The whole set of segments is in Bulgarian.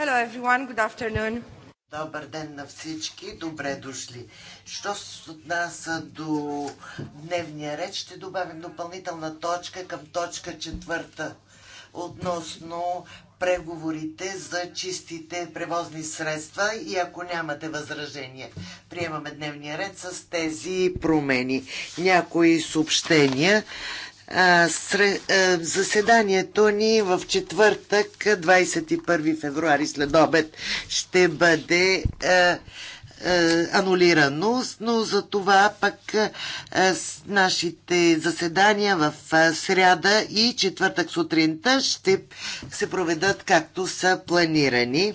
Hello everyone, good afternoon. Добър ден на всички, добре дошли. Що се отнася до дневния ред, ще добавим допълнителна точка към точка четвърта относно преговорите за чистите превозни средства и ако нямате възражения, приемаме дневния ред с тези промени. Някои съобщения заседанието ни в четвъртък, 21 февруари след обед, ще бъде анулирано, но за това пък с нашите заседания в сряда и четвъртък сутринта ще се проведат както са планирани.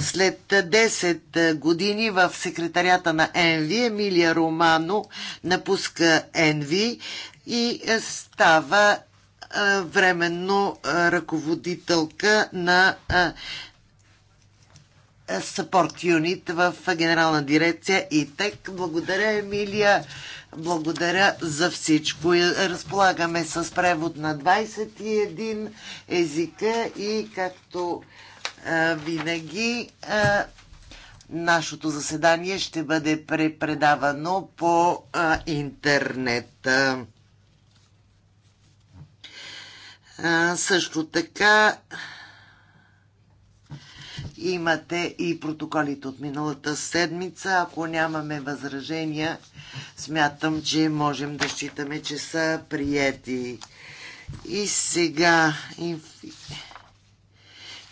След 10 години в секретарята на Енви Емилия Романо напуска Енви и е, става е, временно е, ръководителка на Support Юнит в Генерална дирекция ИТЕК. Благодаря, Емилия. Благодаря за всичко. Разполагаме с превод на 21 езика и както винаги нашето заседание ще бъде препредавано по интернет също така имате и протоколите от миналата седмица. Ако нямаме възражения, смятам, че можем да считаме, че са приети. И сега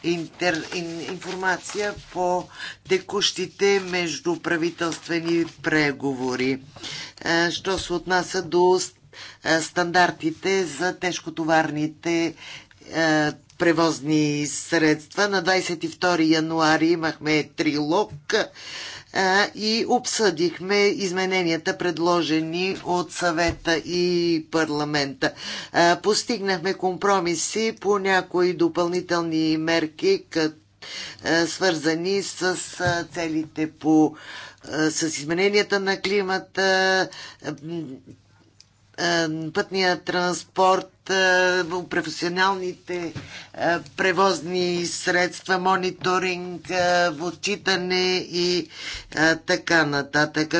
интер, информация по текущите междуправителствени преговори. Що се отнася до е, стандартите за тежкотоварните е, превозни средства. На 22 януари имахме трилог е, и обсъдихме измененията, предложени от съвета и парламента. Постигнахме компромиси по някои допълнителни мерки, свързани с целите по с измененията на климата, е, пътния транспорт, е, професионалните е, превозни средства, мониторинг, отчитане и така нататък.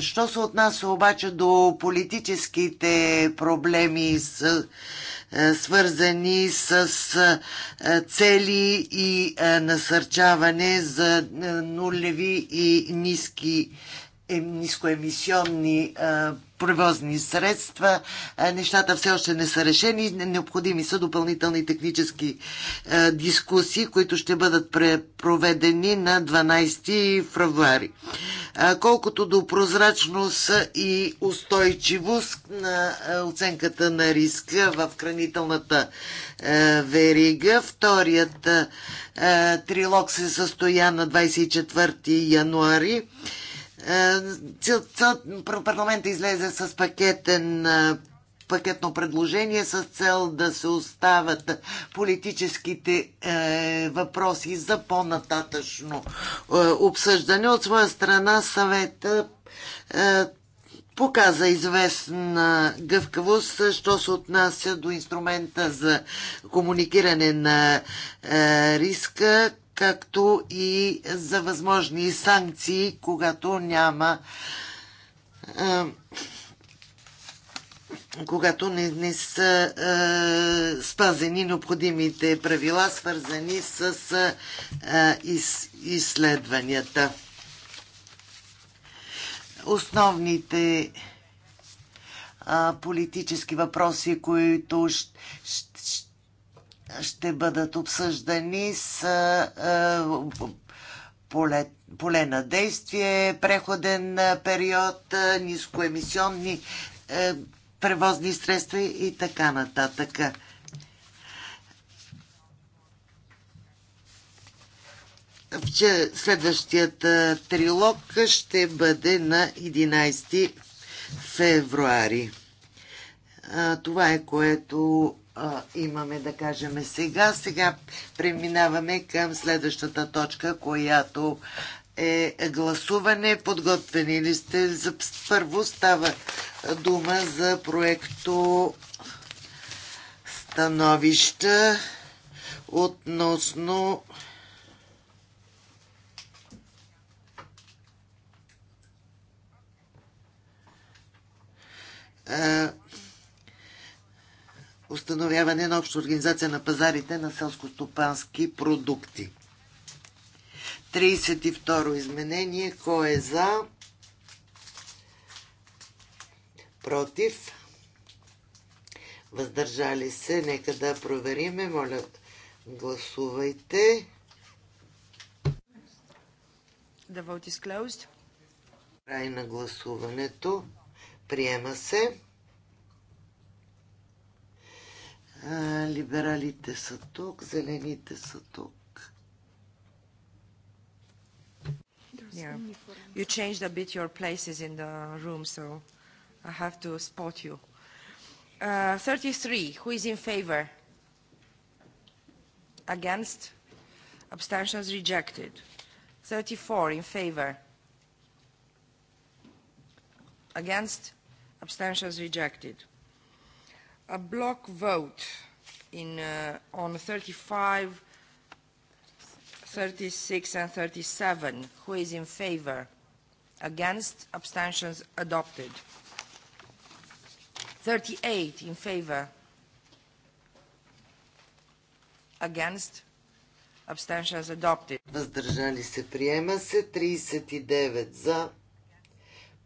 Що се отнася обаче до политическите проблеми с свързани с цели и насърчаване за нулеви и ниски нискоемисионни превозни средства. Е, нещата все още не са решени. Необходими са допълнителни технически е, дискусии, които ще бъдат проведени на 12 февруари. Е, колкото до прозрачност и устойчивост на оценката на риска в хранителната верига, вторият трилог се състоя на 24 януари е, цел, парламента излезе с пакетен е, пакетно предложение с цел да се остават политическите е, въпроси за по-нататъчно е, обсъждане. От своя страна съвета е, показа известна гъвкавост, що се отнася до инструмента за комуникиране на е, риска, както и за възможни санкции, когато няма когато не, не са е, спазени необходимите правила, свързани с е, из, изследванията. Основните е, политически въпроси, които ще ще бъдат обсъждани с е, е, поле, поле на действие, преходен е, период, нискоемисионни превозни средства и така нататък. следващият трилог ще бъде на 11 февруари. Това е което а, имаме да кажем сега. Сега преминаваме към следващата точка, която е гласуване. Подготвени ли сте? За първо става дума за проекто становища относно установяване на обща организация на пазарите на селско-стопански продукти. 32 изменение. Кой е за? Против? Въздържали се? Нека да провериме. Моля, гласувайте. The vote Край на гласуването. Приема се. А, либералите са тук, зелените са тук. Yeah. You changed a bit your places in the room, so I have to spot you. Uh, 33, who is in favor? Against? Abstentions rejected. 34 in favor. Against? Abstentions rejected. 35, a block vote in uh, on 35, 36 and 37. Who is in favor? Against? Abstentions adopted. 38 in favor. Against? Abstentions adopted. Въздържали се приема се 39 за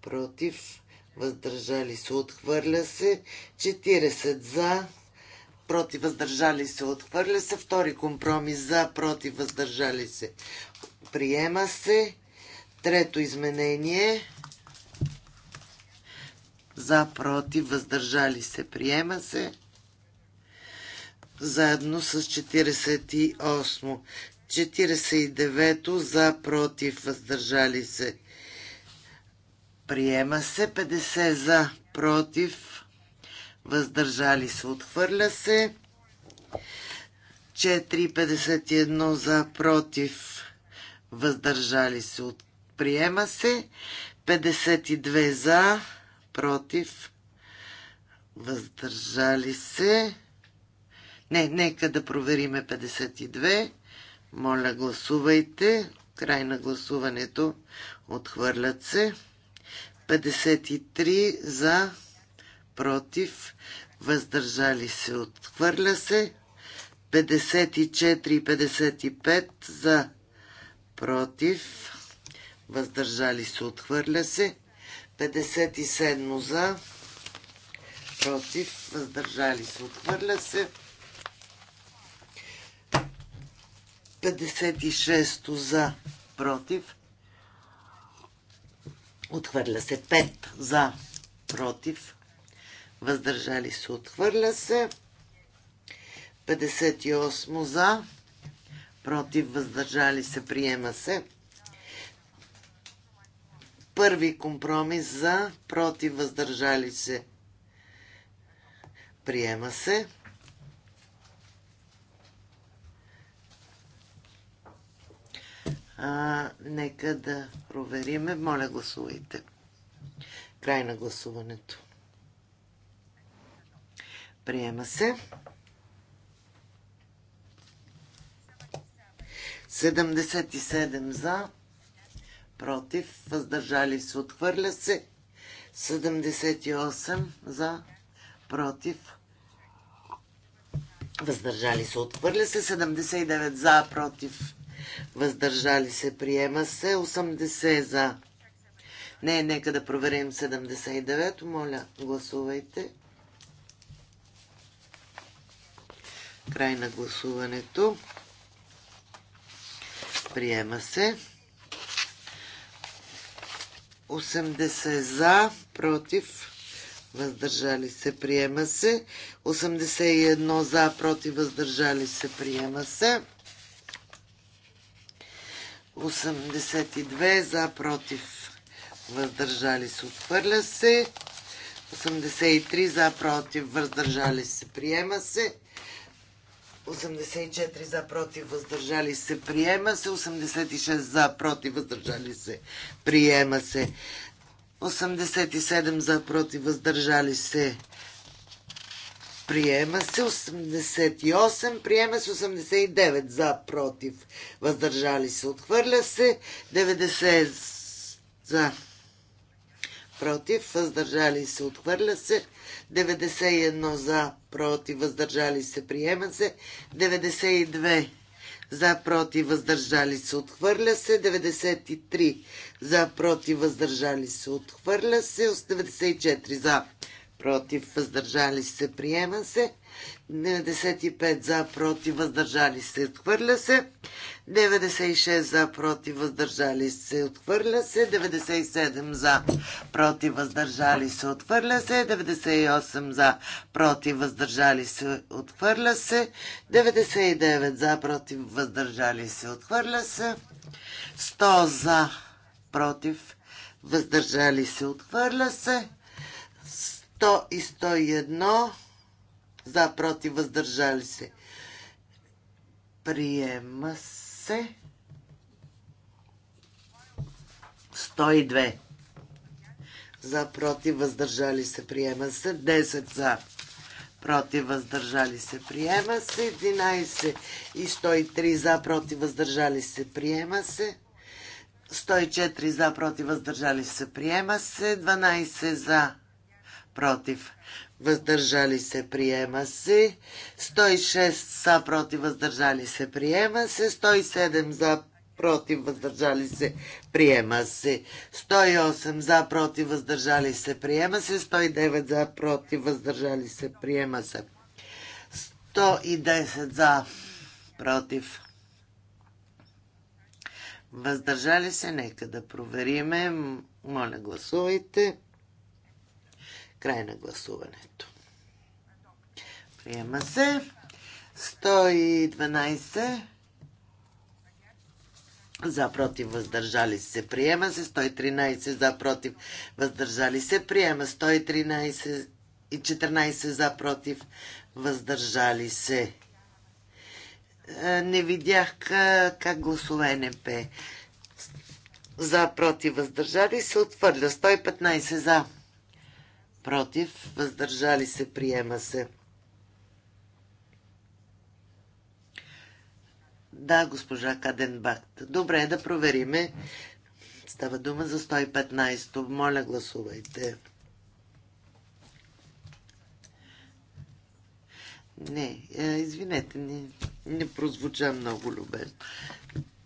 против въздържали се, отхвърля се. 40 за, против, въздържали се, отхвърля се. Втори компромис за, против, въздържали се, приема се. Трето изменение. За, против, въздържали се, приема се. Заедно с 48. 49 за, против, въздържали се, Приема се 50 за, против, въздържали се, отхвърля се. 4,51 за, против, въздържали се, от... приема се. 52 за, против, въздържали се. Не, нека да провериме 52. Моля, гласувайте. Край на гласуването. Отхвърлят се. 53 за, против, въздържали се, отхвърля се. 54 и 55 за, против, въздържали се, отхвърля се. 57 за, против, въздържали се, отхвърля се. 56 за, против, Отхвърля се 5 за, против, въздържали се, отхвърля се. 58 за, против, въздържали се, приема се. Първи компромис за, против, въздържали се, приема се. А, нека да провериме. Моля, гласувайте. Край на гласуването. Приема се. 77 за, против, въздържали се, отхвърля се. 78 за, против, въздържали се, отхвърля се. 79 за, против, въздържали се, приема се. 80 за. Не, нека да проверим 79. Моля, гласувайте. Край на гласуването. Приема се. 80 за, против, въздържали се, приема се. 81 за, против, въздържали се, приема се. 82 за, против, въздържали се, отхвърля се. 83 за, против, въздържали се, приема се. 84 за, против, въздържали се, приема се. 86 за, против, въздържали се, приема се. 87 за, против, въздържали се, Приема се 88, приема се 89 за, против, въздържали се, отхвърля се 90 за, против, въздържали се, отхвърля се 91 за, против, въздържали се, приема се 92 за, против, въздържали се, отхвърля се 93 за, против, въздържали се, отхвърля се 94 за, против, въздържали се, приема се. 95 за, против, въздържали се, отхвърля се. 96 за, против, въздържали се, отхвърля се. 97 за, против, въздържали се, отхвърля се. 98 за, против, въздържали се, отхвърля се. 99 за, против, въздържали се, отхвърля се. 100 за, против, въздържали се, отхвърля се. 100 и 101 за, против, въздържали се. Приема се. 102 за, против, въздържали се, приема се. 10 за, против, въздържали се, приема се. 11 и 103 за, против, въздържали се, приема се. 104 за, против, въздържали се, приема се. 12 за, против, въздържали се, приема се. 106 са против, въздържали се, приема се. 107 за против, въздържали се, приема се. 108 за против, въздържали се, приема се. 109 за против, въздържали се, приема се. 110 за против. Въздържали се, нека да провериме. Моля, гласувайте. Край на гласуването. Приема се. 112 за против въздържали се приема се 113 за против въздържали се приема 113 и 14 за против въздържали се е, не видях е, как гласува НП за против въздържали се отвърля 115 за против, въздържали се, приема се. Да, госпожа Каденбакт. Добре, да провериме. Става дума за 115. Моля, гласувайте. Не, е, извинете, не, не прозвуча много любезно.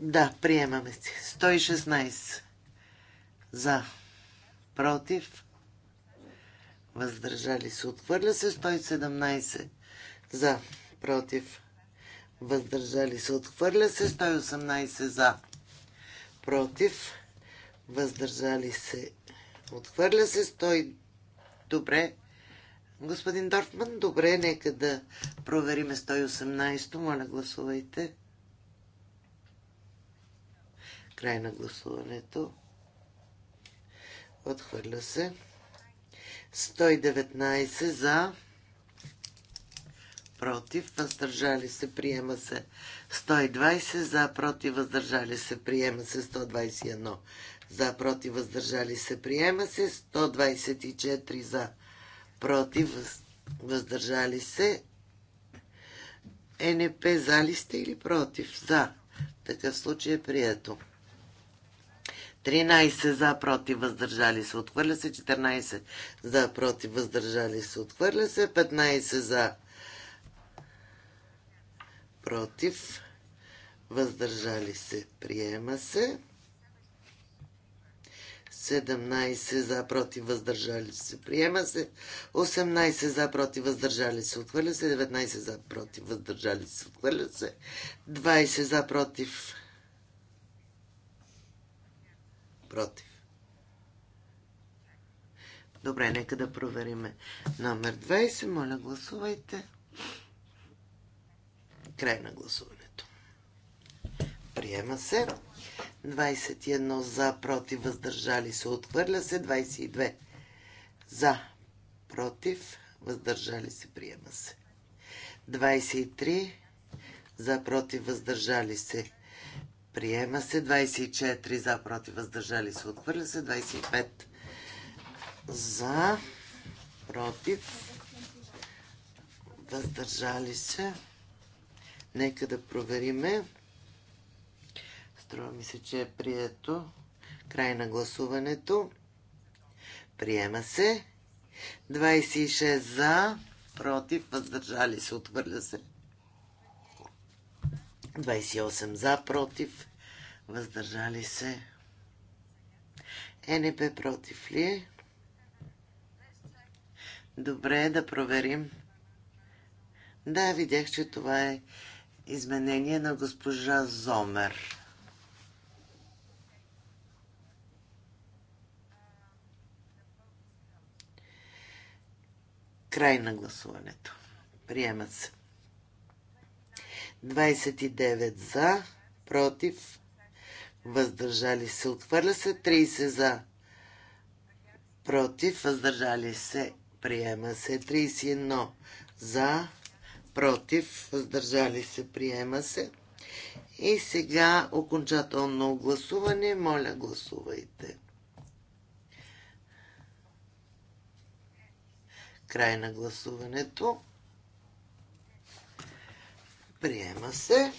Да, приемаме се. 116. За. Против въздържали се, отхвърля се 117 за, против, въздържали се, отхвърля се 118 за, против, въздържали се, отхвърля се 100. Добре, господин Дорфман, добре, нека да провериме 118. Моля, гласувайте. Край на гласуването. Отхвърля се. 119 за, против, въздържали се, приема се 120 за, против, въздържали се, приема се 121 за, против, въздържали се, приема се 124 за, против, въздържали се. Е, НП за ли сте или против? За. В такъв случай е прието. 13 за, против, въздържали се, отхвърля се. 14 за, против, въздържали се, отхвърля се. 15 за, против, въздържали се, приема се. 17 за против въздържали се. Приема се 18 за против въздържали се. Отхвърля се 19 за против въздържали се. Отхвърля се 20 за против Против. Добре, нека да проверим номер 20. Моля, гласувайте. Край на гласуването. Приема се. 21 за, против, въздържали се. Отхвърля се. 22 за, против, въздържали се. Приема се. 23 за, против, въздържали се. Приема се 24 за, против, въздържали се, отхвърля се 25 за, против, въздържали се. Нека да провериме. Струва ми се, че е прието. Край на гласуването. Приема се. 26 за, против, въздържали се, отхвърля се. 28 за, против, въздържали се. Е, НП против ли е? Добре, да проверим. Да, видях, че това е изменение на госпожа Зомер. Край на гласуването. Приема се. 29 за, против въздържали се, отхвърля се 30 за, против, въздържали се, приема се 31 за, против, въздържали се, приема се. И сега окончателно гласуване. Моля, гласувайте. Край на гласуването. Приема се.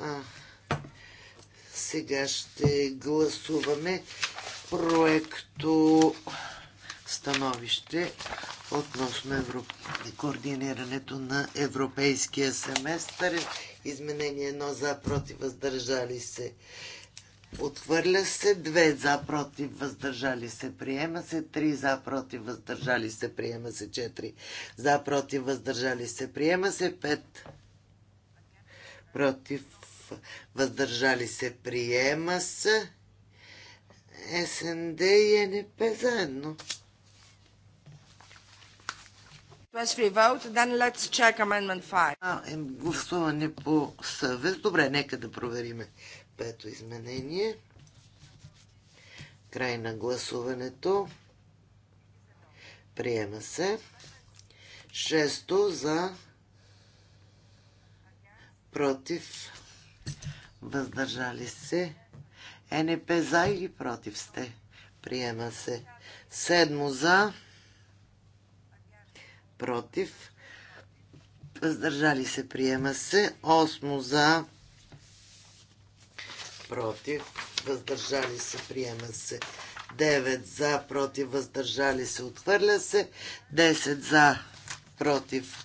А, сега ще гласуваме проекто становище относно координирането на европейския семестър. Изменение едно за против въздържали се. Отхвърля се две за против въздържали се. Приема се три за против въздържали се. Приема се четири за против въздържали се. Приема се пет против въздържали се, приема с СНД и НП заедно. Vote, then let's check amendment 5. А, е, гласуване по съвест. Добре, нека да провериме пето изменение. Край на гласуването. Приема се. Шесто за против въздържали се. НП за или против сте? Приема се. Седмо за, против, въздържали се. Приема се. Осмо за, против, въздържали се. Приема се. 9 за, против, въздържали се, отхвърля се. 10 за, против,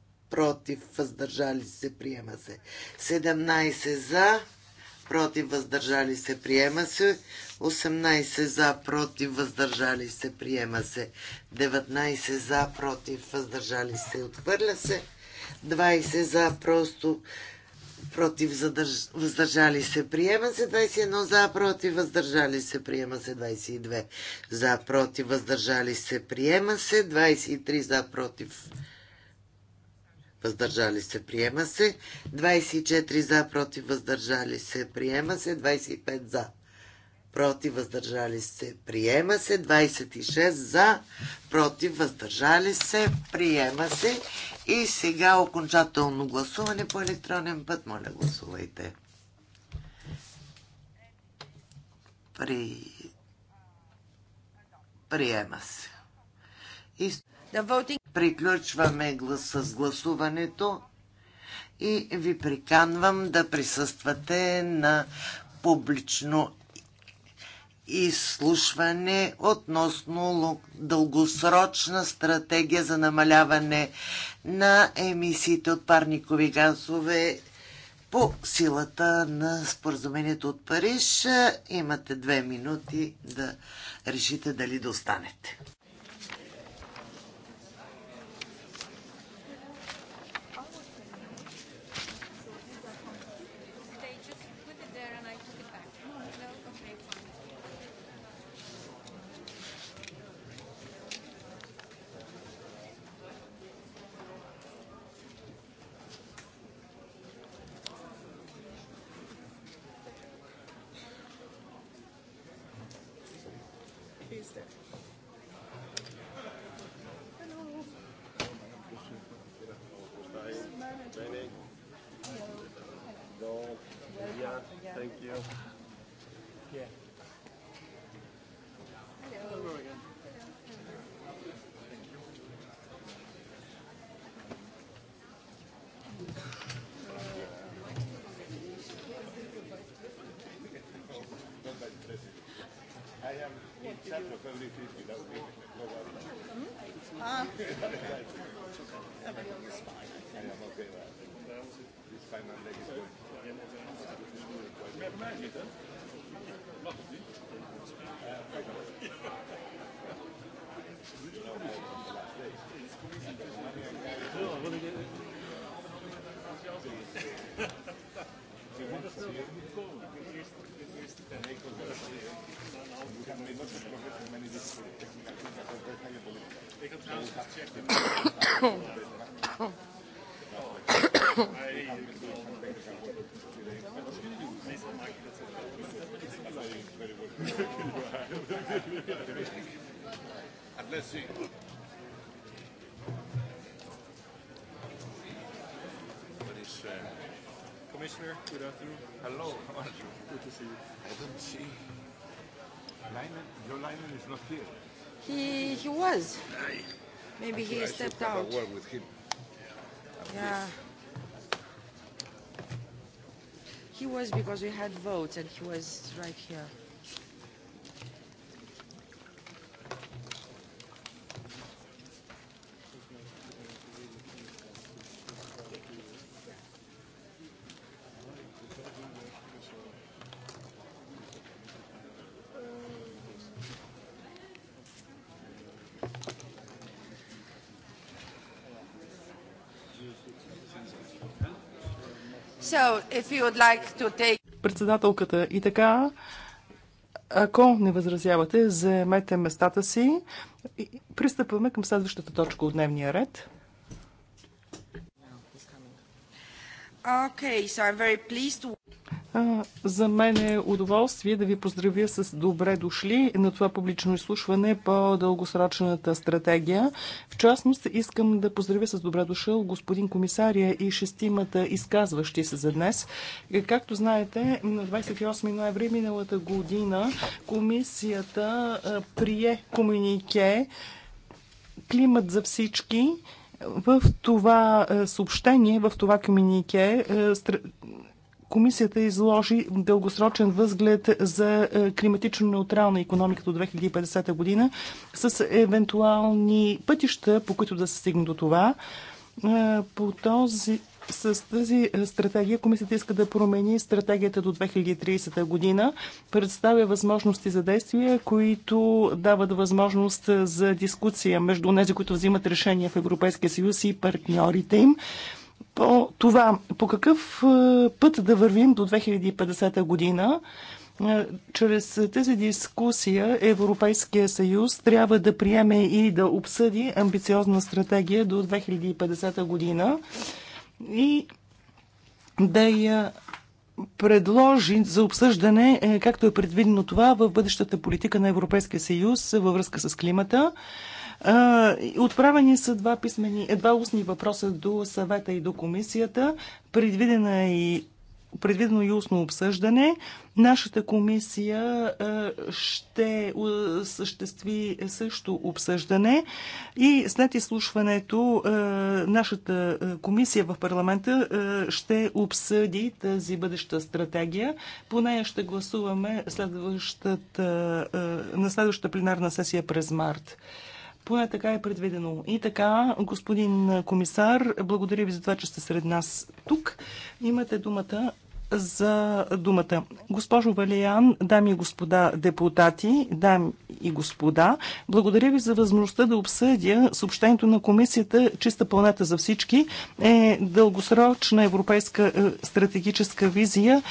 против, въздържали се, приема се. 17 за, против, въздържали се, приема се. 18 за, против, въздържали се, приема се. 19 за, против, въздържали се, отхвърля се. 20 за, просто против, задърж... въздържали се, приема се 21, за, против, въздържали се, приема се 22, за, против, въздържали се, приема се 23, за, против, въздържали се, приема се. 24 за, против, въздържали се, приема се. 25 за, против, въздържали се, приема се. 26 за, против, въздържали се, приема се. И сега окончателно гласуване по електронен път. Моля, гласувайте. При... Приема се. И Приключваме глас с гласуването и ви приканвам да присъствате на публично изслушване относно дългосрочна стратегия за намаляване на емисиите от парникови газове по силата на споразумението от Париж. Имате две минути да решите дали да останете. Commissioner, good afternoon. Hello, how are you? Good to see you. I don't see. Leinen, your Leinen is not here. He he was. Maybe he stepped out. with him. Yeah. He was because we had votes and he was right here. So, like take... Председателката и така, ако не възразявате, заемете местата си. пристъпваме към следващата точка от дневния ред. Okay, so to... За мен е удоволствие да ви поздравя с добре дошли на това публично изслушване по дългосрочната стратегия. В частност, искам да поздравя с добре дошъл господин комисария и шестимата изказващи се за днес. Както знаете, на 28 ноември миналата година комисията прие комунике Климат за всички. В това съобщение, в това комунике Комисията изложи дългосрочен възглед за е, климатично неутрална економика до 2050 година с евентуални пътища, по които да се стигне до това. Е, по този, с тази стратегия комисията иска да промени стратегията до 2030 година, представя възможности за действия, които дават възможност за дискусия между тези, които взимат решения в Европейския съюз и партньорите им по това по какъв е, път да вървим до 2050 година. Е, чрез тази дискусия Европейския съюз трябва да приеме и да обсъди амбициозна стратегия до 2050 година и да я предложи за обсъждане, е, както е предвидено това в бъдещата политика на Европейския съюз във връзка с климата. Отправени са два, писмени, е, два устни въпроса до съвета и до комисията. Предвидена е и предвидено и устно обсъждане. Нашата комисия ще съществи също обсъждане и след изслушването нашата комисия в парламента ще обсъди тази бъдеща стратегия. По нея ще гласуваме следващата, на следващата пленарна сесия през март. Поне така е предвидено. И така, господин комисар, благодаря ви за това, че сте сред нас тук. Имате думата за думата. Госпожо Валиян, дами и господа депутати, дами и господа, благодаря ви за възможността да обсъдя съобщението на комисията Чиста планета за всички е дългосрочна европейска е, стратегическа визия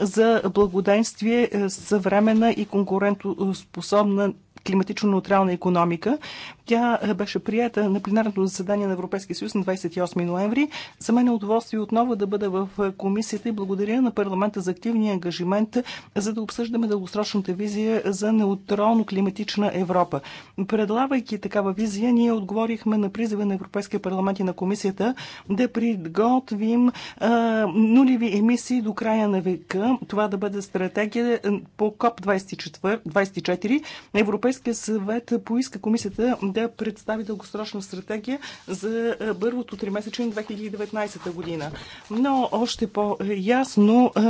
за благоденствие е, съвременна и конкурентоспособна климатично неутрална економика. Тя е, беше прията на пленарното заседание на Европейския съюз на 28 ноември. За мен е удоволствие отново да бъда в е, комисията и благодаря на парламента за активния ангажимент, за да обсъждаме дългосрочната визия за неутрално климатична Европа. Предлагайки такава визия, ние отговорихме на призива на Европейския парламент и на комисията да приготвим а, е, нулеви емисии до края на века. Това да бъде стратегия по КОП 24, 24 Европейския Европейския съвет поиска комисията да представи дългосрочна стратегия за е, първото тримесечие на 2019 година. Но още по-ясно е,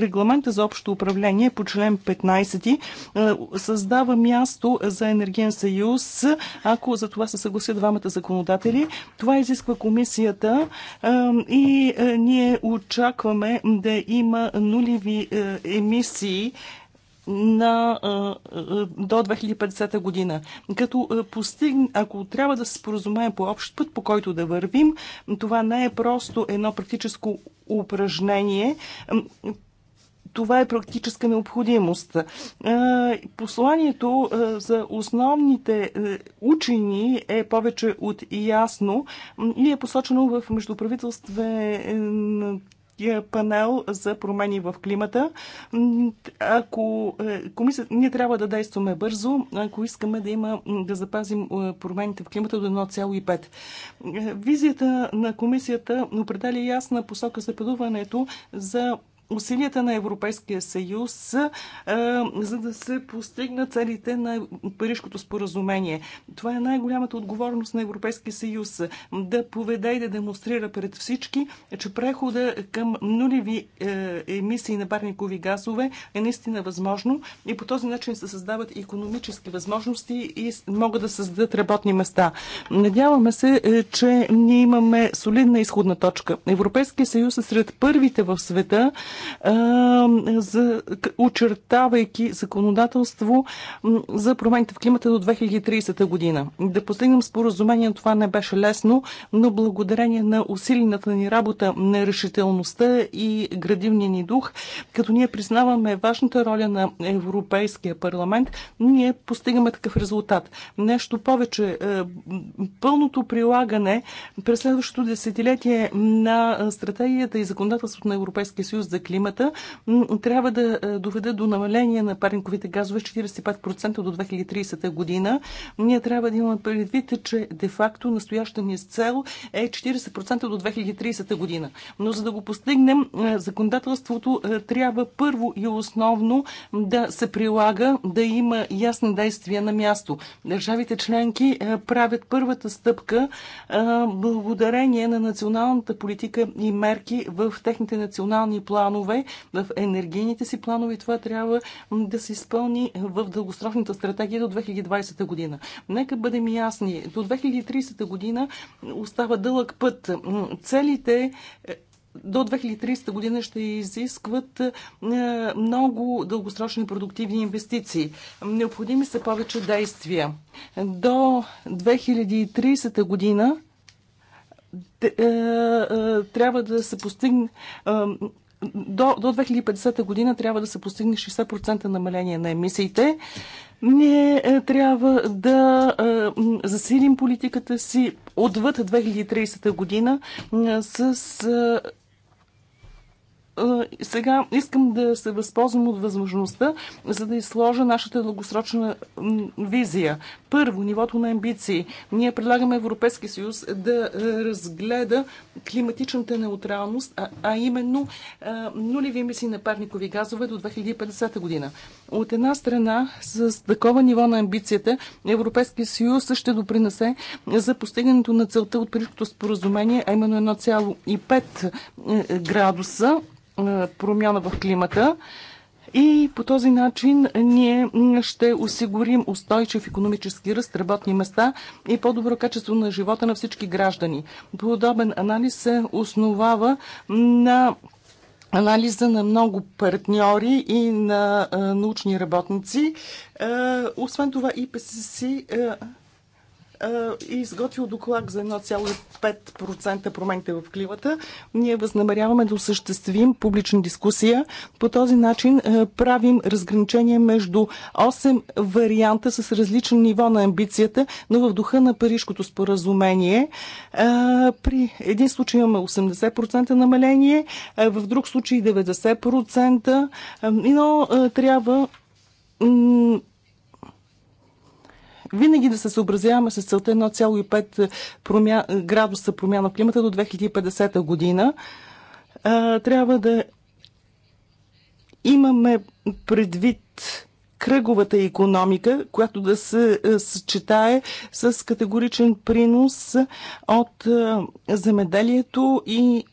регламента за общо управление по член 15 е, създава място за енергиен съюз, ако за това се съгласят двамата законодатели. Това изисква комисията и ние очакваме да има нулеви емисии на, до 2050 година. Като постигне, ако трябва да се споразумеем по общ път, по който да вървим, това не е просто едно практическо упражнение. Това е практическа необходимост. Посланието за основните учени е повече от ясно и е посочено в междуправителствената панел за промени в климата. Ако е, комисията, ние трябва да действаме бързо, ако искаме да има да запазим е, промените в климата до 1,5. Е, визията на комисията определя ясна посока за пътуването за усилията на Европейския съюз, за да се постигнат целите на Парижкото споразумение. Това е най-голямата отговорност на Европейския съюз да поведе и да демонстрира пред всички, че прехода към нулеви е, емисии на парникови газове е наистина възможно и по този начин се създават економически възможности и могат да създадат работни места. Надяваме се, е, че ние имаме солидна изходна точка. Европейския съюз е сред първите в света, за, очертавайки законодателство за промените в климата до 2030 година. Да постигнем споразумение, това не беше лесно, но благодарение на усилената ни работа, на решителността и градивния ни дух, като ние признаваме важната роля на Европейския парламент, ние постигаме такъв резултат. Нещо повече, е, пълното прилагане през следващото десетилетие на стратегията и законодателството на Европейския съюз за климата, трябва да е, доведе до намаление на парниковите газове с 45% до 2030 година. Ние трябва да имаме предвид, че де-факто настояща ни цел е 40% до 2030 година. Но за да го постигнем, е, законодателството е, трябва първо и основно да се прилага, да има ясни действия на място. Държавите членки правят първата стъпка благодарение на националната политика и мерки в техните национални планове планове, в енергийните си планове това трябва да се изпълни в дългосрочната стратегия до 2020 година. Нека бъдем ясни. До 2030 година остава дълъг път. Целите е, до 2030 година ще изискват е, много дългосрочни продуктивни инвестиции. Необходими са повече действия. До 2030 година е, трябва да се постигне до, до 2050 година трябва да се постигне 60% намаление на емисиите. Ние е, трябва да е, засилим политиката си отвъд 2030 година е, с сега искам да се възползвам от възможността, за да изложа нашата дългосрочна визия. Първо, нивото на амбиции. Ние предлагаме Европейски съюз да разгледа климатичната неутралност, а, а именно а, нулеви емисии на парникови газове до 2050 година. От една страна, с такова ниво на амбицията, Европейски съюз ще допринесе за постигането на целта от Парижското споразумение, а именно 1,5 е, е, градуса е, промяна в климата. И по този начин ние ще осигурим устойчив економически ръст, работни места и по-добро качество на живота на всички граждани. Подобен анализ се основава на анализа на много партньори и на е, научни работници. Е, освен това, ИПСС и е, е изготвил доклад за 1,5% промените в климата. Ние възнамеряваме да осъществим публична дискусия. По този начин е, правим разграничение между 8 варианта с различен ниво на амбицията, но в духа на Парижкото споразумение. При един случай имаме 80% намаление, в друг случай 90%, но трябва винаги да се съобразяваме с целта 1,5 е, промя... градуса промяна в климата до 2050 година. Е, трябва да имаме предвид кръговата економика, която да се е, съчетае с категоричен принос от земеделието и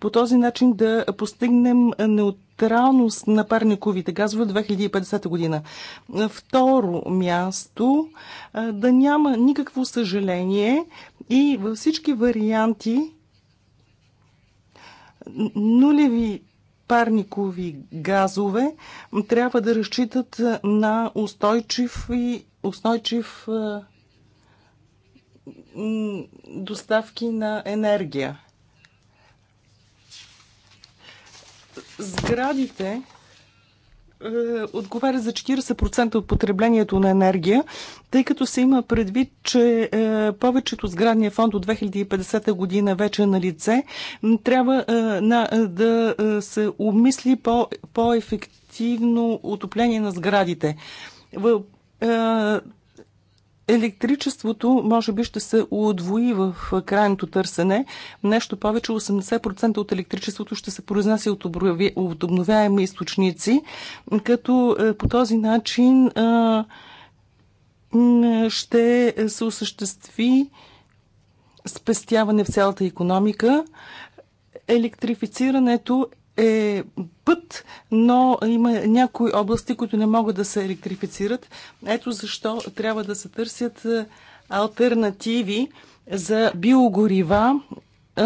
по този начин да постигнем неот неутралност на парниковите газове в 2050 година. Второ място, да няма никакво съжаление и във всички варианти нулеви парникови газове трябва да разчитат на устойчив и устойчив доставки на енергия. сградите е, отговаря за 40% от потреблението на енергия, тъй като се има предвид, че е, повечето сградния фонд от 2050 година вече е на лице, трябва е, да се обмисли по, ефективно отопление на сградите. Електричеството може би ще се удвои в крайното търсене. Нещо повече, 80% от електричеството ще се произнася от, оброви, от обновяеми източници, като е, по този начин е, ще се осъществи спестяване в цялата економика. Електрифицирането е път, но има някои области, които не могат да се електрифицират. Ето защо трябва да се търсят е, альтернативи за биогорива. Е,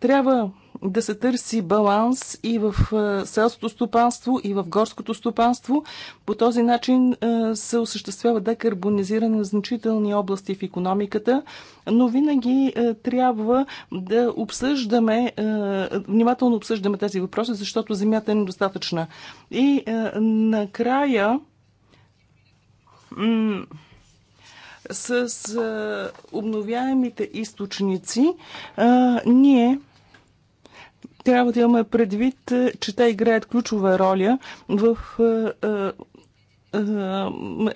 трябва да се търси баланс и в е, селското стопанство, и в горското стопанство. По този начин е, се осъществява декарбонизиране на значителни области в економиката, но винаги е, трябва да обсъждаме, внимателно обсъждаме тези въпроси, защото земята е недостатъчна. И накрая с обновяемите източници ние трябва да имаме предвид, е, че те играят ключова роля в е, е,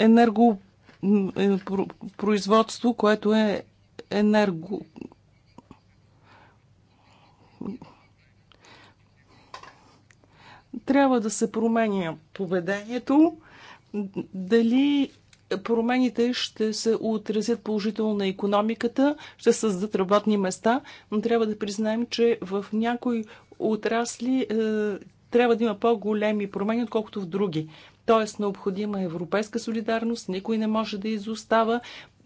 енергопроизводство, което е енерго... Трябва да се променя поведението. Дали промените ще се отразят положително на економиката, ще създадат работни места, но трябва да признаем, че в някои отрасли е, трябва да има по-големи промени, отколкото в други. Тоест, необходима е европейска солидарност, никой не може да изостава,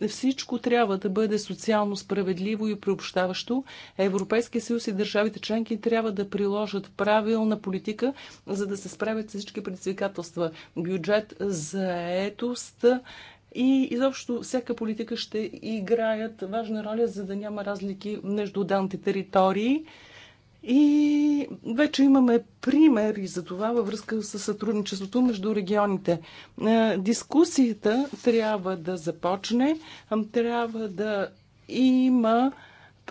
всичко трябва да бъде социално справедливо и приобщаващо. Европейския съюз и държавите членки трябва да приложат правилна политика, за да се справят с всички предизвикателства. Бюджет, заетост, и изобщо всяка политика ще играят важна роля, за да няма разлики между данните територии. И вече имаме примери за това във връзка с сътрудничеството между регионите. Дискусията трябва да започне, трябва да има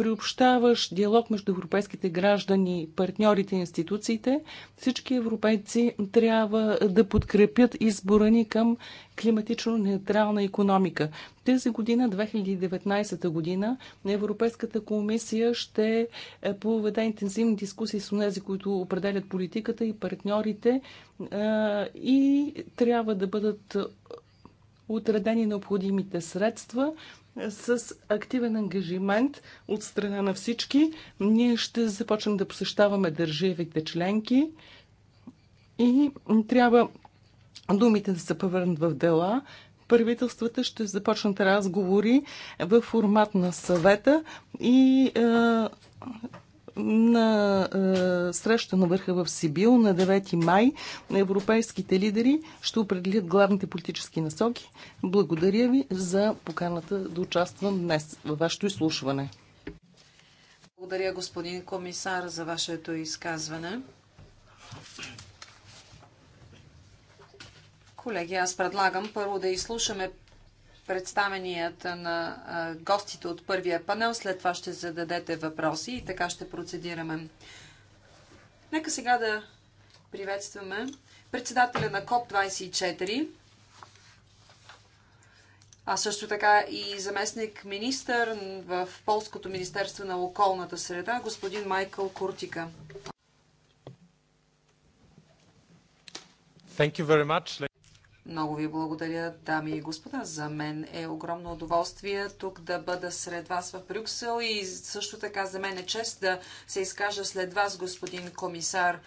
приобщаваш диалог между европейските граждани, партньорите и институциите, всички европейци трябва да подкрепят избора ни към климатично нейтрална економика. Тази година, 2019 година, Европейската комисия ще е, поведе интензивни дискусии с тези, които определят политиката и партньорите е, и трябва да бъдат отредени необходимите средства, с активен ангажимент от страна на всички. Ние ще започнем да посещаваме държавите членки и трябва думите да се повърнат в дела. Правителствата ще започнат разговори в формат на съвета и е, на е, среща на върха в Сибил на 9 май на европейските лидери ще определят главните политически насоки. Благодаря ви за поканата да участвам днес във вашето изслушване. Благодаря, господин комисар, за вашето изказване. Колеги, аз предлагам първо да изслушаме представенията на гостите от първия панел. След това ще зададете въпроси и така ще процедираме. Нека сега да приветстваме председателя на КОП-24, а също така и заместник министър в Полското министерство на околната среда, господин Майкъл Куртика. Thank you very much. Много ви благодаря, дами и господа. За мен е огромно удоволствие тук да бъда сред вас в Брюксел и също така за мен е чест да се изкажа след вас, господин комисар,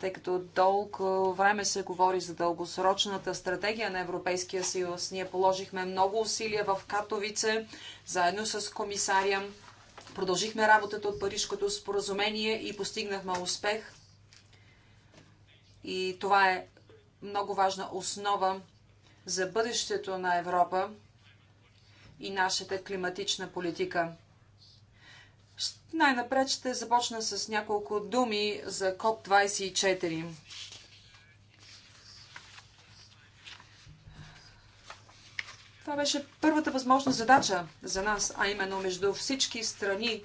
тъй като дълго време се говори за дългосрочната стратегия на Европейския съюз. Ние положихме много усилия в Катовице, заедно с комисаря. Продължихме работата от Парижското споразумение и постигнахме успех. И това е много важна основа за бъдещето на Европа и нашата климатична политика. Най-напред ще започна с няколко думи за КОП-24. Това беше първата възможна задача за нас, а именно между всички страни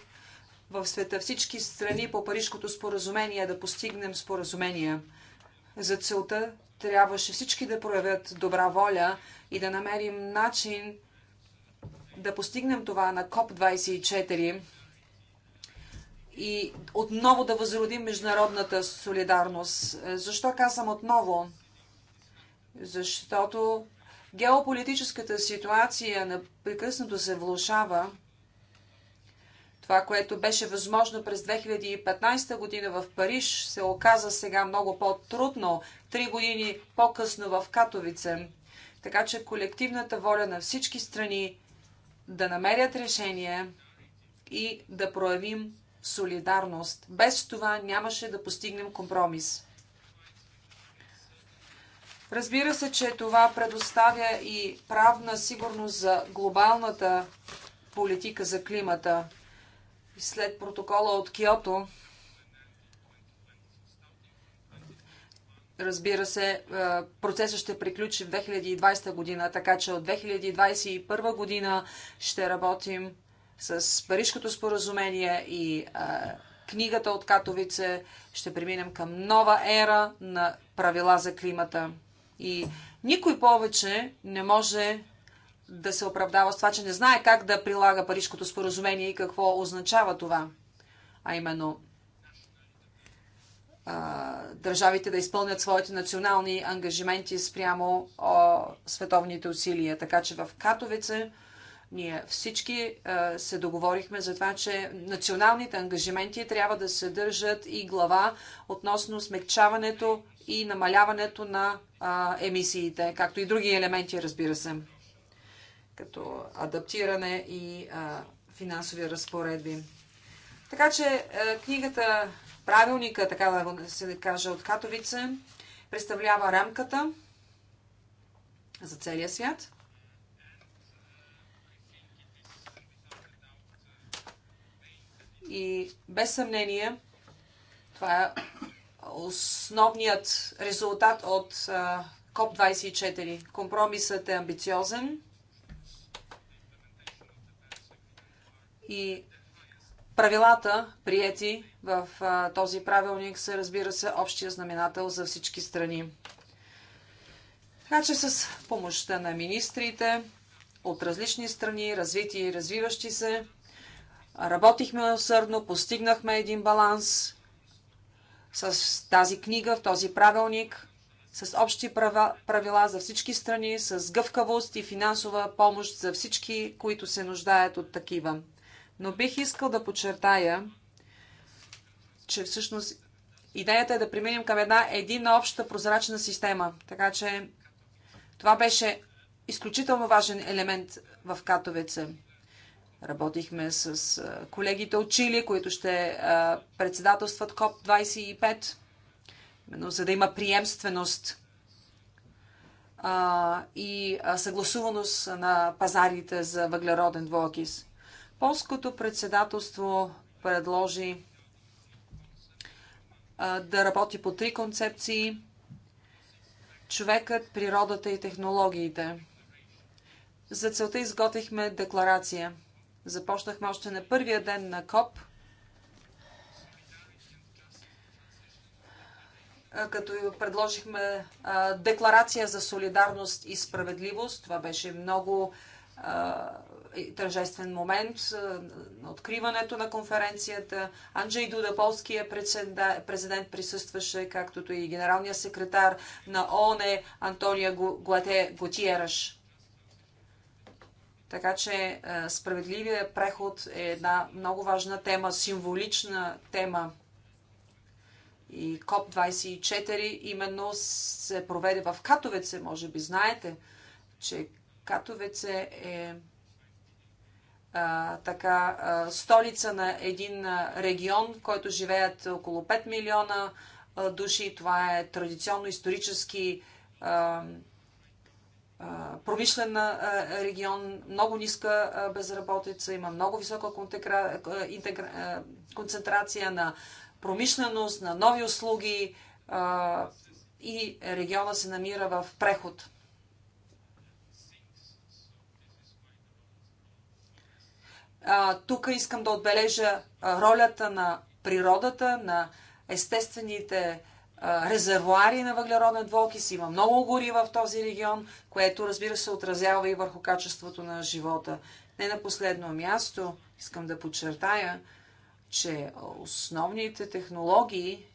в света, всички страни по Парижското споразумение да постигнем споразумение – за целта трябваше всички да проявят добра воля и да намерим начин да постигнем това на КОП-24 и отново да възродим международната солидарност. Защо казвам отново? Защото геополитическата ситуация непрекъснато се влушава това, което беше възможно през 2015 година в Париж, се оказа сега много по-трудно, три години по-късно в Катовице. Така че колективната воля на всички страни да намерят решение и да проявим солидарност. Без това нямаше да постигнем компромис. Разбира се, че това предоставя и правна сигурност за глобалната политика за климата след протокола от Киото, Разбира се, е, процесът ще приключи в 2020 година, така че от 2021 година ще работим с Парижкото споразумение и е, книгата от Катовице. Ще преминем към нова ера на правила за климата. И никой повече не може да се оправдава с това, че не знае как да прилага Парижското споразумение и какво означава това. А именно държавите да изпълнят своите национални ангажименти спрямо о, световните усилия. Така че в Катовице ние всички а, се договорихме за това, че националните ангажименти трябва да се държат и глава относно смягчаването и намаляването на а, емисиите, както и други елементи, разбира се като адаптиране и а, финансови разпоредби. Така че а, е, книгата, правилника, така да се каже, от Катовице, представлява рамката за целия свят. И без съмнение, това е основният резултат от КОП-24. Компромисът е амбициозен и правилата, приети в този правилник, са, разбира се, общия знаменател за всички страни. Така че с помощта на министрите от различни страни, развити и развиващи се, работихме усърдно, постигнахме един баланс с тази книга, в този правилник, с общи правила за всички страни, с гъвкавост и финансова помощ за всички, които се нуждаят от такива. Но бих искал да подчертая, че всъщност идеята е да преминем към една единна обща прозрачна система. Така че това беше изключително важен елемент в Катовеца. Работихме с колегите от Чили, които ще председателстват КОП-25, именно за да има приемственост и съгласуваност на пазарите за въглероден двуокис. Полското председателство предложи да работи по три концепции човекът, природата и технологиите. За целта изготвихме декларация. Започнахме още на първия ден на КОП, като предложихме декларация за солидарност и справедливост. Това беше много тържествен момент на откриването на конференцията. Анджей Дуда, полския президент, присъстваше, както и генералния секретар на ОНЕ Антония Готиераш. Така че справедливия преход е една много важна тема, символична тема. И КОП-24 именно се проведе в Катовеце, може би знаете, че Катовеце е а, така а, столица на един регион, в който живеят около 5 милиона а, души. Това е традиционно исторически а, а, промишлен а, регион, много ниска а, безработица, има много висока а, интегра, а, концентрация на промишленост, на нови услуги а, и региона се намира в преход. Тук искам да отбележа ролята на природата, на естествените резервуари на въглероден двуокис. Има много гори в този регион, което разбира се отразява и върху качеството на живота. Не на последно място, искам да подчертая, че основните технологии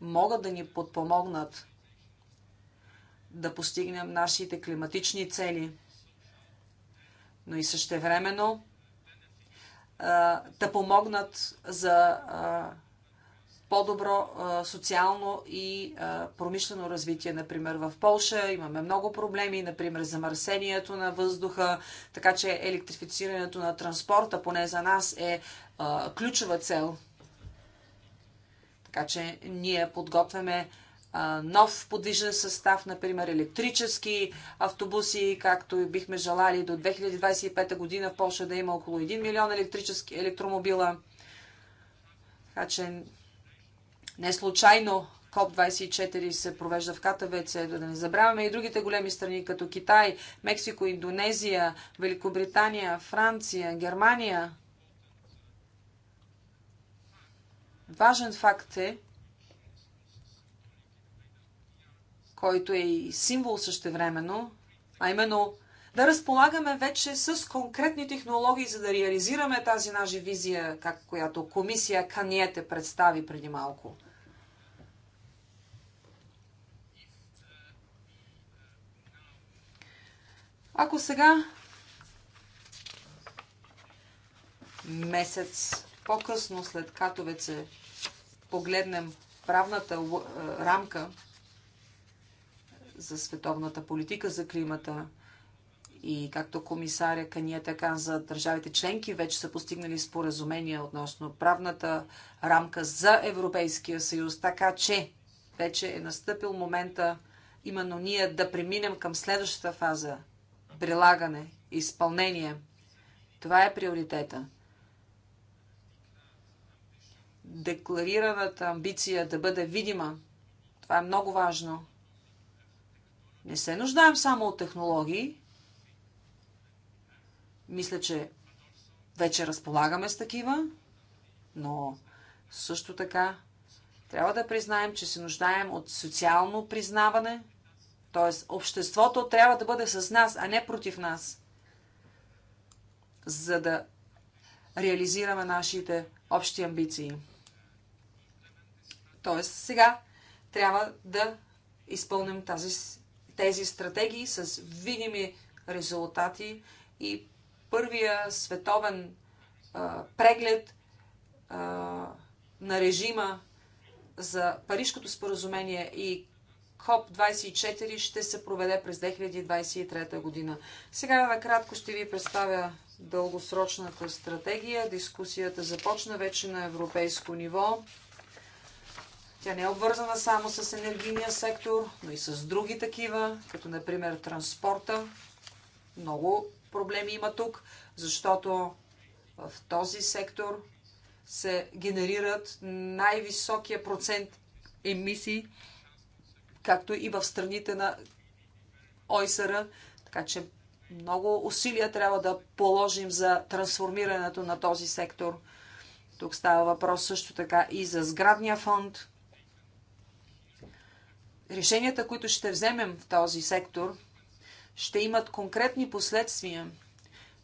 могат да ни подпомогнат да постигнем нашите климатични цели, но и същевременно да помогнат за по-добро социално и промишлено развитие. Например, в Польша имаме много проблеми, например, замърсението на въздуха, така че електрифицирането на транспорта, поне за нас, е ключова цел. Така че ние подготвяме нов подвижен състав, например електрически автобуси, както бихме желали до 2025 година в Польша да има около 1 милион електрически електромобила. Така че не случайно КОП-24 се провежда в Катавеце, да не забравяме и другите големи страни, като Китай, Мексико, Индонезия, Великобритания, Франция, Германия. Важен факт е, който е и символ същевременно, а именно да разполагаме вече с конкретни технологии, за да реализираме тази наша визия, как, която комисия Каниете представи преди малко. Ако сега месец по-късно след Катовеце погледнем правната е, рамка, за световната политика за климата. И както комисаря Канията каза, държавите членки вече са постигнали споразумения относно правната рамка за Европейския съюз, така че вече е настъпил момента именно ние да преминем към следващата фаза прилагане, изпълнение. Това е приоритета. Декларираната амбиция да бъде видима. Това е много важно. Не се нуждаем само от технологии. Мисля, че вече разполагаме с такива, но също така трябва да признаем, че се нуждаем от социално признаване. Тоест, обществото трябва да бъде с нас, а не против нас, за да реализираме нашите общи амбиции. Тоест, сега трябва да изпълним тази тези стратегии с видими резултати и първия световен а, преглед а, на режима за Парижкото споразумение и КОП-24 ще се проведе през 2023 година. Сега накратко ще ви представя дългосрочната стратегия. Дискусията започна вече на европейско ниво. Тя не е обвързана само с енергийния сектор, но и с други такива, като например транспорта. Много проблеми има тук, защото в този сектор се генерират най-високия процент емисии, както и в страните на ОИСР, така че много усилия трябва да положим за трансформирането на този сектор. Тук става въпрос също така и за сградния фонд, решенията, които ще вземем в този сектор, ще имат конкретни последствия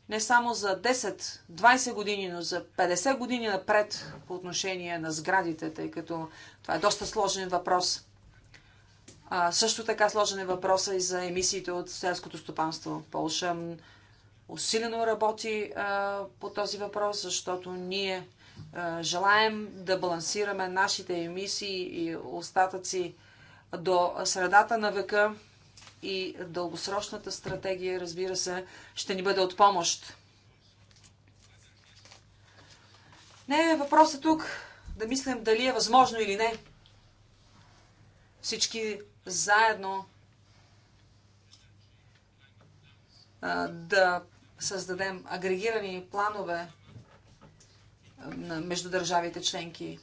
не само за 10-20 години, но за 50 години напред по отношение на сградите, тъй като това е доста сложен въпрос. А, също така сложен е въпроса и за емисиите от селското стопанство. Полша усилено работи а, по този въпрос, защото ние а, желаем да балансираме нашите емисии и остатъци до средата на века и дългосрочната стратегия, разбира се, ще ни бъде от помощ. Не, въпросът е тук да мислим дали е възможно или не. Всички заедно да създадем агрегирани планове между държавите членки,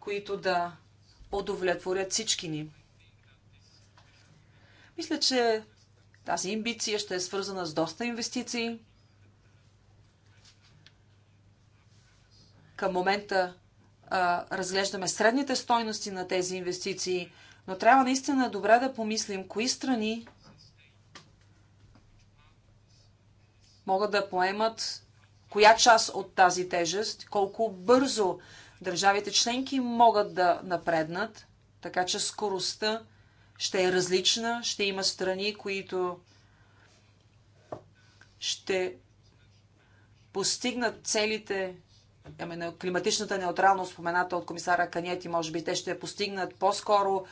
които да удовлетворят всички ни. Мисля, че тази амбиция ще е свързана с доста инвестиции. Към момента а, разглеждаме средните стойности на тези инвестиции, но трябва наистина добре да помислим кои страни могат да поемат коя част от тази тежест, колко бързо държавите членки могат да напреднат, така че скоростта ще е различна, ще има страни, които ще постигнат целите, именно ами, климатичната неутралност, спомената от комисара Канети, може би те ще постигнат по-скоро.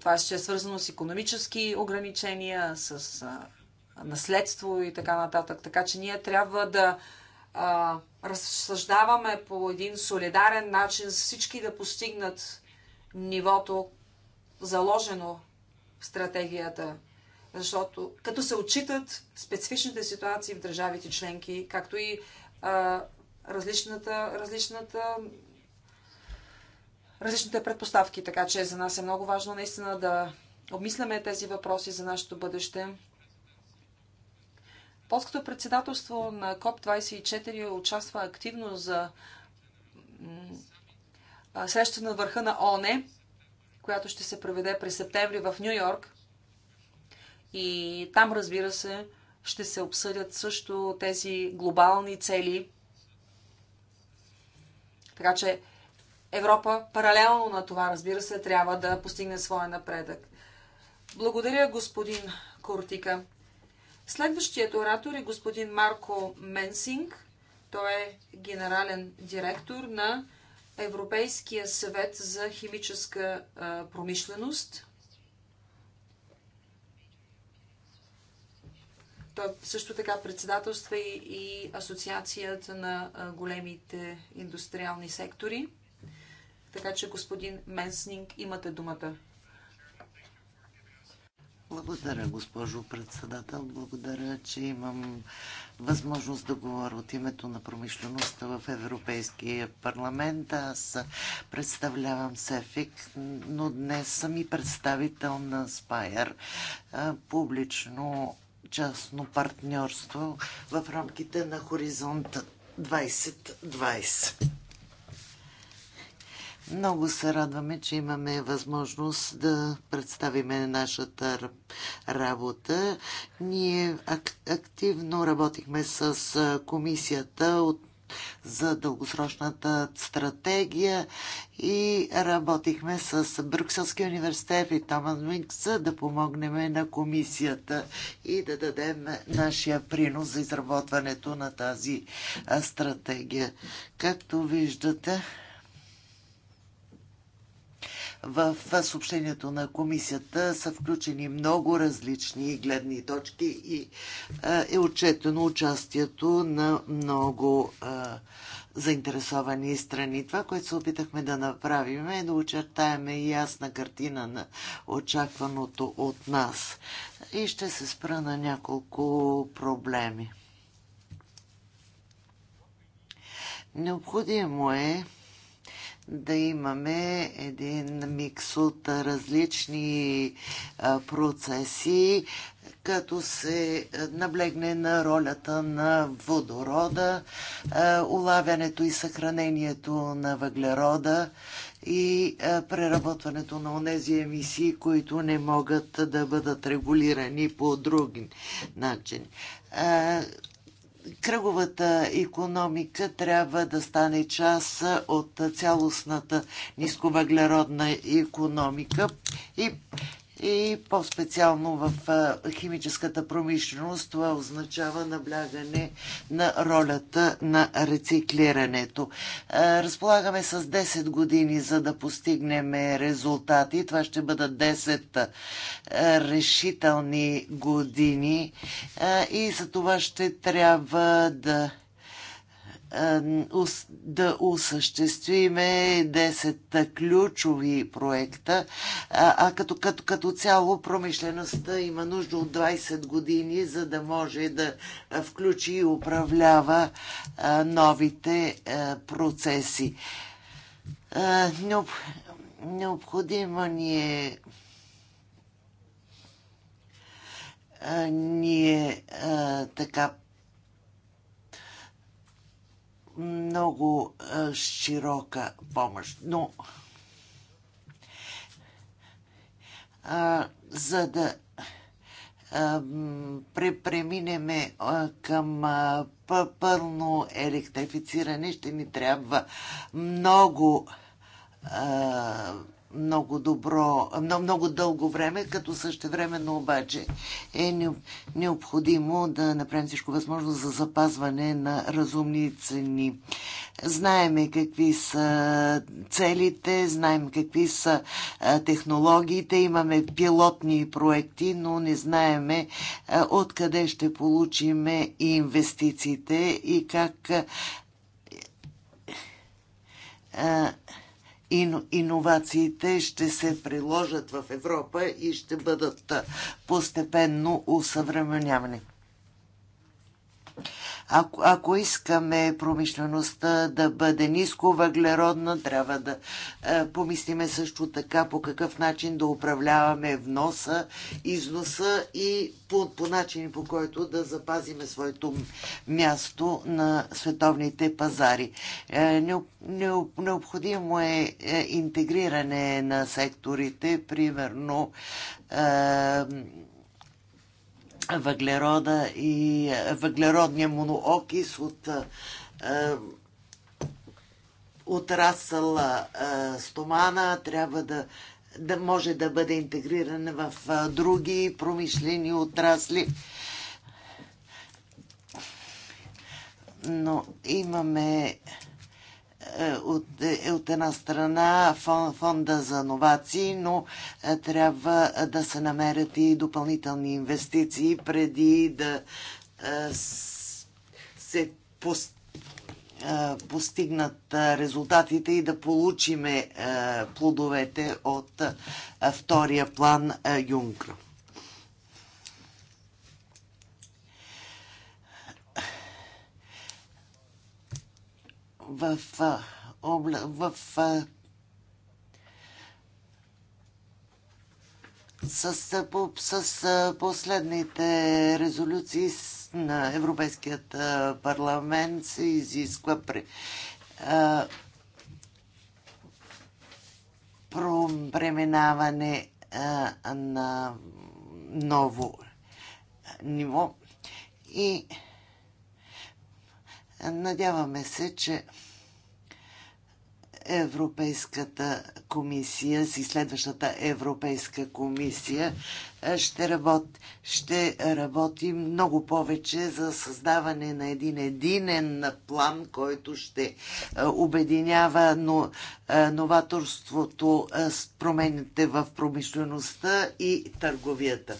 това ще е свързано с економически ограничения, с а, наследство и така нататък. Така че ние трябва да а, разсъждаваме по един солидарен начин, всички да постигнат нивото заложено в стратегията. Защото като се отчитат специфичните ситуации в държавите членки, както и а, различната, различната различните предпоставки, така че за нас е много важно наистина да обмисляме тези въпроси за нашето бъдеще. Полското председателство на КОП-24 участва активно за среща на върха на ОНЕ, която ще се проведе през септември в Нью Йорк. И там, разбира се, ще се обсъдят също тези глобални цели. Така че Европа паралелно на това, разбира се, трябва да постигне своя напредък. Благодаря, господин Куртика. Следващият оратор е господин Марко Менсинг. Той е генерален директор на Европейския съвет за химическа промишленост. Той също така председателства и, и Асоциацията на големите индустриални сектори. Така че, господин Менснинг, имате думата. Благодаря, госпожо председател. Благодаря, че имам възможност да говоря от името на промишлеността в Европейския парламент. Аз представлявам СЕФИК, но днес съм и представител на СПАЙЕР, публично частно партньорство в рамките на Хоризонта 2020. Много се радваме, че имаме възможност да представим нашата работа. Ние активно работихме с комисията от за дългосрочната стратегия и работихме с Брюкселския университет и Томас Минкс да помогнем на комисията и да дадем нашия принос за изработването на тази стратегия. Както виждате, в съобщението на комисията са включени много различни гледни точки и е отчетено участието на много заинтересовани страни. Това, което се опитахме да направим е да очертаеме ясна картина на очакваното от нас. И ще се спра на няколко проблеми. Необходимо е да имаме един микс от различни процеси, като се наблегне на ролята на водорода, улавянето и съхранението на въглерода и преработването на онези емисии, които не могат да бъдат регулирани по други начин кръговата економика трябва да стане част от цялостната нисковъглеродна економика и и по-специално в химическата промишленост това означава наблягане на ролята на рециклирането. Разполагаме с 10 години за да постигнем резултати. Това ще бъдат 10 решителни години и за това ще трябва да да осъществиме 10 ключови проекта, а като, като, като цяло промишлеността има нужда от 20 години, за да може да включи и управлява новите процеси. необходимо ни е ние така много широка помощ. Но за да препреминеме към пълно електрифициране, ще ни трябва много много добро, много, много дълго време, като същевременно обаче е необходимо да направим всичко възможно за запазване на разумни цени. Знаеме какви са целите, знаем какви са технологиите, имаме пилотни проекти, но не знаеме откъде ще получиме инвестициите и как иновациите ще се приложат в Европа и ще бъдат постепенно усъвременявани. Ако, ако искаме промишлеността да бъде ниско въглеродна, трябва да е, помислиме също така по какъв начин да управляваме вноса, износа и по, по начин по който да запазиме своето място на световните пазари. Е, не, не, необходимо е, е интегриране на секторите, примерно. Е, въглерода и е, въглеродния моноокис от е, е, отрасъл стомана трябва да, да може да бъде интегрирана в други промишлени отрасли. Но имаме е, от, е от една страна фонда за новации, но е, трябва да се намерят и допълнителни инвестиции преди да се постигнат резултатите и да получиме плодовете от втория план Юнкра. в, обла... в с, по, с последните резолюции на Европейският парламент се изисква при, а, про преминаване а, на ново ниво и Надяваме се, че Европейската комисия, си следващата Европейска комисия, е, ще, работи, ще работи много повече за създаване на един единен план, който ще е, обединява но, е, новаторството с промените в промишлеността и търговията.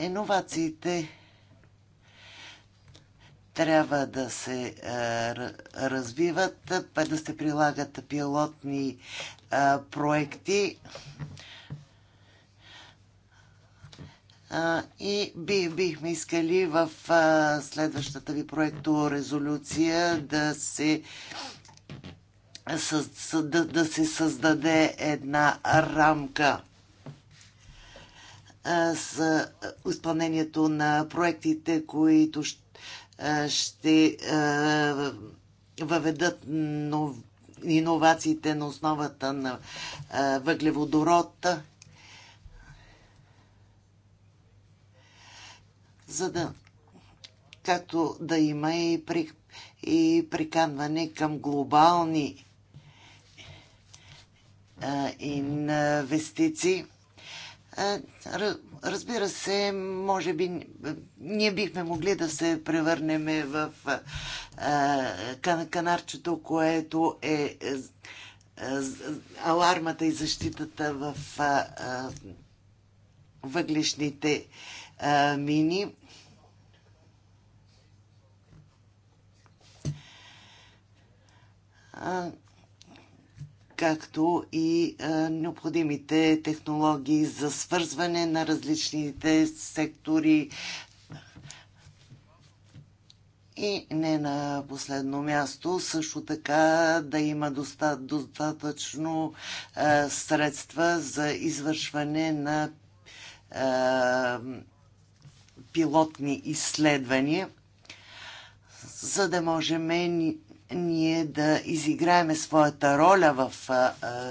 Иновациите трябва да се е, развиват, да се прилагат пилотни е, проекти и би, бихме искали в е, следващата ви проекто резолюция да се да, да се създаде една рамка с изпълнението на проектите, които ще ще въведат иновациите на основата на въглеводород, за да както да има и, при, и приканване към глобални а, инвестиции. Е, разбира се, може би ние бихме могли да се превърнем в е, канарчето, което е, е алармата и защитата в въглешните мини както и необходимите технологии за свързване на различните сектори. И не на последно място, също така да има достатъчно средства за извършване на пилотни изследвания, за да можем ние да изиграеме своята роля в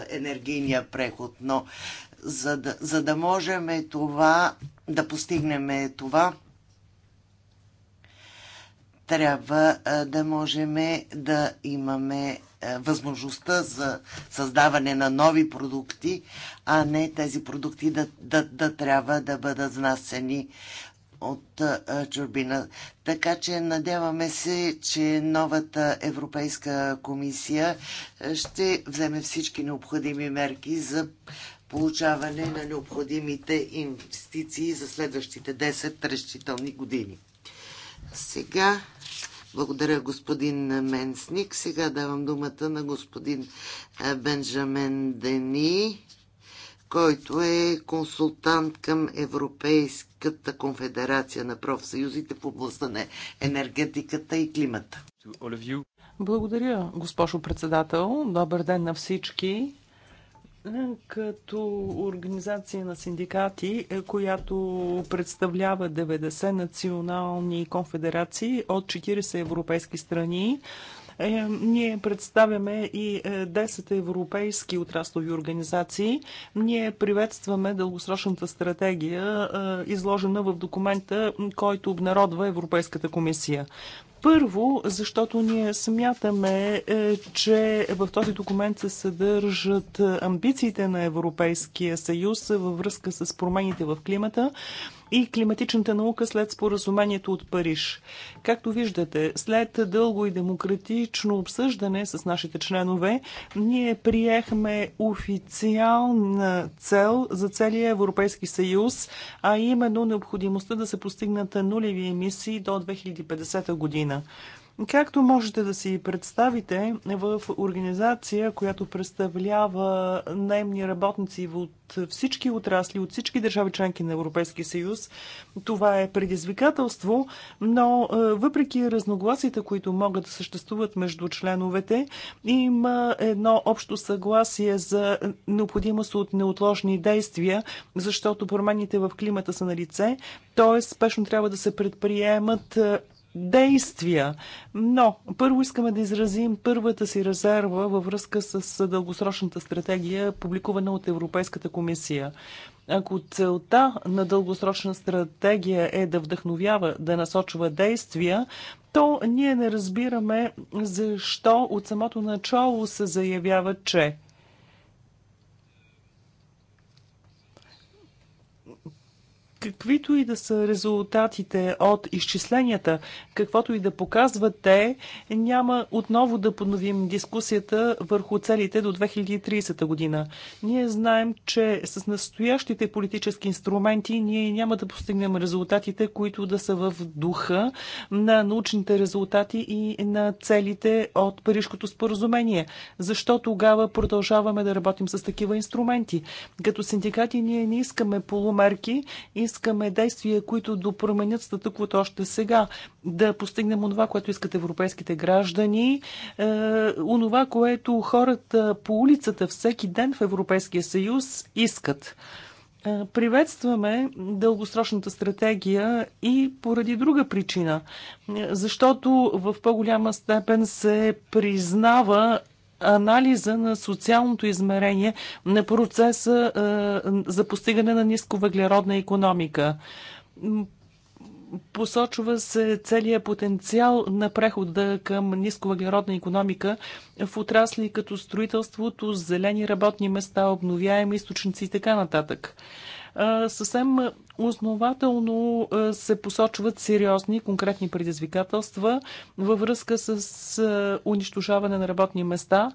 енергийния преход, но за да, за да можем това, да постигнем това, трябва да можем да имаме възможността за създаване на нови продукти, а не тези продукти да, да, да трябва да бъдат внасени от чужбина. Така че надяваме се, че новата Европейска комисия ще вземе всички необходими мерки за получаване на необходимите инвестиции за следващите 10 решителни години. Сега, благодаря господин Менсник, сега давам думата на господин Бенджамен Дени, който е консултант към Европейски Българската конфедерация на профсъюзите в областта на енергетиката и климата. Благодаря, госпожо председател. Добър ден на всички. Като организация на синдикати, която представлява 90 национални конфедерации от 40 европейски страни, е, ние представяме и 10 е, европейски отраслови организации. Ние приветстваме дългосрочната стратегия, е, изложена в документа, който обнародва Европейската комисия. Първо, защото ние смятаме, че в този документ се съдържат амбициите на Европейския съюз във връзка с промените в климата и климатичната наука след споразумението от Париж. Както виждате, след дълго и демократично обсъждане с нашите членове, ние приехме официална цел за целия Европейски съюз, а именно необходимостта да се постигнат нулеви емисии до 2050 година. Както можете да си представите, в организация, която представлява наемни работници от всички отрасли, от всички държави членки на Европейския съюз, това е предизвикателство, но е, въпреки разногласията, които могат да съществуват между членовете, има едно общо съгласие за необходимост от неотложни действия, защото промените в климата са на лице, т.е. спешно трябва да се предприемат е, действия. Но първо искаме да изразим първата си резерва във връзка с дългосрочната стратегия, публикувана от Европейската комисия. Ако целта на дългосрочна стратегия е да вдъхновява, да насочва действия, то ние не разбираме защо от самото начало се заявява, че каквито и да са резултатите от изчисленията, каквото и да показват те, няма отново да подновим дискусията върху целите до 2030 година. Ние знаем, че с настоящите политически инструменти ние няма да постигнем резултатите, които да са в духа на научните резултати и на целите от Парижкото споразумение. Защо тогава продължаваме да работим с такива инструменти? Като синдикати ние не искаме полумерки и искаме действия, които допроменят статъквото още сега, да постигнем онова, което искат европейските граждани, е, онова, което хората по улицата всеки ден в Европейския съюз искат. Е, приветстваме дългосрочната стратегия и поради друга причина, е, защото в по-голяма степен се признава анализа на социалното измерение на процеса е, за постигане на нисковъглеродна економика. Посочва се целият потенциал на прехода към нисковъглеродна економика в отрасли като строителството, зелени работни места, обновяеми източници и така нататък съвсем основателно се посочват сериозни конкретни предизвикателства във връзка с унищожаване на работни места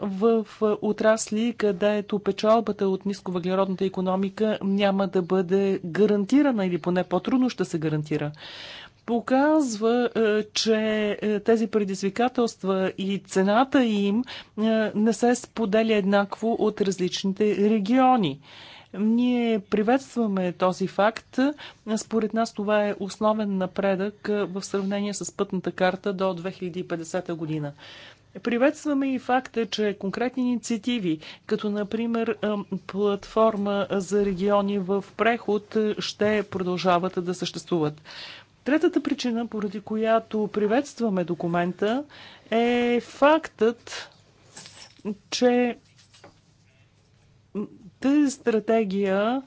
в отрасли, където печалбата от нисковъглеродната економика няма да бъде гарантирана или поне по-трудно ще се гарантира показва, че тези предизвикателства и цената им не се споделя еднакво от различните региони. Ние приветстваме този факт. Според нас това е основен напредък в сравнение с пътната карта до 2050 година. Приветстваме и факта, че конкретни инициативи, като например платформа за региони в преход, ще продължават да съществуват. Третата причина, поради която приветстваме документа, е фактът, че тази стратегия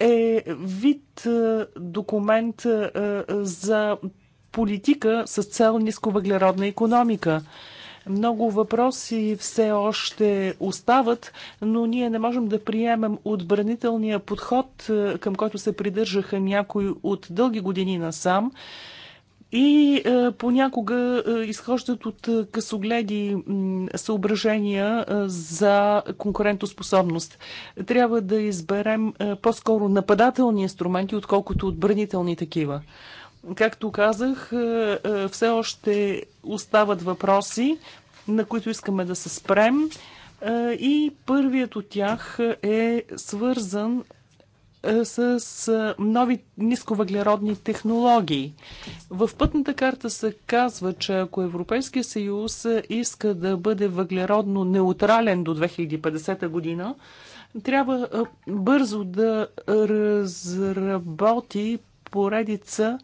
е вид е, документ е, е, за политика с цел нисковъглеродна економика. Много въпроси все още остават, но ние не можем да приемем отбранителния подход, към който се придържаха някои от дълги години насам. сам и е, понякога е, изхождат от е, късогледи съображения е, за конкурентоспособност. Трябва да изберем е, по-скоро нападателни инструменти, отколкото отбранителни такива. Както казах, е, все още остават въпроси, на които искаме да се спрем. И първият от тях е свързан е, с е, нови нисковъглеродни технологии. В пътната карта се казва, че ако Европейския съюз иска да бъде въглеродно неутрален до 2050 година, трябва е, бързо да разработи поредица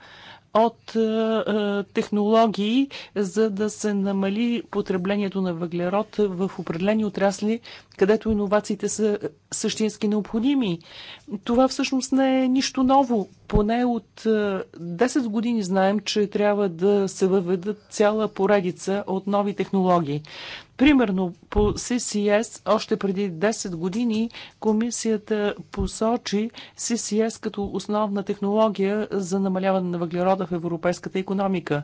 от е, е, технологии, за да се намали потреблението на въглерод в определени отрасли, където иновациите са същински необходими. Това всъщност не е нищо ново. Поне от 10 е, години знаем, че трябва да се въведат цяла поредица от нови технологии. Примерно по CCS още преди 10 години комисията посочи CCS като основна технология за намаляване на въглерода в европейската економика.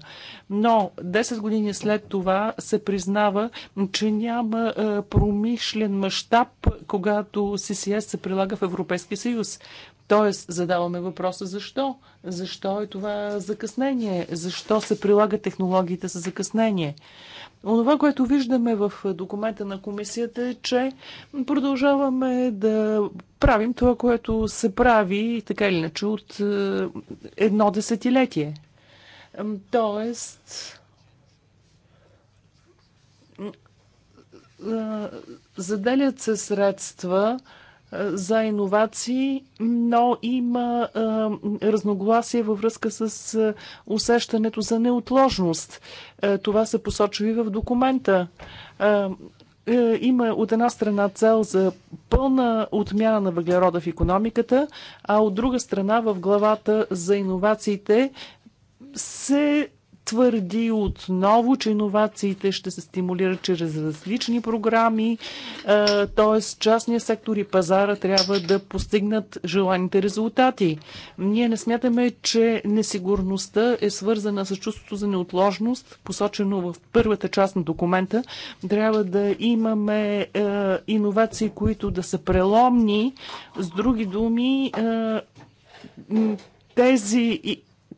Но 10 години след това се признава, че няма е, промишлен мащаб, когато CCS се прилага в Европейския съюз. Тоест, задаваме въпроса защо? Защо е това закъснение? Защо се прилагат технологиите с закъснение? Онова, което виждаме в документа на комисията е, че продължаваме да правим това, което се прави така или иначе от е, едно десетилетие. Тоест, е, заделят се средства, за иновации, но има а, разногласие във връзка с а, усещането за неотложност. А, това се посочва и в документа. А, е, има от една страна цел за пълна отмяна на въглерода в економиката, а от друга страна в главата за иновациите се твърди отново, че иновациите ще се стимулират чрез различни програми, е, т.е. частния сектор и пазара трябва да постигнат желаните резултати. Ние не смятаме, че несигурността е свързана с чувството за неотложност, посочено в първата част на документа. Трябва да имаме е, иновации, които да са преломни. С други думи, е, тези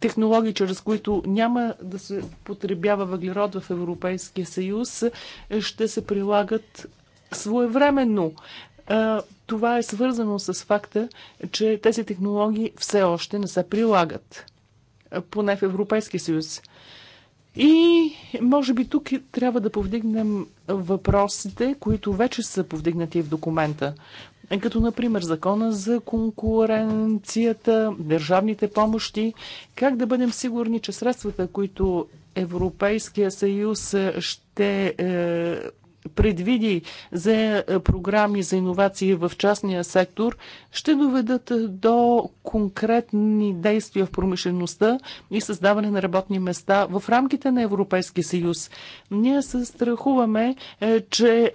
технологии, чрез които няма да се потребява въглерод в Европейския съюз, ще се прилагат своевременно. Това е свързано с факта, че тези технологии все още не се прилагат, поне в Европейския съюз. И може би тук трябва да повдигнем въпросите, които вече са повдигнати в документа. Е, като например закона за конкуренцията, държавните помощи, как да бъдем сигурни, че средствата, които Европейския съюз ще е, предвиди за е, програми за иновации в частния сектор, ще доведат е, до конкретни действия в промишлеността и създаване на работни места в рамките на Европейския съюз. Ние се страхуваме, е, че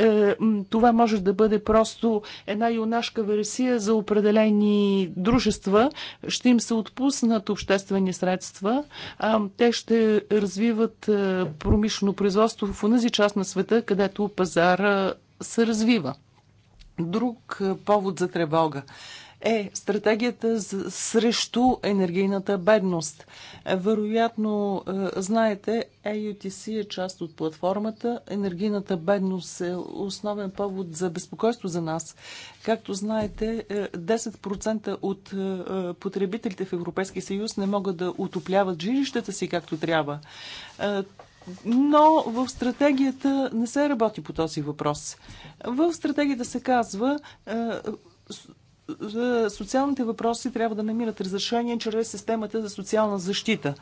това може да бъде просто една юнашка версия за определени дружества. Ще им се отпуснат обществени средства. Те ще развиват промишлено производство в тази част на света, където пазара се развива. Друг е, повод за тревога е стратегията срещу енергийната бедност. Вероятно, е, знаете, AUTC е част от платформата. Енергийната бедност е основен повод за безпокойство за нас. Както знаете, 10% е, от потребителите в Европейския съюз не могат да отопляват жилищата си както трябва. Но в стратегията не се работи по този въпрос. В стратегията се казва, е, социалните въпроси трябва да намират разрешение чрез системата за социална защита.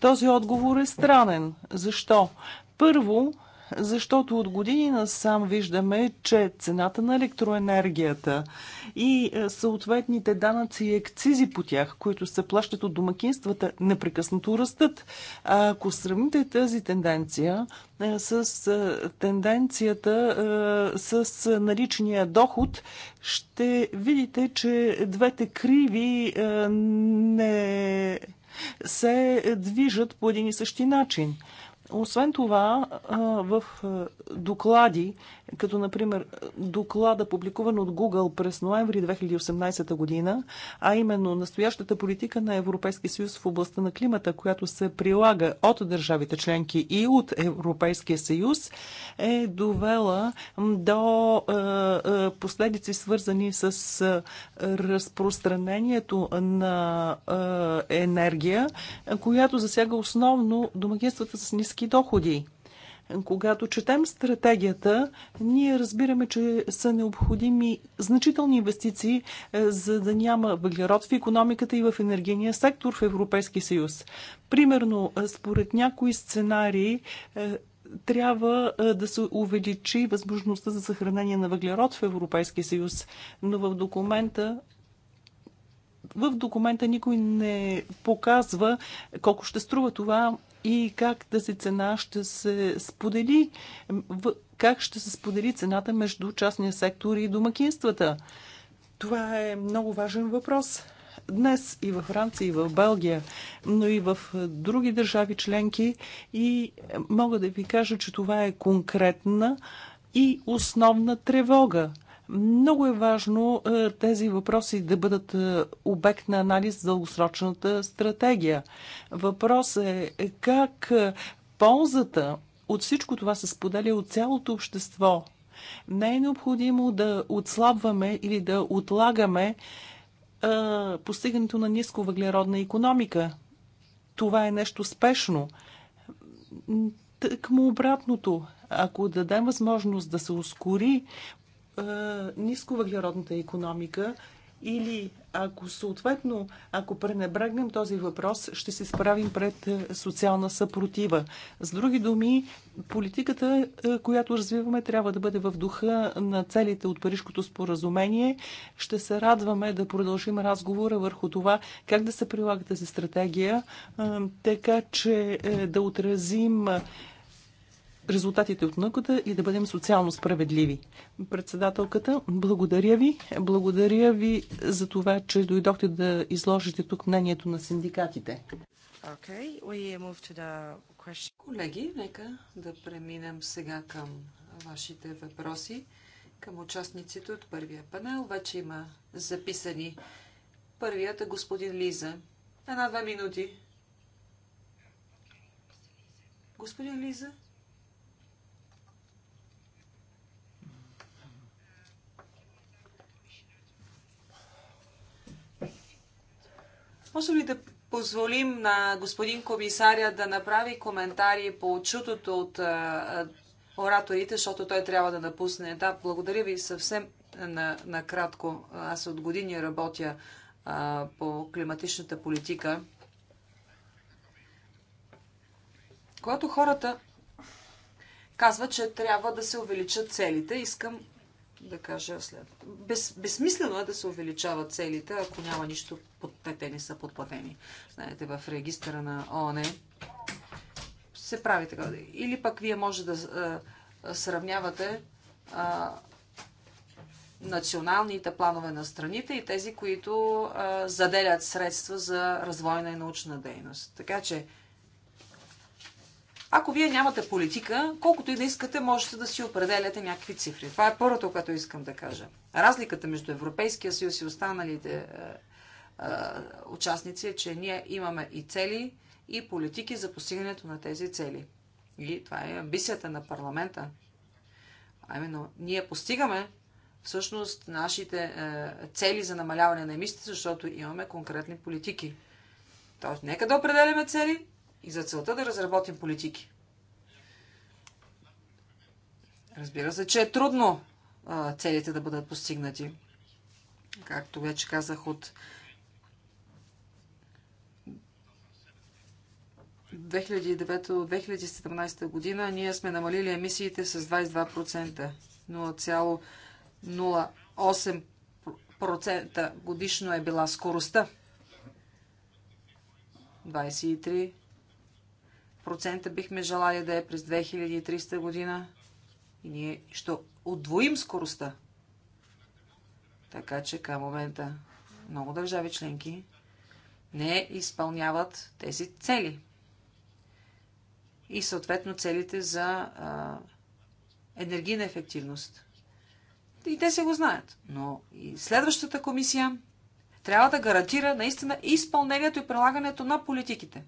Този отговор е странен. Защо? Първо, защото от години насам виждаме, че цената на електроенергията и е, съответните данъци и екцизи по тях, които се плащат от домакинствата, непрекъснато растат. А ако сравните тази тенденция е, с е, тенденцията с наличния доход, ще видите, че двете криви не се движат по един и същи начин. Освен това, в доклади, като например доклада, публикуван от Google през ноември 2018 година, а именно настоящата политика на Европейския съюз в областта на климата, която се прилага от държавите членки и от Европейския съюз, е довела до последици свързани с разпространението на енергия, която засяга основно домакинствата с ниски търговски доходи. Когато четем стратегията, ние разбираме, че са необходими значителни инвестиции, е, за да няма въглерод в економиката и в енергийния сектор в Европейски съюз. Примерно, е, според някои сценарии, е, трябва да се увеличи възможността за съхранение на въглерод в Европейския съюз, но в документа в документа никой не показва колко ще струва това и как тази цена ще се сподели, как ще се сподели цената между частния сектор и домакинствата. Това е много важен въпрос. Днес и във Франция, и в Белгия, но и в е, други държави членки. И е, мога да ви кажа, че това е конкретна и основна тревога. Много е важно е, тези въпроси да бъдат е, обект на анализ за дългосрочната стратегия. Въпрос е, е как ползата от всичко това се споделя от цялото общество. Не е необходимо да отслабваме или да отлагаме постигането на ниско въглеродна економика. Това е нещо спешно. Тъкмо обратното, ако дадем възможност да се ускори нисковъглеродната економика или ако съответно, ако пренебрегнем този въпрос, ще се справим пред социална съпротива. С други думи, политиката, която развиваме, трябва да бъде в духа на целите от Парижкото споразумение. Ще се радваме да продължим разговора върху това как да се прилага тази стратегия, така че е, да отразим резултатите от науката и да бъдем социално справедливи. Председателката, благодаря ви. Благодаря ви за това, че дойдохте да изложите тук мнението на синдикатите. Okay, we move to the Колеги, нека да преминем сега към вашите въпроси към участниците от първия панел. Вече има записани. Първият е господин Лиза. Една-два минути. Господин Лиза? Можем ли да позволим на господин комисаря да направи коментари по чутото от ораторите, защото той трябва да напусне. Да, благодаря ви съвсем накратко. На Аз от години работя а, по климатичната политика. Когато хората казват, че трябва да се увеличат целите, искам да кажа след. Без, безсмислено е да се увеличават целите, ако няма нищо те не са подплатени. Знаете, в регистъра на ООН се прави така. Или пък вие може да а, сравнявате а, националните планове на страните и тези, които а, заделят средства за развойна и научна дейност. Така че ако вие нямате политика, колкото и да искате, можете да си определяте някакви цифри. Това е първото, което искам да кажа. Разликата между Европейския съюз и останалите е, е, участници е, че ние имаме и цели, и политики за постигането на тези цели. И това е амбицията на парламента. А именно, ние постигаме всъщност нашите е, цели за намаляване на емисиите, защото имаме конкретни политики. Тоест, нека да определяме цели, и за целта да разработим политики. Разбира се, че е трудно а, целите да бъдат постигнати. Както вече казах, от 2009-2017 година ние сме намалили емисиите с 22%. 0,08% годишно е била скоростта. 23 процента бихме желали да е през 2300 година. И ние ще отвоим скоростта. Така че към момента много държави членки не изпълняват тези цели. И съответно целите за а, енергийна ефективност. И те се го знаят. Но и следващата комисия трябва да гарантира наистина изпълнението и прилагането на политиките.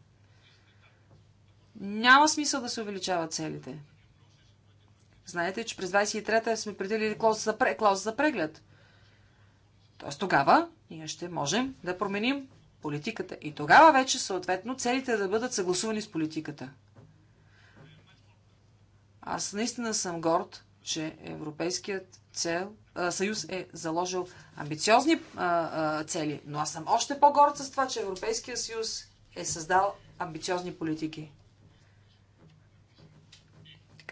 Няма смисъл да се увеличават целите. Знаете, че през 23-та сме предвидели клауза за, за преглед. Тоест тогава ние ще можем да променим политиката. И тогава вече съответно целите да бъдат съгласувани с политиката. Аз наистина съм горд, че Европейският цел, а, съюз е заложил амбициозни а, а, цели, но аз съм още по-горд с това, че Европейският съюз е създал амбициозни политики.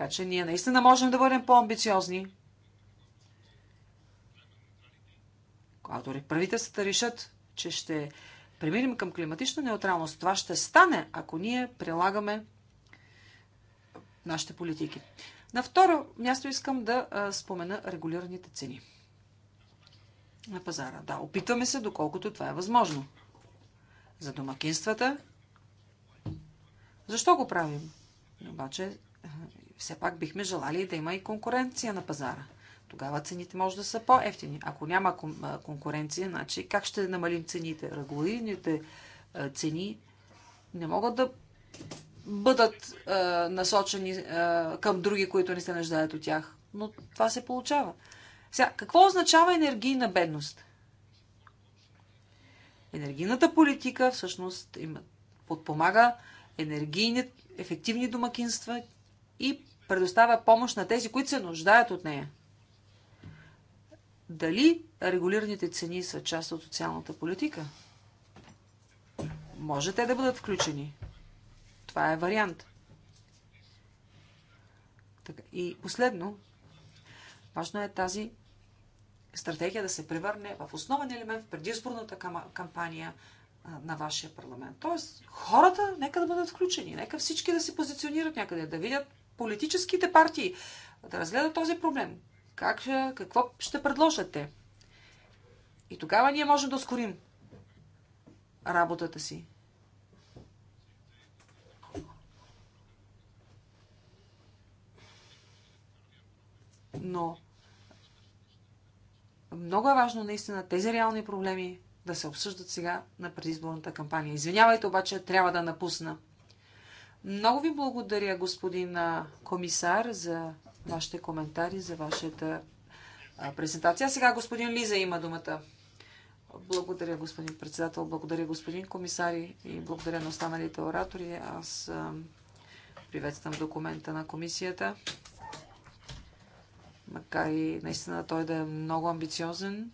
Така че ние наистина можем да бъдем по-амбициозни. Когато правителствата решат, че ще преминем към климатична неутралност, това ще стане, ако ние прилагаме нашите политики. На второ място искам да спомена регулираните цени на пазара. Да, опитваме се, доколкото това е възможно. За домакинствата. Защо го правим? Обаче все пак бихме желали да има и конкуренция на пазара. Тогава цените може да са по-ефтини. Ако няма конкуренция, значи как ще намалим цените? Регулирните цени не могат да бъдат насочени към други, които не се нуждаят от тях. Но това се получава. Сега, какво означава енергийна бедност? Енергийната политика всъщност има подпомага енергийни ефективни домакинства и предоставя помощ на тези, които се нуждаят от нея. Дали регулираните цени са част от социалната политика? Може те да бъдат включени. Това е вариант. Така. И последно, важно е тази стратегия да се превърне в основен елемент в предизборната кампания на вашия парламент. Тоест, хората нека да бъдат включени, нека всички да се позиционират някъде, да видят политическите партии да разгледат този проблем. Как, какво ще предложат те? И тогава ние можем да ускорим работата си. Но много е важно наистина тези реални проблеми да се обсъждат сега на предизборната кампания. Извинявайте, обаче трябва да напусна. Много ви благодаря, господин комисар, за вашите коментари, за вашата презентация. А сега господин Лиза има думата. Благодаря, господин председател, благодаря, господин комисар и благодаря на останалите оратори. Аз приветствам документа на комисията, макар и наистина той да е много амбициозен.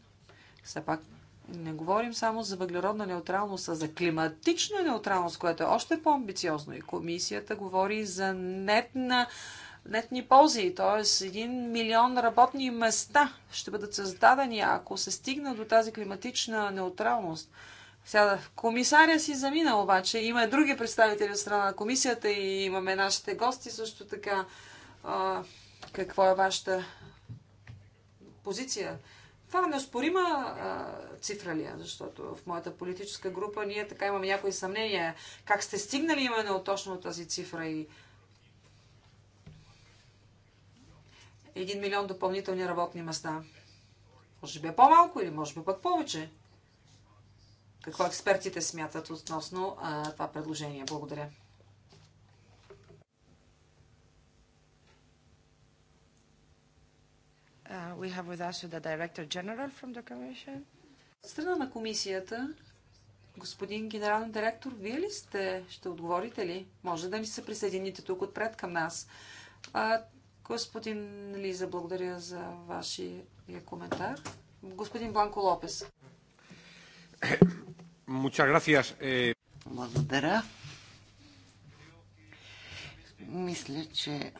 Все пак не говорим само за въглеродна неутралност, а за климатична неутралност, което е още по-амбициозно. И комисията говори за нетна, нетни ползи, т.е. един милион работни места ще бъдат създадени, ако се стигна до тази климатична неутралност. Сега, комисаря си замина обаче. Има и други представители от страна на комисията и имаме нашите гости също така. А, какво е вашата позиция? Това е неоспорима цифра ли е, защото в моята политическа група ние така имаме някои съмнения. Как сте стигнали именно точно от тази цифра и един милион допълнителни работни места? Може би е по-малко или може би пък повече? Какво експертите смятат относно а, това предложение? Благодаря. Uh, we have with us the Director General from the Commission. Страна на комисията, господин генерален директор, вие ли сте? Ще отговорите ли? Може да ни се присъедините тук отпред към нас. А, господин Лиза, благодаря за вашия коментар. Господин Бланко Лопес. Eh, благодаря. Мисля, че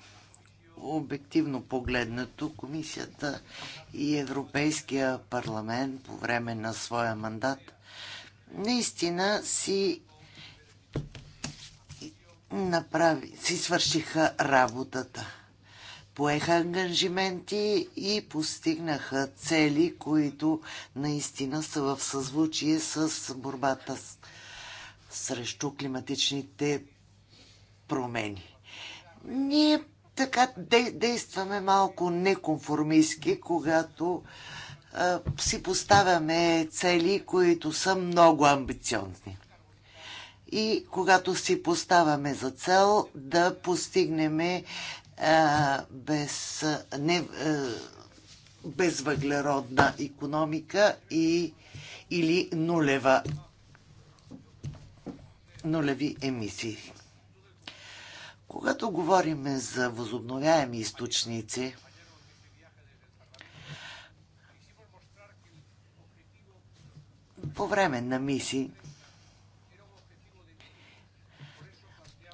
обективно погледнато, комисията и Европейския парламент по време на своя мандат наистина си направи, си свършиха работата. Поеха ангажименти и постигнаха цели, които наистина са в съзвучие с борбата с, срещу климатичните промени. Ние така де, действаме малко неконформистки, когато а, си поставяме цели, които са много амбициозни. И когато си поставяме за цел да постигнем без, не, а, безвъглеродна економика и, или нулева, нулеви емисии. Когато говорим за възобновяеми източници, по време на мисии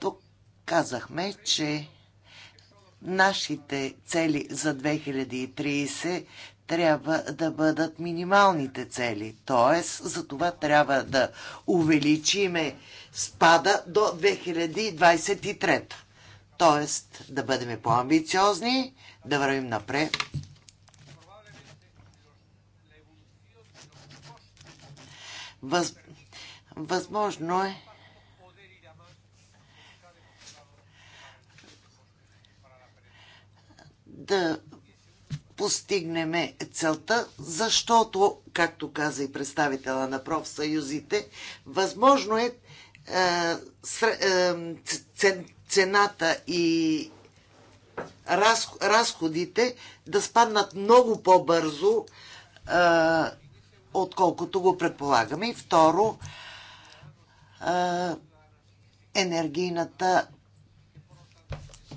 тук казахме, че нашите цели за 2030 трябва да бъдат минималните цели. Тоест, за това трябва да увеличиме спада до 2023. Т.е. да бъдем по-амбициозни, да вървим напред. Въз... Възможно е да постигнем целта, защото, както каза и представителя на профсъюзите, възможно е, е, е цената и разходите да спаднат много по-бързо, отколкото го предполагаме. И второ, енергийната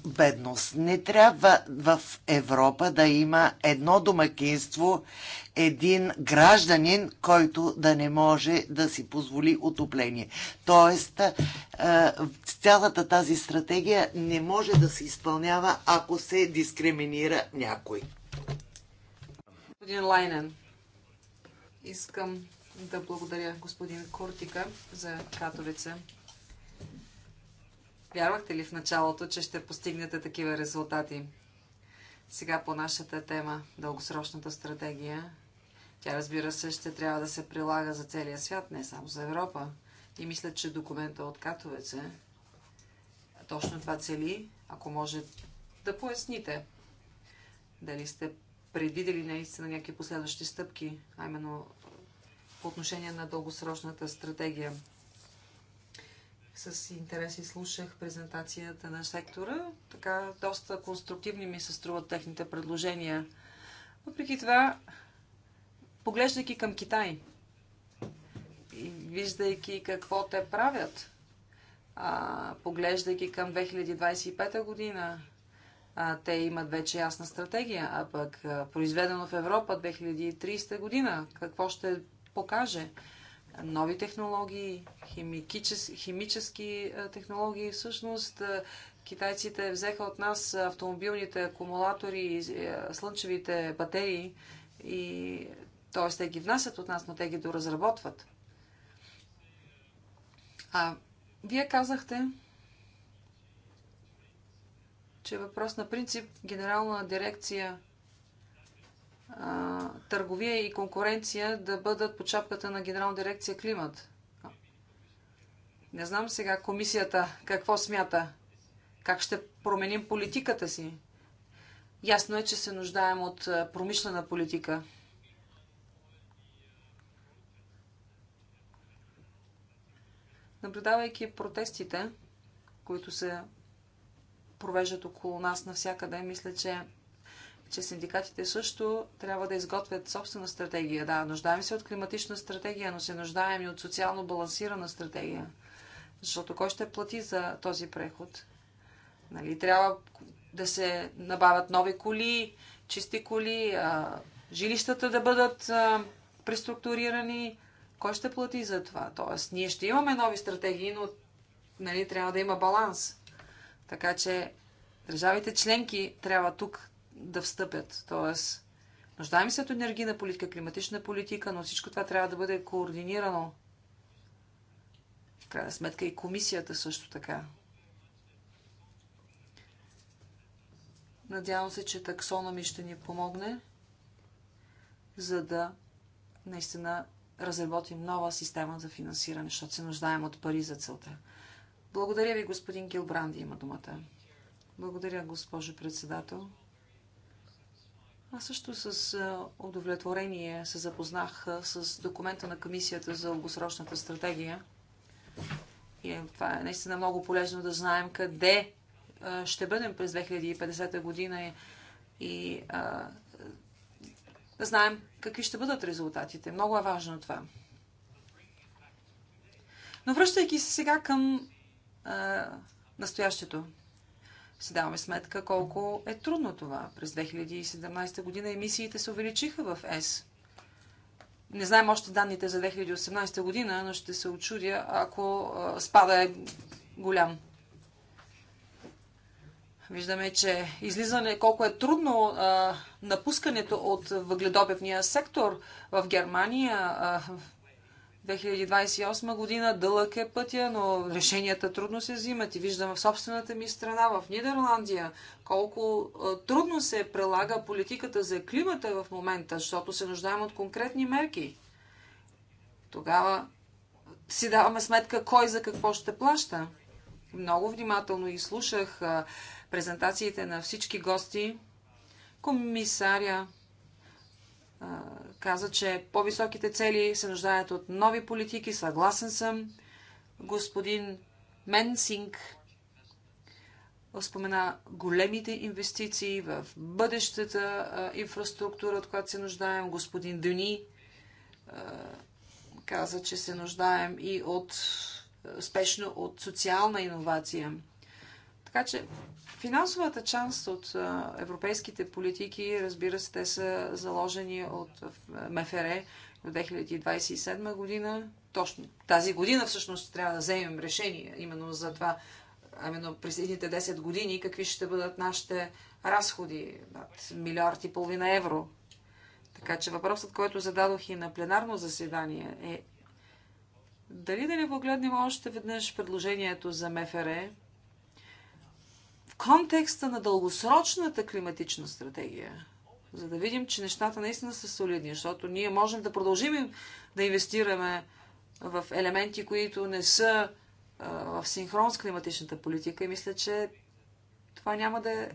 бедност. Не трябва в Европа да има едно домакинство, един гражданин, който да не може да си позволи отопление. Тоест, е, цялата тази стратегия не може да се изпълнява, ако се дискриминира някой. Господин Лайнен, искам да благодаря господин Куртика за Катовица Вярвахте ли в началото, че ще постигнете такива резултати? Сега по нашата тема дългосрочната стратегия. Тя, разбира се, ще трябва да се прилага за целия свят, не само за Европа. И мисля, че документа от Катовеце точно това цели, ако може да поясните. Дали сте предвидели наистина някакви последващи стъпки, а именно по отношение на дългосрочната стратегия. С интерес и слушах презентацията на сектора. Така доста конструктивни ми се струват техните предложения. Въпреки това, поглеждайки към Китай и виждайки какво те правят, а, поглеждайки към 2025 година, а, те имат вече ясна стратегия, а пък а, произведено в Европа 2030 година, какво ще покаже? нови технологии, химичес, химически технологии. Всъщност китайците взеха от нас автомобилните акумулатори, слънчевите батерии и т.е. те ги внасят от нас, но те ги доразработват. А вие казахте, че е въпрос на принцип Генерална дирекция а, търговия и конкуренция да бъдат по чапката на Генерална дирекция Климат. Не знам сега комисията какво смята, как ще променим политиката си. Ясно е, че се нуждаем от промишлена политика. Наблюдавайки протестите, които се провеждат около нас навсякъде, мисля, че че синдикатите също трябва да изготвят собствена стратегия. Да, нуждаем се от климатична стратегия, но се нуждаем и от социално балансирана стратегия. Защото кой ще плати за този преход? Нали, трябва да се набавят нови коли, чисти коли, а, жилищата да бъдат а, преструктурирани. Кой ще плати за това? Тоест, ние ще имаме нови стратегии, но нали, трябва да има баланс. Така че държавите членки трябва тук да встъпят. Тоест, нуждаем се от енергийна политика, климатична политика, но всичко това трябва да бъде координирано. В крайна сметка и комисията също така. Надявам се, че ми ще ни помогне, за да наистина разработим нова система за финансиране, защото се нуждаем от пари за целта. Благодаря ви, господин Гилбранди има думата. Благодаря, госпожо председател. Аз също с удовлетворение се запознах с документа на Комисията за обосрочната стратегия. И е, това е наистина много полезно да знаем къде ще бъдем през 2050 година и да знаем какви ще бъдат резултатите. Много е важно това. Но връщайки се сега към а, настоящето си даваме сметка колко е трудно това. През 2017 година емисиите се увеличиха в ЕС. Не знаем още данните за 2018 година, но ще се очудя, ако спада е голям. Виждаме, че излизане, колко е трудно а, напускането от въгледобивния сектор в Германия, а, 2028 година дълъг е пътя, но решенията трудно се взимат и виждам в собствената ми страна, в Нидерландия, колко трудно се прилага политиката за климата в момента, защото се нуждаем от конкретни мерки. Тогава си даваме сметка кой за какво ще плаща. Много внимателно изслушах презентациите на всички гости, комисаря, каза, че по-високите цели се нуждаят от нови политики. Съгласен съм. Господин Менсинг спомена големите инвестиции в бъдещата инфраструктура, от която се нуждаем. Господин Дюни каза, че се нуждаем и от спешно от социална иновация. Така че финансовата част от европейските политики, разбира се, те са заложени от МФР до 2027 година. Точно тази година всъщност трябва да вземем решение именно за това, именно през едните 10 години, какви ще бъдат нашите разходи над милиард и половина евро. Така че въпросът, който зададох и на пленарно заседание е дали да не погледнем още веднъж предложението за МФР, контекста на дългосрочната климатична стратегия, за да видим, че нещата наистина са солидни, защото ние можем да продължим да инвестираме в елементи, които не са в синхрон с климатичната политика и мисля, че това няма да е,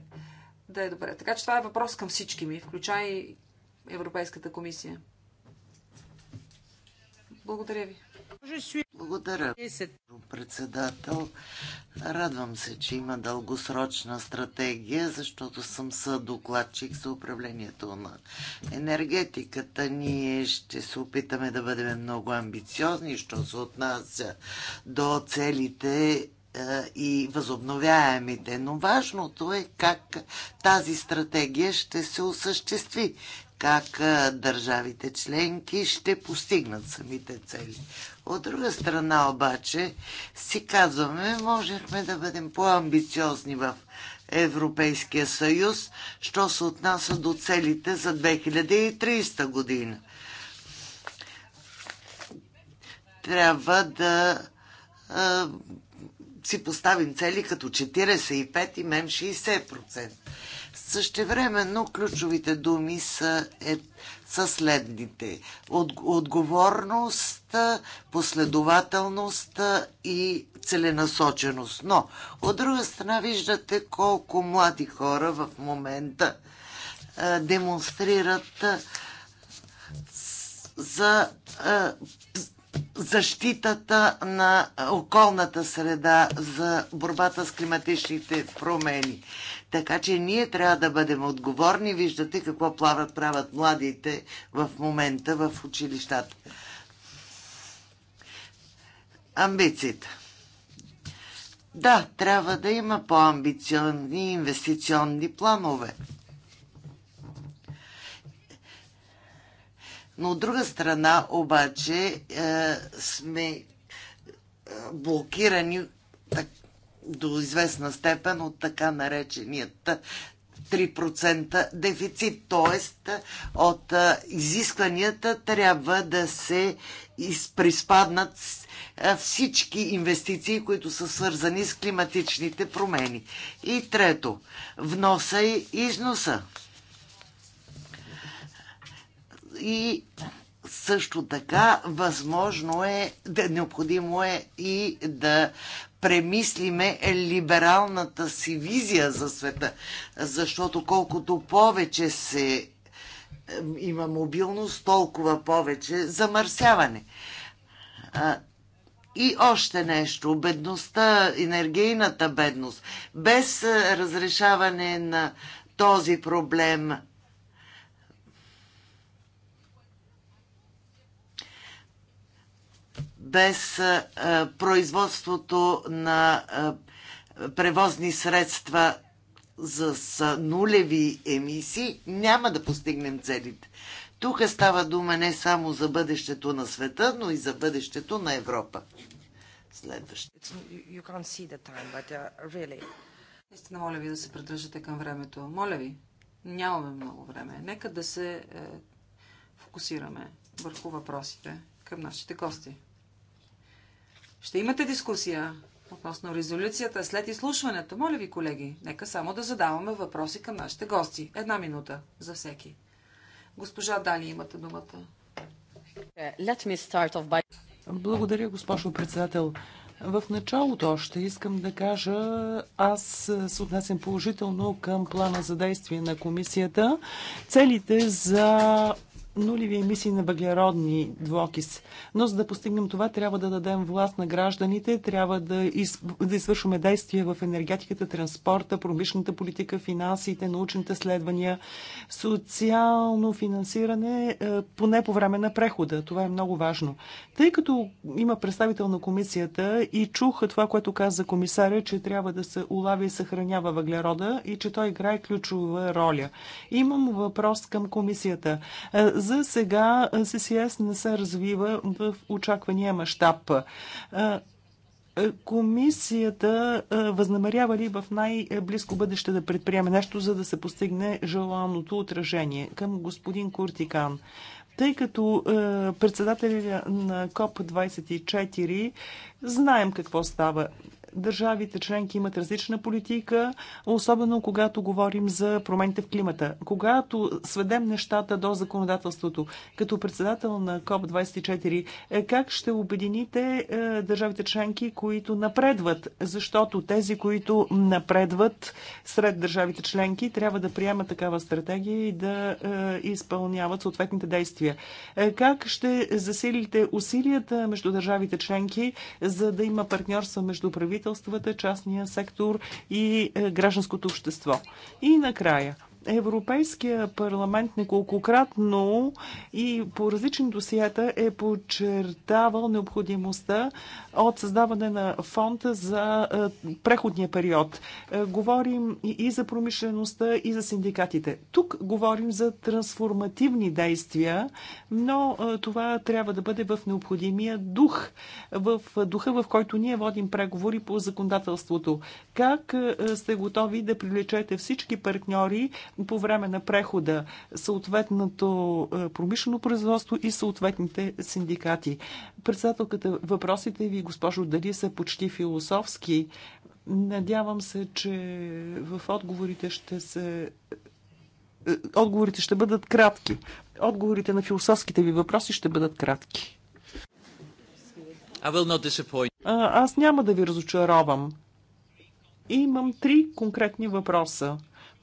да е добре. Така че това е въпрос към всички ми, включай и Европейската комисия. Благодаря ви. Благодаря, председател. Радвам се, че има дългосрочна стратегия, защото съм съдокладчик за управлението на енергетиката. Ние ще се опитаме да бъдем много амбициозни, що се отнася до целите е, и възобновяемите. Но важното е как тази стратегия ще се осъществи как държавите членки ще постигнат самите цели. От друга страна обаче си казваме, можехме да бъдем по-амбициозни в Европейския съюз, що се отнася до целите за 2030 година. Трябва да а, си поставим цели като 45 и мем 60%. Същевременно ключовите думи са, е, са следните. От, отговорност, последователност и целенасоченост. Но, от друга страна, виждате колко млади хора в момента е, демонстрират е, за е, защитата на околната среда, за борбата с климатичните промени. Така че ние трябва да бъдем отговорни. Виждате какво плават, правят младите в момента в училищата. Амбициите. Да, трябва да има по-амбиционни инвестиционни планове. Но от друга страна обаче е, сме е, блокирани так, до известна степен от така нареченият 3% дефицит, т.е. от изискванията трябва да се приспаднат всички инвестиции, които са свързани с климатичните промени. И трето, вноса и износа. И също така възможно е, да, необходимо е и да премислиме е либералната си визия за света, защото колкото повече се е, има мобилност, толкова повече замърсяване. И още нещо. Бедността, енергийната бедност. Без е, разрешаване на този проблем без производството на превозни средства за, с нулеви емисии, няма да постигнем целите. Тук става дума не само за бъдещето на света, но и за бъдещето на Европа. Следващо. Истина, uh, Наистина, моля ви да се придържате към времето. Моля ви, нямаме много време. Нека да се е, фокусираме върху въпросите към нашите гости. Ще имате дискусия относно резолюцията след изслушването. Моля ви, колеги, нека само да задаваме въпроси към нашите гости. Една минута за всеки. Госпожа Дали, имате думата. By... Благодаря, госпожо председател. В началото още искам да кажа, аз се отнесем положително към плана за действие на комисията. Целите за нулеви емисии на въглеродни двокис. Но за да постигнем това, трябва да дадем власт на гражданите, трябва да, из, да извършваме действия в енергетиката, транспорта, промишлената политика, финансите, научните следвания, социално финансиране, е, поне по време на прехода. Това е много важно. Тъй като има представител на комисията и чух това, което каза комисаря, че трябва да се улавя и съхранява въглерода и че той играе ключова роля. Имам въпрос към комисията е, за сега ССС не се развива в очаквания мащаб. Комисията възнамерява ли в най-близко бъдеще да предприеме нещо, за да се постигне желаното отражение? Към господин Куртикан тъй като е, председателя на КОП-24 знаем какво става. Държавите членки имат различна политика, особено когато говорим за промените в климата. Когато сведем нещата до законодателството, като председател на КОП-24, е, как ще обедините е, държавите членки, които напредват? Защото тези, които напредват сред държавите членки, трябва да приемат такава стратегия и да е, изпълняват съответните действия. Как ще засилите усилията между държавите членки, за да има партньорства между правителството правителствата, частния сектор и е, гражданското общество. И накрая – Европейския парламент неколкократно и по различни досията е подчертавал необходимостта от създаване на фонд за е, преходния период. Е, говорим и за промишлеността, и за синдикатите. Тук говорим за трансформативни действия, но е, това трябва да бъде в необходимия дух, в духа, в който ние водим преговори по законодателството. Как сте готови да привлечете всички партньори, по време на прехода съответното е, промишлено производство и съответните синдикати. Председателката, въпросите ви, госпожо, дали са почти философски? Надявам се, че в отговорите ще се е, отговорите ще бъдат кратки. Отговорите на философските ви въпроси ще бъдат кратки. I will not disappoint. А, аз няма да ви разочаровам. Имам три конкретни въпроса.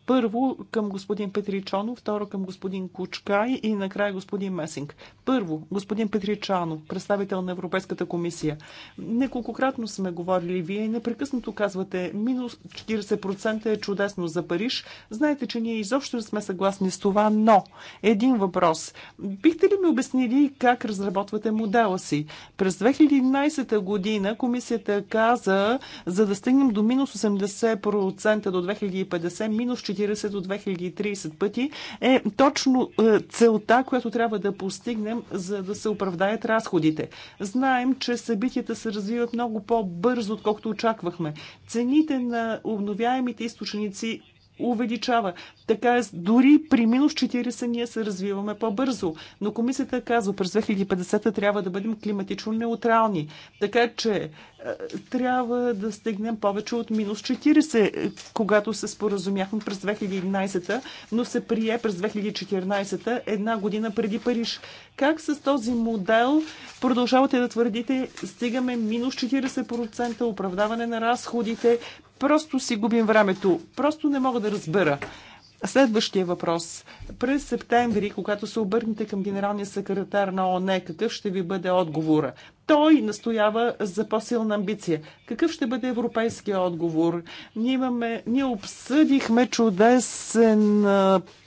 Първо към господин Петричанов, второ към господин Кучкай и накрая господин Месинг. Първо, господин Петричанов, представител на Европейската комисия. Неколкократно сме говорили, вие непрекъснато казвате, минус 40% е чудесно за Париж. Знаете, че ние изобщо не сме съгласни с това, но един въпрос. Бихте ли ми обяснили как разработвате модела си? През 2011 година комисията каза, за да стигнем до минус 80% до 2050, минус 40 40 до 2030 пъти е точно е, целта, която трябва да постигнем, за да се оправдаят разходите. Знаем, че събитията се развиват много по-бързо, отколкото очаквахме. Цените на обновяемите източници увеличава. Така е, дори при минус 40 ние се развиваме по-бързо. Но комисията казва, през 2050 трябва да бъдем климатично неутрални. Така че е, трябва да стигнем повече от минус 40, когато се споразумяхме през 2011, но се прие през 2014, една година преди Париж. Как с този модел продължавате да твърдите, стигаме минус 40% оправдаване на разходите, Просто си губим времето. Просто не мога да разбера. Следващия въпрос. През септември, когато се обърнете към генералния секретар на ОНЕ, какъв ще ви бъде отговора? Той настоява за по-силна амбиция. Какъв ще бъде европейския отговор? Ние, имаме, ние обсъдихме чудесен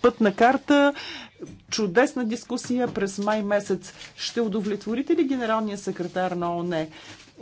път на карта, чудесна дискусия през май месец. Ще удовлетворите ли генералния секретар на ОНЕ?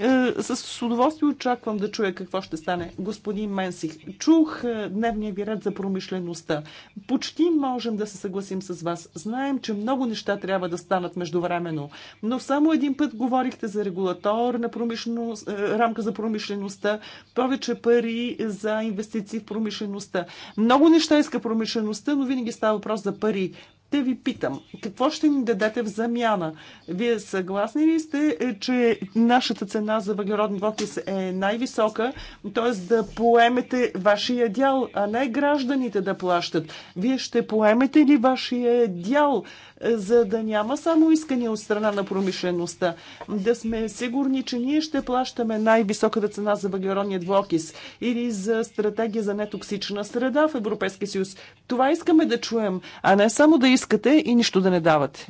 Е, с удоволствие очаквам да чуя какво ще стане. Господин Менсих, чух е, дневния ви ред за промишлеността. Почти можем да се съгласим с вас. Знаем, че много неща трябва да станат междувременно, но само един път говорихте за регулаторна промишленост, е, рамка за промишлеността, повече пари за инвестиции в промишлеността. Много неща иска промишлеността, но винаги става въпрос за пари. Те ви питам, какво ще ни дадете в замяна? Вие съгласни ли сте, е, че нашата цена за въглероден двокис е най-висока, т.е. да поемете вашия дял, а не гражданите да плащат? Вие ще поемете ли вашия дял? за да няма само искания от страна на промишлеността. Да сме сигурни, че ние ще плащаме най-високата цена за въглеродния двуокис или за стратегия за нетоксична среда в Европейския съюз. Това искаме да чуем, а не само да искате и нищо да не давате.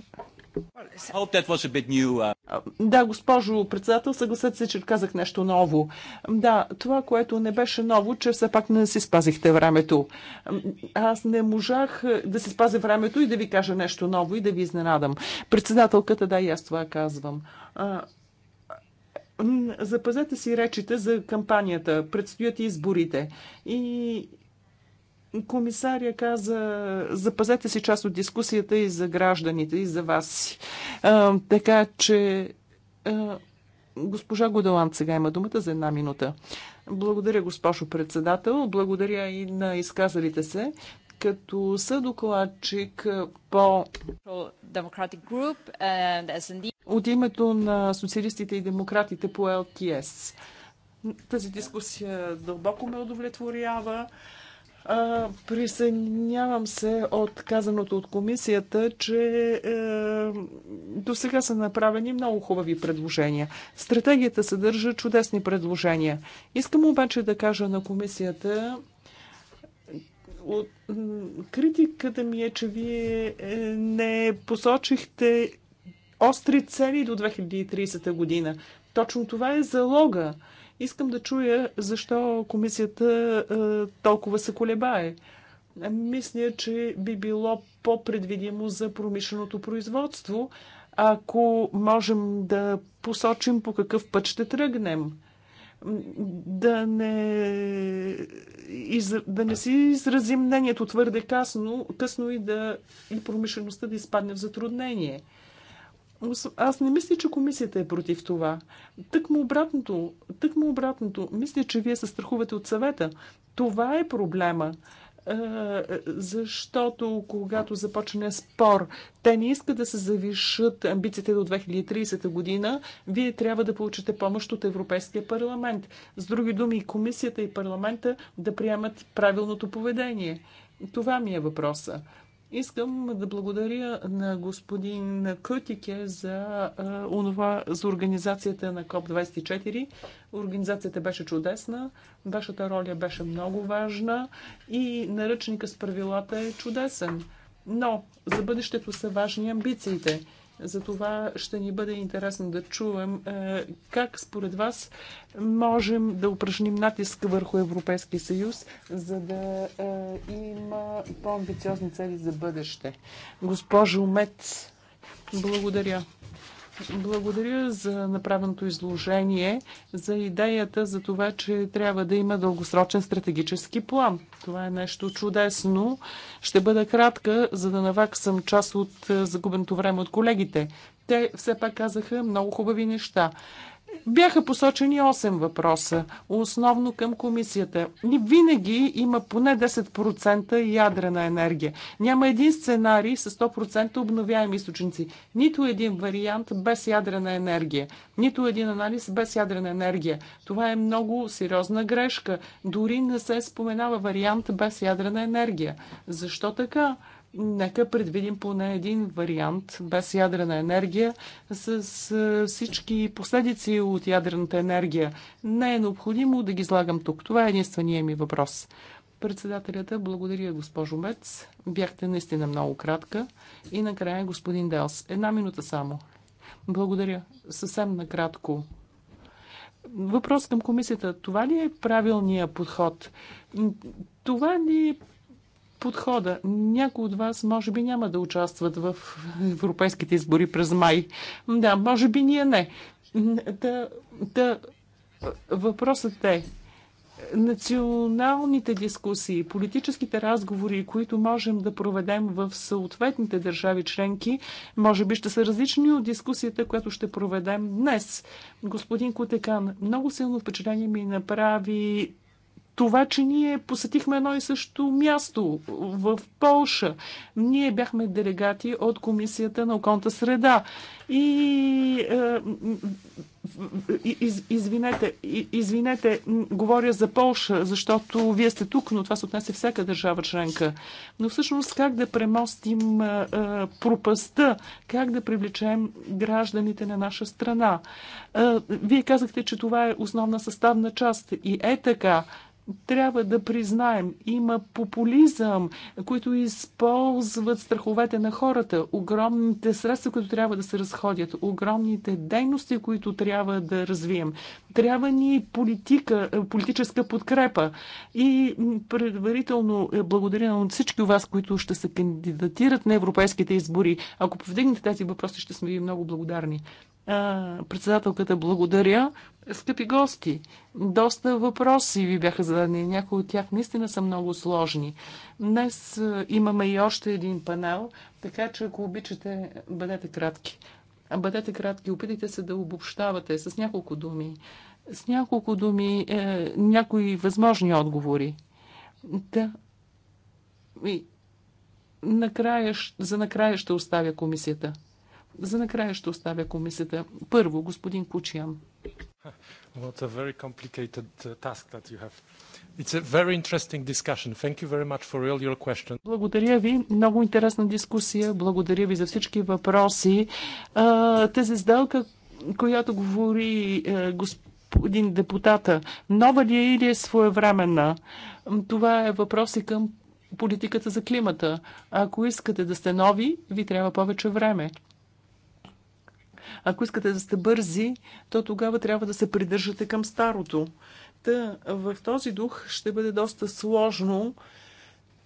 Uh, да, госпожо председател, съгласете се, че казах нещо ново. Да, това, което не беше ново, че все пак не си спазихте времето. Аз не можах е, да си спазя времето и да ви кажа нещо ново и да ви изненадам. Председателката, да, и аз това казвам. Запазете си речите за кампанията. Предстоят изборите. И Комисария каза, запазете си част от дискусията и за гражданите, и за вас. А, така че а, госпожа Годеланд сега има думата за една минута. Благодаря, госпожо председател. Благодаря и на изказалите се. Като съдокладчик по е от името на социалистите и демократите по ЛТС. Тази дискусия дълбоко ме удовлетворява. Присъединявам се от казаното от комисията, че е, до сега са направени много хубави предложения. Стратегията съдържа чудесни предложения. Искам обаче да кажа на комисията, от, критиката ми е, че вие е, не посочихте остри цели до 2030 година. Точно това е залога. Искам да чуя защо комисията е, толкова се колебае. Мисля, че би било по-предвидимо за промишленото производство, ако можем да посочим по какъв път ще тръгнем да не, да не си изразим мнението твърде късно, късно и да и промишлеността да изпадне в затруднение. Аз не мисля, че комисията е против това. Тък му обратното. Тък му обратното. Мисля, че вие се страхувате от съвета. Това е проблема е, защото когато започне спор, те не искат да се завишат амбициите до 2030 година, вие трябва да получите помощ от Европейския парламент. С други думи, комисията и парламента да приемат правилното поведение. Това ми е въпроса. Искам да благодаря на господин Кътике за, онова, за организацията на КОП-24. Организацията беше чудесна, вашата роля беше много важна и наръчника с правилата е чудесен. Но за бъдещето са важни амбициите. Затова ще ни бъде интересно да чуем е, как според вас можем да упражним натиск върху Европейския съюз, за да е, има по-амбициозни цели за бъдеще. Госпожо Мец, благодаря. Благодаря за направеното изложение, за идеята за това, че трябва да има дългосрочен стратегически план. Това е нещо чудесно. Ще бъда кратка, за да наваксам част от загубеното време от колегите. Те все пак казаха много хубави неща. Бяха посочени 8 въпроса, основно към комисията. И винаги има поне 10% ядрена енергия. Няма един сценарий с 100% обновяеми източници. Нито един вариант без ядрена енергия. Нито един анализ без ядрена енергия. Това е много сериозна грешка. Дори не се споменава вариант без ядрена енергия. Защо така? нека предвидим поне един вариант без ядрена енергия с всички последици от ядрената енергия. Не е необходимо да ги излагам тук. Това е единствения ми въпрос. Председателята, благодаря госпожо Мец. Бяхте наистина много кратка. И накрая господин Делс. Една минута само. Благодаря. Съвсем накратко. Въпрос към комисията. Това ли е правилният подход? Това ли е подхода. Някои от вас може би няма да участват в европейските избори през май. Да, може би ние не. Да, да, въпросът е националните дискусии, политическите разговори, които можем да проведем в съответните държави членки, може би ще са различни от дискусията, която ще проведем днес. Господин Котекан, много силно впечатление ми направи това, че ние посетихме едно и също място в Полша. Ние бяхме делегати от Комисията на околната среда. И е, из, извинете, извинете, говоря за Полша, защото вие сте тук, но това се отнесе всяка държава членка. Но всъщност как да премостим е, е, пропаста, как да привлечем гражданите на наша страна? Вие казахте, че това е основна съставна част и е така трябва да признаем, има популизъм, които използват страховете на хората, огромните средства, които трябва да се разходят, огромните дейности, които трябва да развием. Трябва ни политика, политическа подкрепа. И предварително е, благодаря на всички вас, които ще се кандидатират на европейските избори. Ако повдигнете тези въпроси, ще сме ви много благодарни. Председателката благодаря. Скъпи гости, доста въпроси ви бяха зададени. Някои от тях наистина са много сложни. Днес имаме и още един панел, така че ако обичате, бъдете кратки. Бъдете кратки, опитайте се да обобщавате с няколко думи. С няколко думи е, някои възможни отговори. Да. И накрая, за накрая ще оставя комисията. За накрая ще оставя комисията. Първо, господин Кучиян. What a very complicated uh, task that you have. It's a very interesting discussion. Thank you very much for all your questions. Благодаря ви. Много интересна дискусия. Благодаря ви за всички въпроси. Тази сделка, която говори е, господин депутата, нова ли е или е своевременна? Това е въпроси към политиката за климата. Ако искате да сте нови, ви трябва повече време. Ако искате да сте бързи, то тогава трябва да се придържате към старото. Та, в този дух ще бъде доста сложно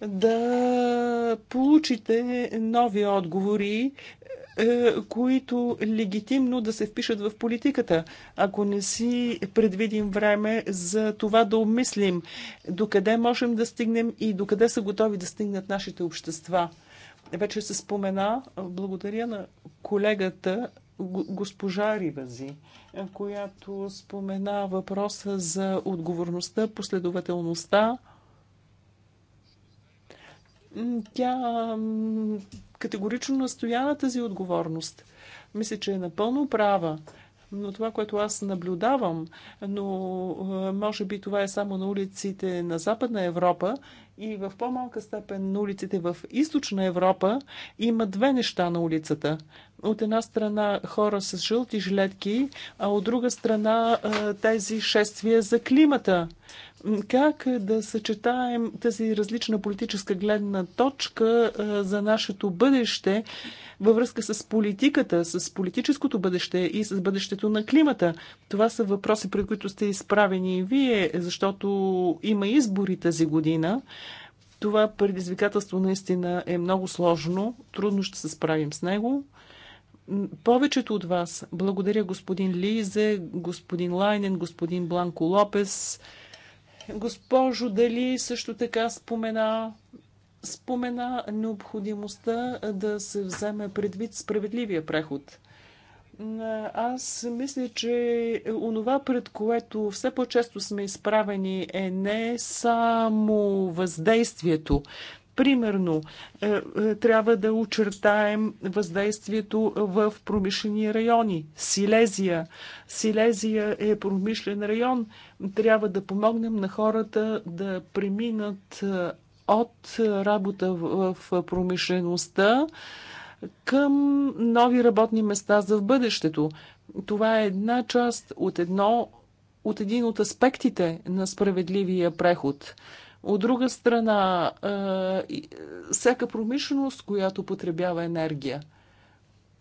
да получите нови отговори, е, които легитимно да се впишат в политиката, ако не си предвидим време за това да обмислим докъде можем да стигнем и докъде са готови да стигнат нашите общества. Вече се спомена, благодаря на колегата госпожа Ривази, е, която спомена въпроса за отговорността, последователността. Тя категорично настоя на тази отговорност. Мисля, че е напълно права. Но това, което аз наблюдавам, но е, може би това е само на улиците на Западна Европа и в по-малка степен на улиците в Източна Европа, има две неща на улицата. От една страна хора с жълти жилетки, а от друга страна е, тези шествия за климата. Как да съчетаем тази различна политическа гледна точка за нашето бъдеще във връзка с политиката, с политическото бъдеще и с бъдещето на климата? Това са въпроси, пред които сте изправени и вие, защото има избори тази година. Това предизвикателство наистина е много сложно. Трудно ще се справим с него. Повечето от вас, благодаря господин Лизе, господин Лайнен, господин Бланко Лопес, Госпожо Дали също така спомена спомена необходимостта да се вземе предвид справедливия преход. Аз мисля, че онова, пред което все по-често сме изправени, е не само въздействието, Примерно, е, е, трябва да очертаем въздействието в промишлени райони. Силезия. Силезия е промишлен район. Трябва да помогнем на хората да преминат е, от работа в промишлеността към нови работни места за в бъдещето. Това е една част от едно от един от аспектите на справедливия преход. От друга страна, е, е, всяка промишленост, която потребява енергия.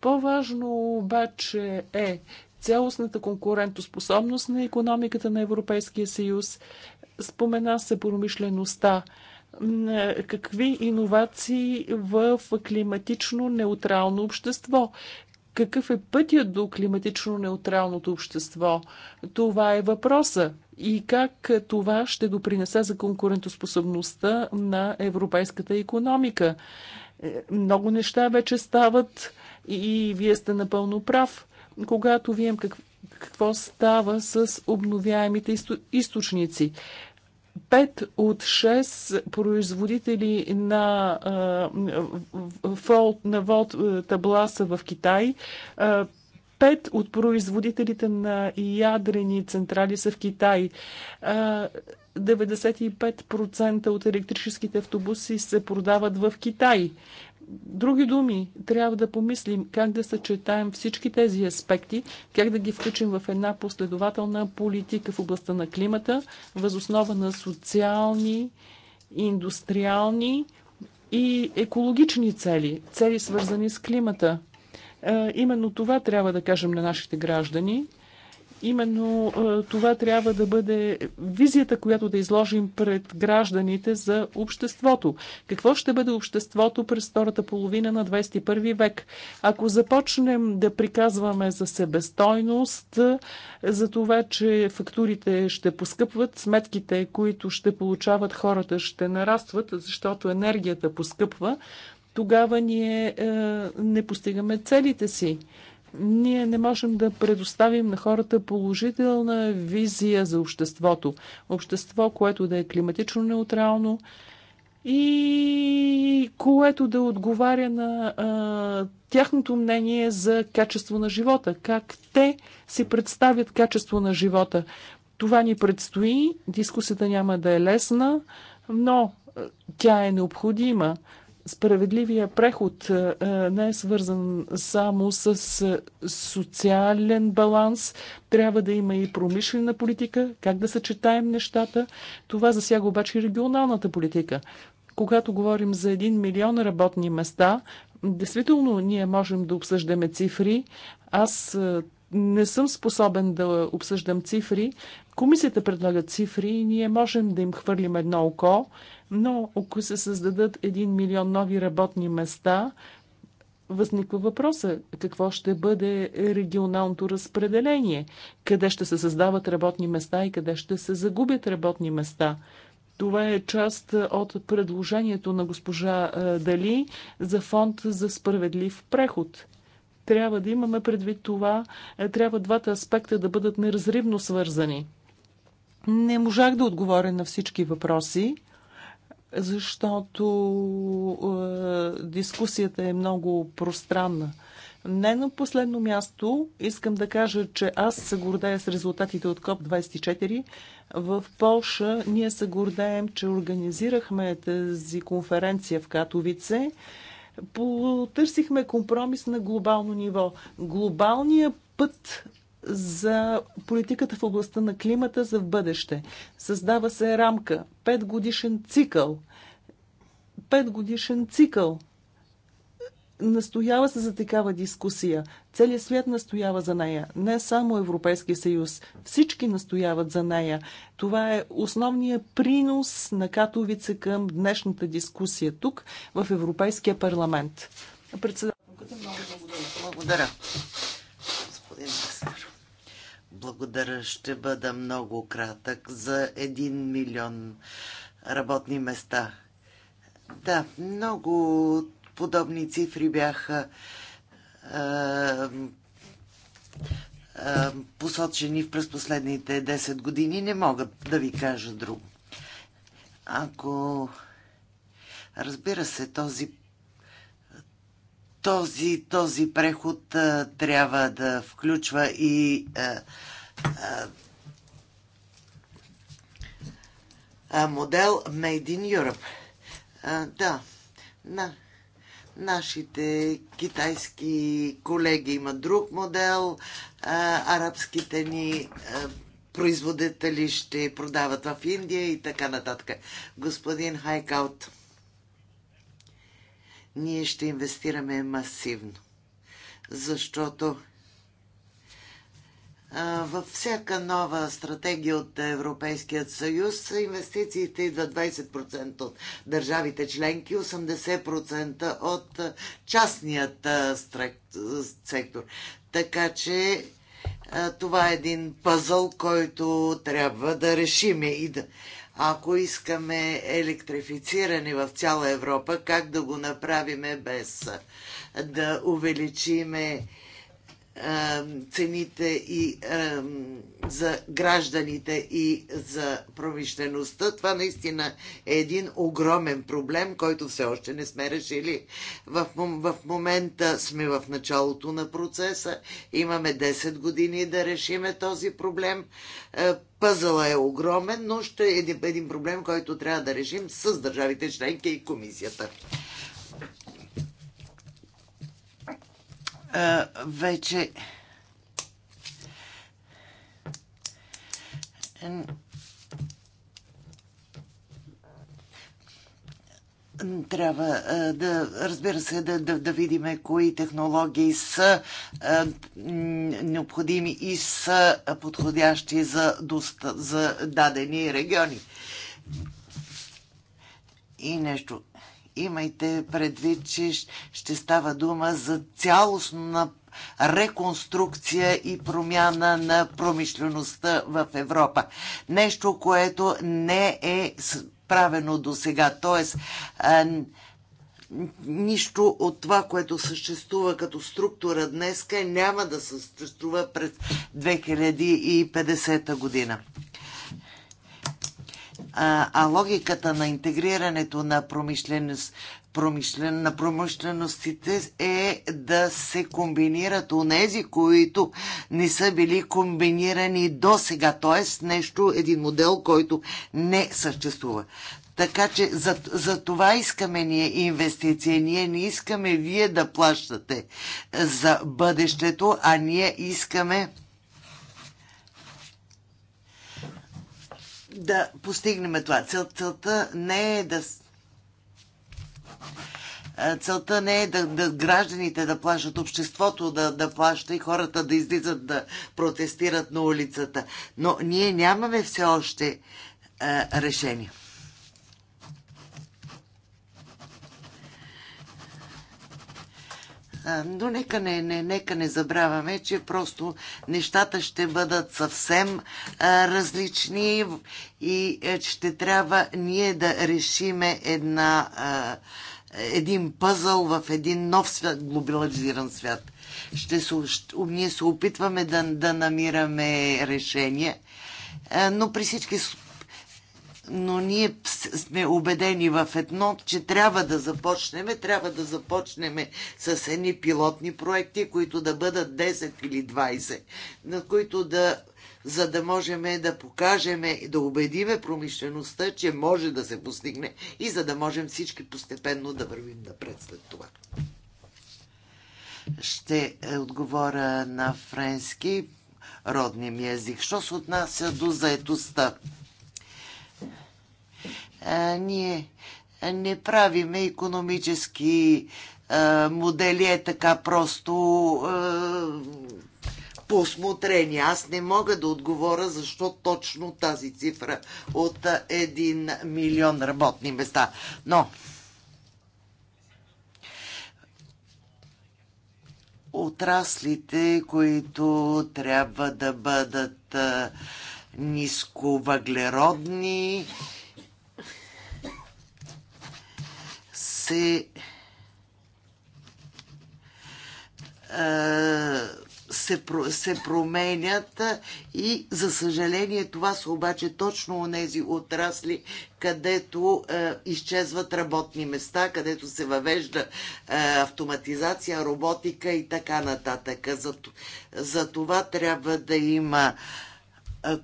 По-важно обаче е цялостната конкурентоспособност на економиката на Европейския съюз. Спомена се промишлеността. Е, какви иновации в климатично неутрално общество? Какъв е пътят до климатично неутралното общество? Това е въпроса и как това ще допринесе за конкурентоспособността на европейската економика. Много неща вече стават и вие сте напълно прав. Когато вием как, какво става с обновяемите източници, Пет от шест производители на, на волт табла са в Китай. Пет от производителите на ядрени централи са в Китай. 95% от електрическите автобуси се продават в Китай. Други думи, трябва да помислим как да съчетаем всички тези аспекти, как да ги включим в една последователна политика в областта на климата, възоснова на социални, индустриални и екологични цели, цели свързани с климата. Е, именно това трябва да кажем на нашите граждани. Именно е, това трябва да бъде визията, която да изложим пред гражданите за обществото. Какво ще бъде обществото през втората половина на 21 век? Ако започнем да приказваме за себестойност, е, за това, че фактурите ще поскъпват, сметките, които ще получават хората, ще нарастват, защото енергията поскъпва, тогава ние е, не постигаме целите си. Ние не можем да предоставим на хората положителна визия за обществото. Общество, което да е климатично неутрално и което да отговаря на а, е, тяхното мнение за качество на живота. Как те си представят качество на живота. Това ни предстои. Дискусията няма да е лесна, но е, тя е необходима. Справедливия преход е, не е свързан само с е, социален баланс. Трябва да има и промишлена политика, как да съчетаем нещата. Това засяга обаче и регионалната политика. Когато говорим за 1 милион работни места, действително ние можем да обсъждаме цифри. Аз е, не съм способен да обсъждам цифри. Комисията предлага цифри и ние можем да им хвърлим едно око, но ако се създадат един милион нови работни места, възниква въпроса какво ще бъде регионалното разпределение, къде ще се създават работни места и къде ще се загубят работни места. Това е част от предложението на госпожа Дали за фонд за справедлив преход – трябва да имаме предвид това, е, трябва двата аспекта да бъдат неразривно свързани. Не можах да отговоря на всички въпроси, защото е, дискусията е много пространна. Не на последно място искам да кажа, че аз се гордея с резултатите от КОП-24. В Полша ние се гордеем, че организирахме тази конференция в Катовице. Потърсихме компромис на глобално ниво. Глобалният път за политиката в областта на климата за в бъдеще. Създава се рамка, петгодишен цикъл. Петгодишен цикъл – Настоява се за такава дискусия. Целият свят настоява за нея. Не само Европейския съюз. Всички настояват за нея. Това е основният принос на Катовица към днешната дискусия тук в Европейския парламент. Председателката, много благодаря. Благодаря. Господин Бастер. Благодаря. Ще бъда много кратък за един милион работни места. Да, много подобни цифри бяха посочени в през последните 10 години. Не мога да ви кажа друго. Ако разбира се, този този, този преход а, трябва да включва и а, а, а, модел Made in Europe. А, да, да. Нашите китайски колеги имат друг модел, а, арабските ни а, производители ще продават в Индия и така нататък. Господин Хайкаут, ние ще инвестираме масивно, защото във всяка нова стратегия от Европейският съюз инвестициите идват 20% от държавите членки, 80% от частният сектор. Така че това е един пъзъл, който трябва да решиме и да ако искаме електрифициране в цяла Европа, как да го направиме без да увеличиме цените и за гражданите и за промишлеността. Това наистина е един огромен проблем, който все още не сме решили. В, в момента сме в началото на процеса. Имаме 10 години да решиме този проблем. Е, пъзъла е огромен, но ще е един проблем, който трябва да решим с държавите членки и комисията. вече трябва да, разбира се, да, да, да видим кои технологии са а, необходими и са подходящи за, доста, за дадени региони. И нещо имайте предвид, че ще става дума за цялостна реконструкция и промяна на промишлеността в Европа. Нещо, което не е правено до сега. Тоест, нищо от това, което съществува като структура днеска, няма да съществува през 2050 година а, а логиката на интегрирането на промишленост промишлен, на промишленостите е да се комбинират у нези, които не са били комбинирани до сега. Т.е. нещо, един модел, който не съществува. Така че за, за това искаме ние инвестиции. Ние не искаме вие да плащате за бъдещето, а ние искаме да постигнем това. Цел, целта не е да целта не е да, да гражданите да плащат, обществото да, да плаща и хората да излизат да протестират на улицата. Но ние нямаме все още а, решение. Но нека не, не, нека не забравяме, че просто нещата ще бъдат съвсем различни и е, ще трябва ние да решиме една, един пъзъл в един нов свят, глобализиран свят. Ще се, ние се опитваме да, да намираме а, е, но при всички но ние сме убедени в едно, че трябва да започнем, трябва да започнем с едни пилотни проекти, които да бъдат 10 или 20, на които да за да можем да покажем и да убедиме промишлеността, че може да се постигне и за да можем всички постепенно да вървим напред след това. Ще е, отговоря на френски родния ми език. Що се отнася до заетостта? а, ние не правиме економически а, модели е така просто а, по Аз не мога да отговоря защо точно тази цифра от 1 милион работни места. Но отраслите, които трябва да бъдат нисковъглеродни, се се, се променят и за съжаление това са обаче точно у нези отрасли, където е, изчезват работни места, където се въвежда е, автоматизация, роботика и така нататък. За, за това трябва да има е,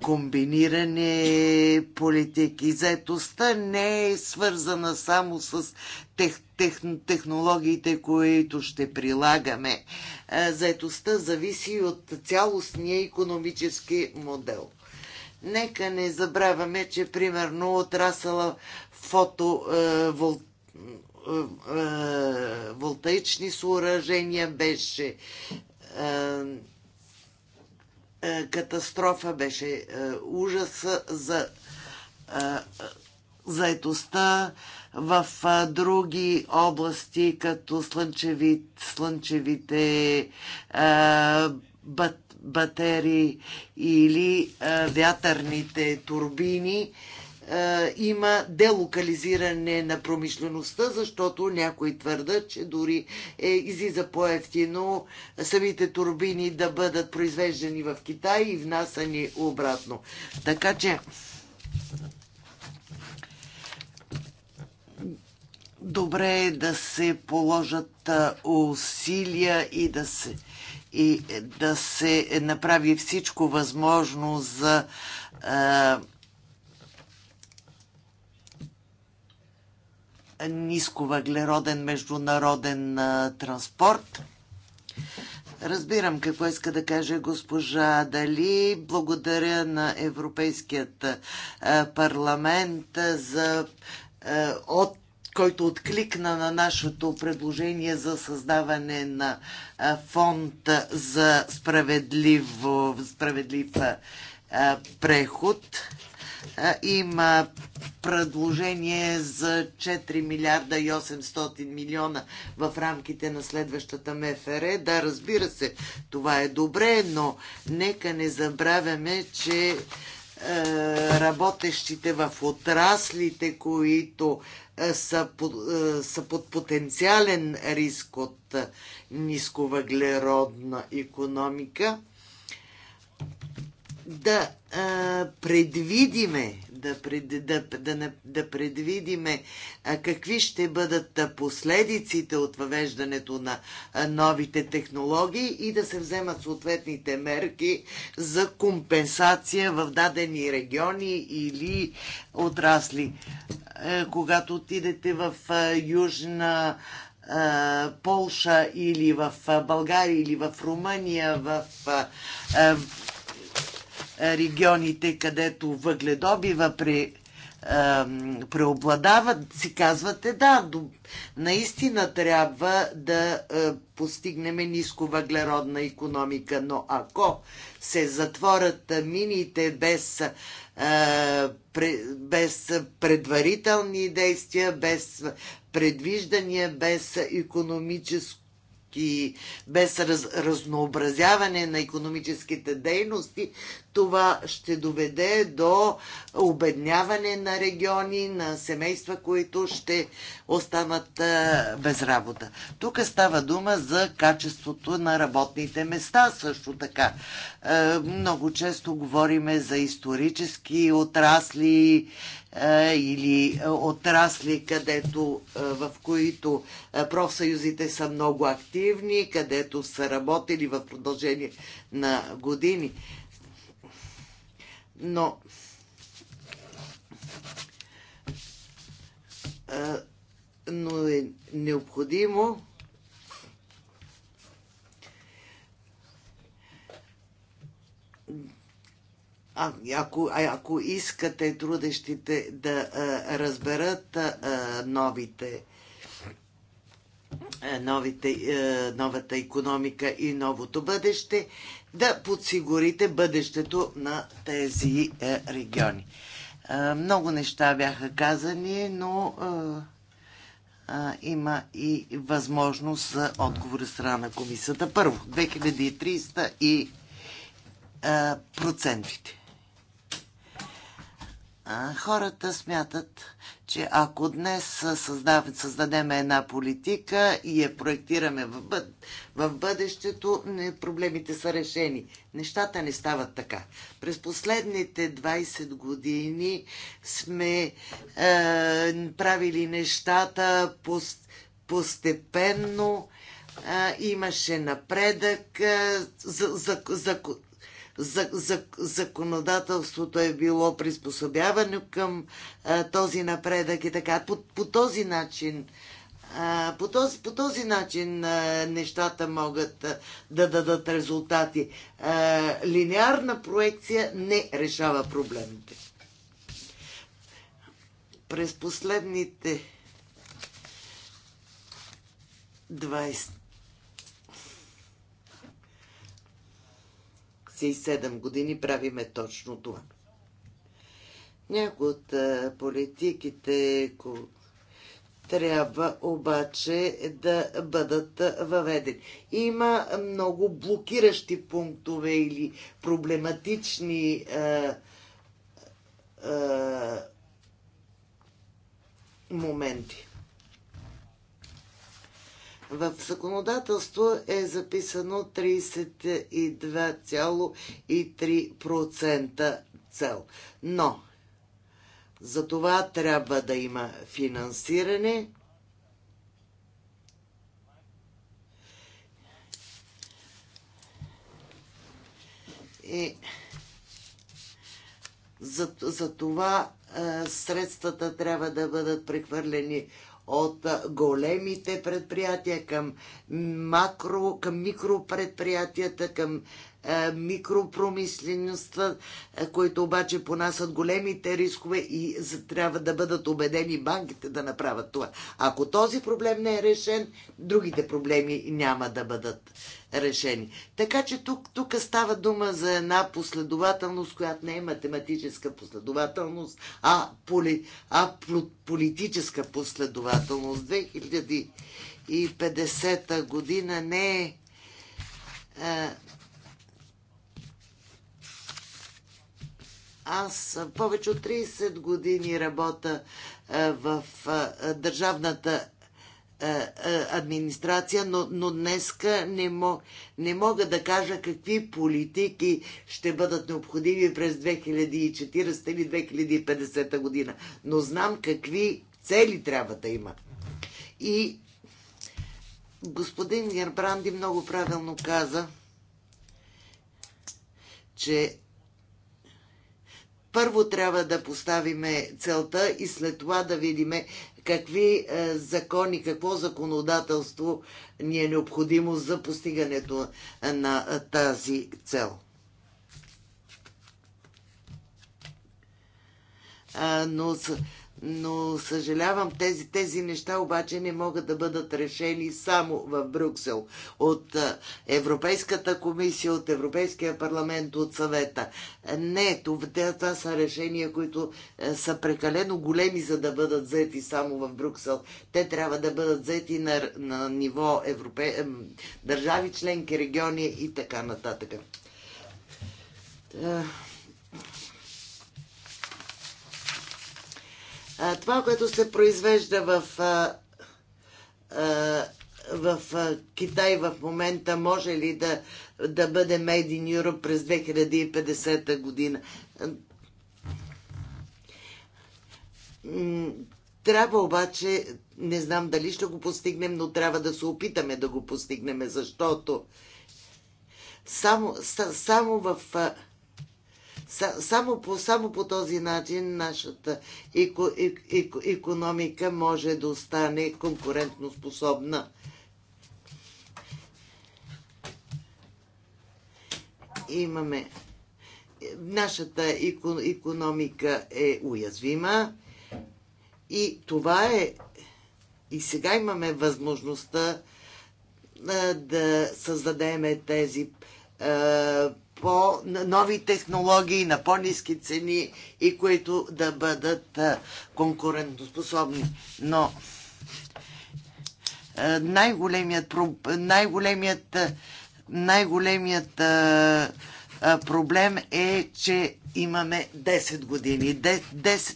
комбинирани политики. Заетостта не е свързана само с тех, тех, технологиите, които ще прилагаме. Е, заетостта зависи от цялостния економически модел. Нека не забравяме, че примерно отрасъла е, вол, е, е, съоръжения беше е, е, катастрофа, беше е, ужас за е, заетостта в други области, като слънчевит, слънчевите бат, или вятърните турбини е, има делокализиране на промишлеността, защото някои твърдат, че дори е, излиза по-ефтино самите турбини да бъдат произвеждани в Китай и внасани обратно. Така че добре е да се положат е, усилия и да се и да се направи всичко възможно за а, е, нисковъглероден международен транспорт. Разбирам какво иска да каже госпожа Дали. Благодаря на Европейският парламент за от който откликна на нашето предложение за създаване на фонд за справедлив, справедлив преход има предложение за 4 милиарда и 800 милиона в рамките на следващата МФР. Да, разбира се, това е добре, но нека не забравяме, че е, работещите в отраслите, които е, са, под, е, са под потенциален риск от нисковъглеродна економика, да а, предвидиме, да, пред, да, да, да предвидиме а, какви ще бъдат последиците от въвеждането на а, новите технологии и да се вземат съответните мерки за компенсация в дадени региони или отрасли. А, когато отидете в а, Южна Полша или в България или в Румъния, в регионите, където въгледобива при преобладават, си казвате, да, наистина трябва да е, постигнем ниско въглеродна економика, но ако се затворят мините без, е, без предварителни действия, без предвиждания, без економическо и без раз, разнообразяване на економическите дейности, това ще доведе до обедняване на региони, на семейства, които ще останат а, без работа. Тук става дума за качеството на работните места също така. А, много често говориме за исторически отрасли, или отрасли, където, в които профсъюзите са много активни, където са работили в продължение на години. Но но е необходимо а, ако, а, ако искате трудещите да а, разберат а, новите новите, а, новата економика и новото бъдеще, да подсигурите бъдещето на тези а, региони. А, много неща бяха казани, но а, а, има и възможност за отговори страна на комисията. Първо, 2300 и а, процентите хората смятат, че ако днес създав, създадем една политика и я проектираме в, бъд, в бъдещето, не, проблемите са решени. Нещата не стават така. През последните 20 години сме е, правили нещата пост, постепенно. Е, имаше напредък. Е, за, за, за, за, за, законодателството е било приспособявано към а, този напредък и така. По, по този начин, по, този, по този начин нещата могат да дадат резултати. Линиарна линеарна проекция не решава проблемите. През последните 27 години правиме точно това. Някои от политиките трябва обаче да бъдат въведени. Има много блокиращи пунктове или проблематични а, а, моменти. В законодателство е записано 32,3% цел. Но за това трябва да има финансиране. И за, за това средствата трябва да бъдат прехвърлени от големите предприятия към, макро, към микропредприятията, към е, микропромислеността, е, които обаче понасят големите рискове и трябва да бъдат убедени банките да направят това. Ако този проблем не е решен, другите проблеми няма да бъдат решени. Така че тук, тук става дума за една последователност, която не е математическа последователност, а, поли, а политическа последователност. 2050 година не е, е Аз повече от 30 години работя е, в е, държавната е, е, администрация, но, но днеска не, мог, не мога да кажа какви политики ще бъдат необходими през 2040 или 2050 година. Но знам какви цели трябва да има. И господин Гербранди много правилно каза, че първо трябва да поставиме целта и след това да видиме какви е, закони, какво законодателство ни е необходимо за постигането на е, тази цел. Е, но но съжалявам, тези, тези неща обаче не могат да бъдат решени само в Брюксел. От Европейската комисия, от Европейския парламент, от съвета. Не, това, са решения, които е, са прекалено големи, за да бъдат взети само в Брюксел. Те трябва да бъдат взети на, на ниво европе... Е, държави, членки, региони и така нататък. Това, което се произвежда в, в Китай в момента, може ли да, да бъде Made in Europe през 2050 година? Трябва обаче, не знам дали ще го постигнем, но трябва да се опитаме да го постигнем, защото само, само в само по, само по този начин нашата еко, е, еко, економика може да остане конкурентоспособна. Имаме. Нашата економика е уязвима и това е. И сега имаме възможността да създадем тези по нови технологии, на по-низки цени и които да бъдат конкурентоспособни. Но най-големият, най-големият, най-големият проблем е, че имаме 10 години. 10,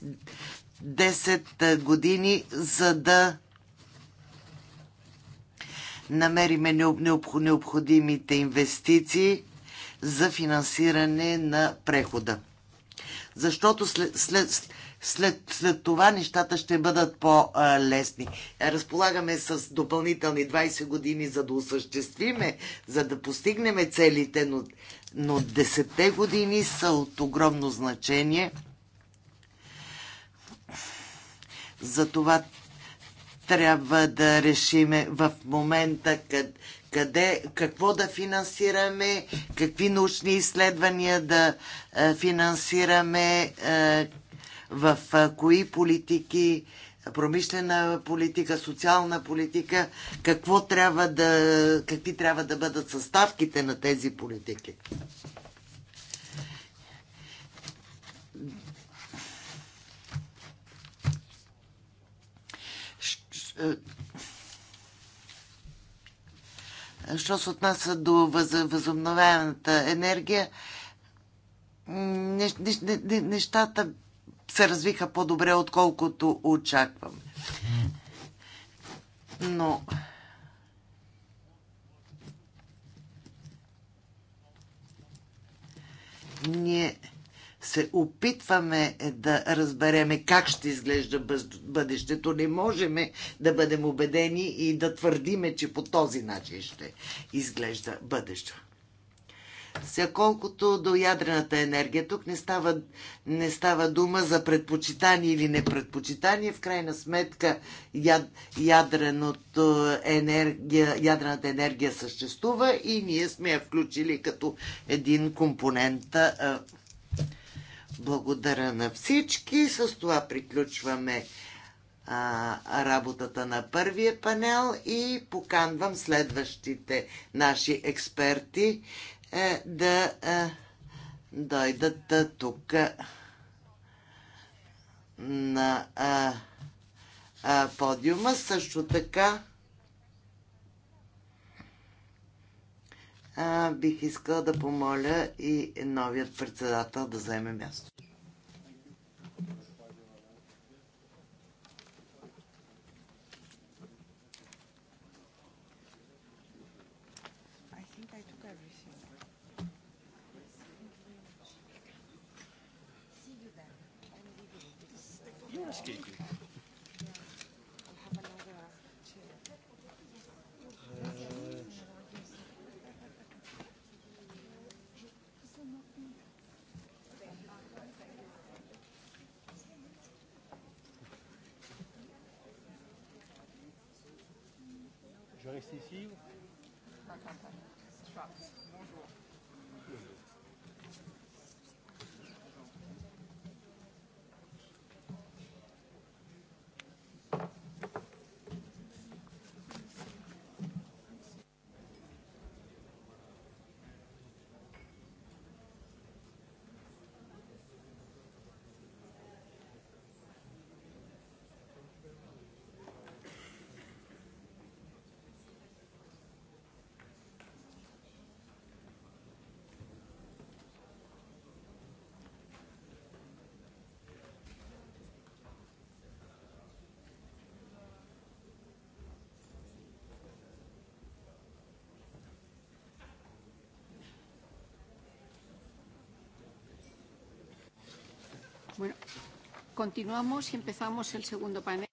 10 години, за да намериме необходимите инвестиции за финансиране на прехода. Защото след, след, след, след това нещата ще бъдат по-лесни. Разполагаме с допълнителни 20 години, за да осъществиме, за да постигнем целите, но, но 10 години са от огромно значение. Затова трябва да решиме в момента къд, къде, какво да финансираме, какви научни изследвания да е, финансираме, е, в е, кои политики, промишлена политика, социална политика, какво трябва да, какви трябва да бъдат съставките на тези политики. Що се отнася до възобновяемата енергия, не, не, не, нещата се развиха по-добре, отколкото очаквам. Но. Ние се опитваме е, да разбереме как ще изглежда бъдещето. Не можем да бъдем убедени и да твърдиме, че по този начин ще изглежда бъдещето. Сега колкото до ядрената енергия, тук не става, не става дума за предпочитание или непредпочитание. В крайна сметка яд, ядреното енергия, ядрената енергия съществува и ние сме я включили като един компонент а, благодаря на всички. С това приключваме а, работата на първия панел и поканвам следващите наши експерти е, да е, дойдат е, тук е, на е, е, подиума. Също така е, бих искала да помоля и новият председател да вземе място.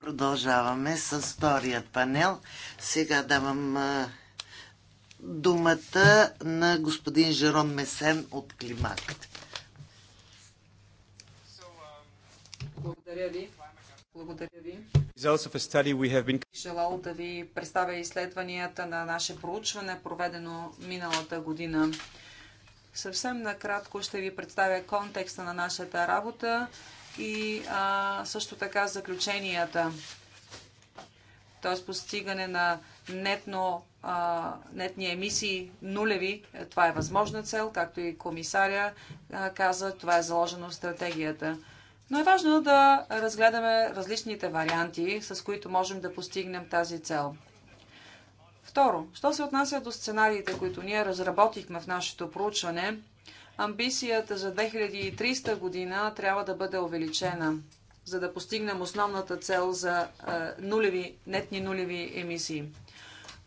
Продължаваме с вторият панел. Сега давам думата на господин Жерон Месен от климат. Благодаря ви. Благодаря ви. Желало да ви представя изследванията на наше проучване, проведено миналата година. Съвсем накратко ще ви представя контекста на нашата работа и а, също така заключенията, т.е. постигане на нетно, а, нетни емисии нулеви. Е, това е възможна цел, както и комисаря а, каза, това е заложено в стратегията. Но е важно да разгледаме различните варианти, с които можем да постигнем тази цел. Второ, що се отнася до сценариите, които ние разработихме в нашето проучване, амбицията за 2300 година трябва да бъде увеличена, за да постигнем основната цел за нулеви, нетни нулеви емисии.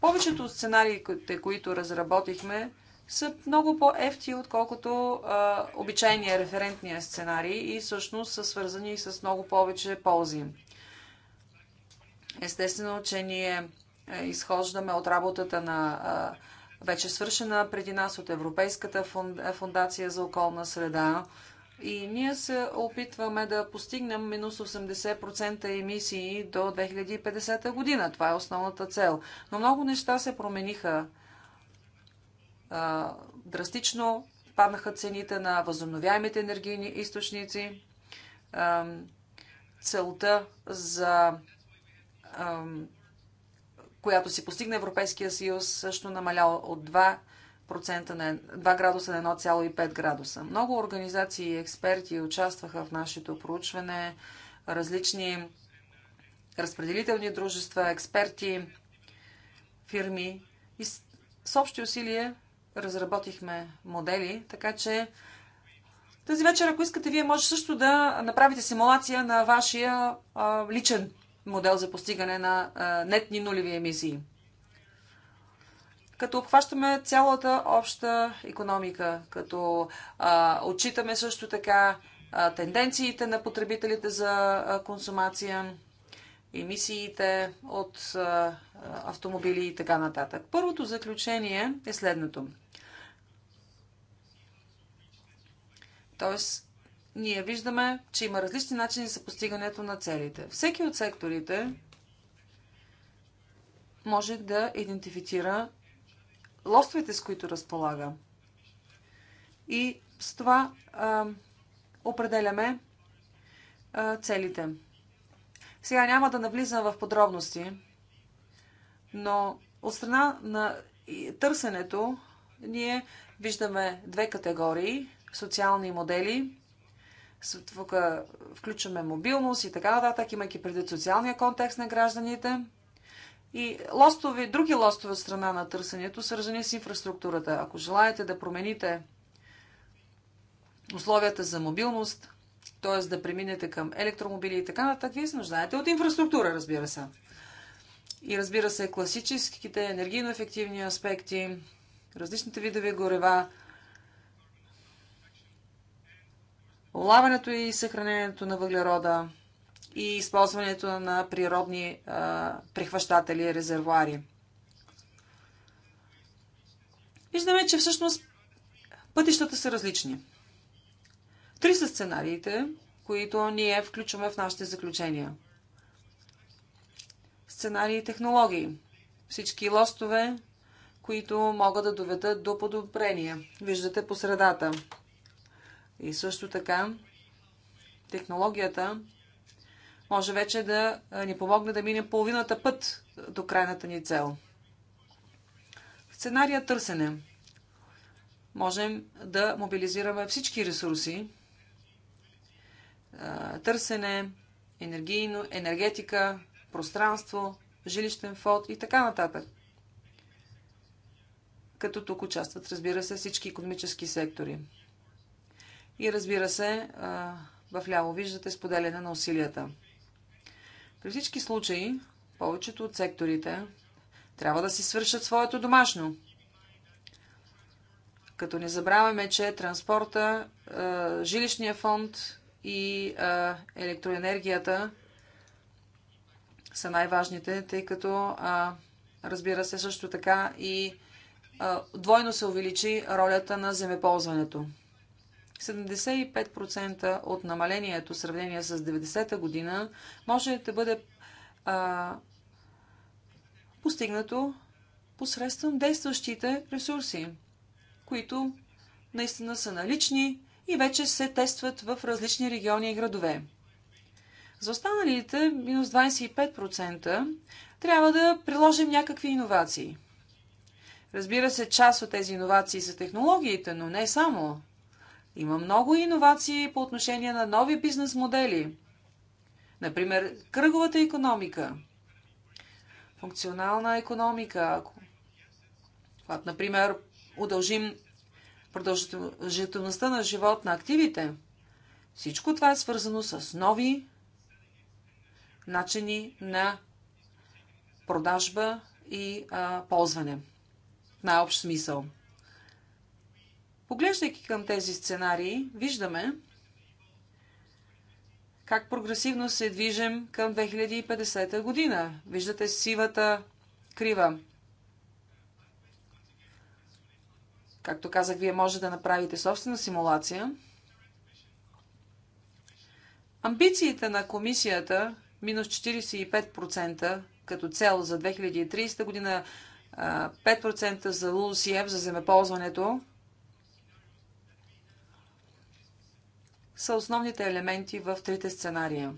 Повечето от сценариите, които разработихме, са много по-ефти, отколкото е, обичайния референтния сценарий и всъщност са свързани с много повече ползи. Естествено, че ние е, изхождаме от работата на вече свършена преди нас от Европейската фундация за околна среда. И ние се опитваме да постигнем минус 80% емисии до 2050 година. Това е основната цел. Но много неща се промениха. Драстично паднаха цените на възобновяемите енергийни източници. Целта за която си постигна Европейския съюз, също намаляла от 2 на 2 градуса на 1,5 градуса. Много организации и експерти участваха в нашето проучване, различни разпределителни дружества, експерти, фирми и с общи усилия разработихме модели, така че тази вечер, ако искате, вие може също да направите симулация на вашия а, личен модел за постигане на нетни нулеви емисии. Като обхващаме цялата обща економика, като а, отчитаме също така а, тенденциите на потребителите за а, консумация, емисиите от а, автомобили и така нататък. Първото заключение е следното. Тоест, ние виждаме, че има различни начини за постигането на целите. Всеки от секторите може да идентифицира лостовете, с които разполага. И с това а, определяме а, целите. Сега няма да навлизам в подробности, но от страна на търсенето ние виждаме две категории социални модели тук включваме мобилност и така нататък, имайки предвид социалния контекст на гражданите. И лостови, други лостове от страна на търсенето, свързани с инфраструктурата. Ако желаете да промените условията за мобилност, т.е. да преминете към електромобили и така нататък, вие се нуждаете от инфраструктура, разбира се. И разбира се, класическите енергийно ефективни аспекти, различните видове горева – Лаването и съхранението на въглерода и използването на природни а, прихващатели, резервуари. Виждаме, че всъщност пътищата са различни. Три са сценариите, които ние включваме в нашите заключения. Сценарии и технологии. Всички лостове, които могат да доведат до подобрение. Виждате по средата. И също така технологията може вече да ни помогне да минем половината път до крайната ни цел. Сценария търсене. Можем да мобилизираме всички ресурси. Търсене, енергийно, енергетика, пространство, жилищен фонд и така нататък. Като тук участват, разбира се, всички економически сектори. И разбира се, в ляво виждате споделяне на усилията. При всички случаи, повечето от секторите трябва да си свършат своето домашно. Като не забравяме, че транспорта, жилищния фонд и електроенергията са най-важните, тъй като, разбира се, също така и двойно се увеличи ролята на земеползването. 75% от намалението в сравнение с 90-та година може да бъде а, постигнато посредством действащите ресурси, които наистина са налични и вече се тестват в различни региони и градове. За останалите минус 25% трябва да приложим някакви иновации. Разбира се, част от тези иновации са технологиите, но не само – има много иновации по отношение на нови бизнес модели. Например, кръговата економика, функционална економика. Когато, например, удължим продължителността на живот на активите, всичко това е свързано с нови начини на продажба и а, ползване. В най-общ смисъл. Поглеждайки към тези сценарии, виждаме как прогресивно се движим към 2050 година. Виждате сивата крива. Както казах, вие може да направите собствена симулация. Амбициите на комисията минус 45% като цел за 2030 година, 5% за ЛУСИЕВ, за земеползването, са основните елементи в трите сценария.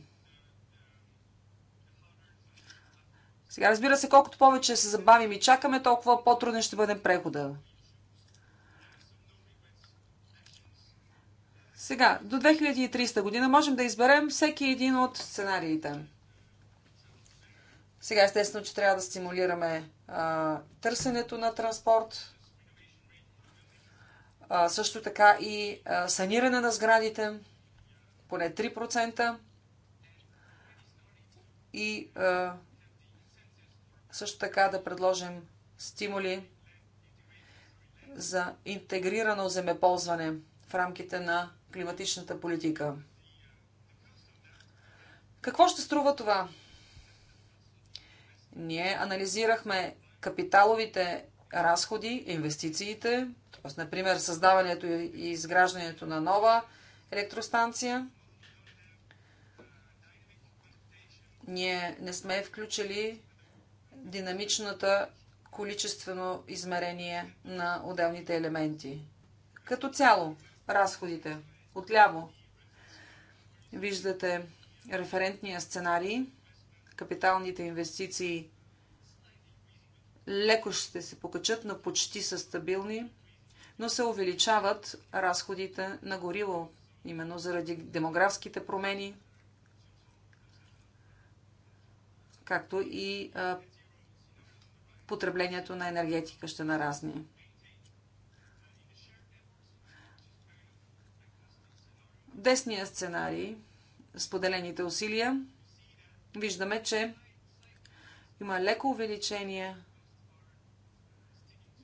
Сега, разбира се, колкото повече се забавим и чакаме, толкова по-труден ще бъде прехода. Сега, до 2300 година можем да изберем всеки един от сценариите. Сега, естествено, че трябва да стимулираме а, търсенето на транспорт, а, също така и а, саниране на сградите, поне 3%. И а, също така да предложим стимули за интегрирано земеползване в рамките на климатичната политика. Какво ще струва това? Ние анализирахме капиталовите разходи, инвестициите, Тоест, например, създаването и изграждането на нова електростанция. Ние не сме включили динамичната количествено измерение на отделните елементи. Като цяло, разходите отляво виждате референтния сценарий, капиталните инвестиции леко ще се покачат, но почти са стабилни но се увеличават разходите на горило, именно заради демографските промени, както и а, потреблението на енергетика ще наразни. Десния сценарий, споделените усилия, виждаме, че има леко увеличение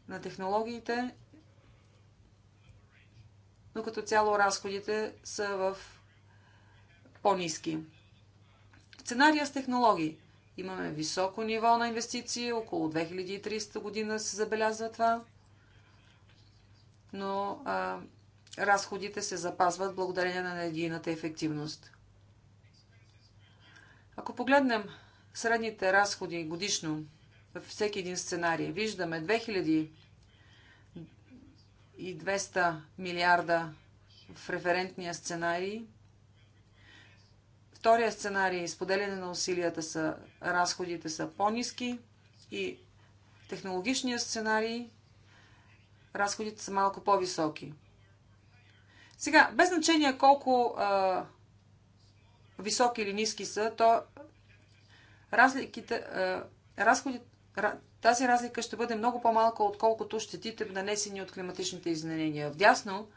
на технологиите но като цяло разходите са в по-низки. Сценария с технологии. Имаме високо ниво на инвестиции, около 2300 година се забелязва това, но а, разходите се запазват благодарение на енергийната ефективност. Ако погледнем средните разходи годишно във всеки един сценарий, виждаме 2000 и 200 милиарда в референтния сценарий. Втория сценарий – изподеляне на усилията са, разходите са по-низки и технологичния сценарий разходите са малко по-високи. Сега, без значение колко а, високи или ниски са, то разликите, а, разходите, тази разлика ще бъде много по-малка, отколкото щетите нанесени от климатичните изменения. Вдясно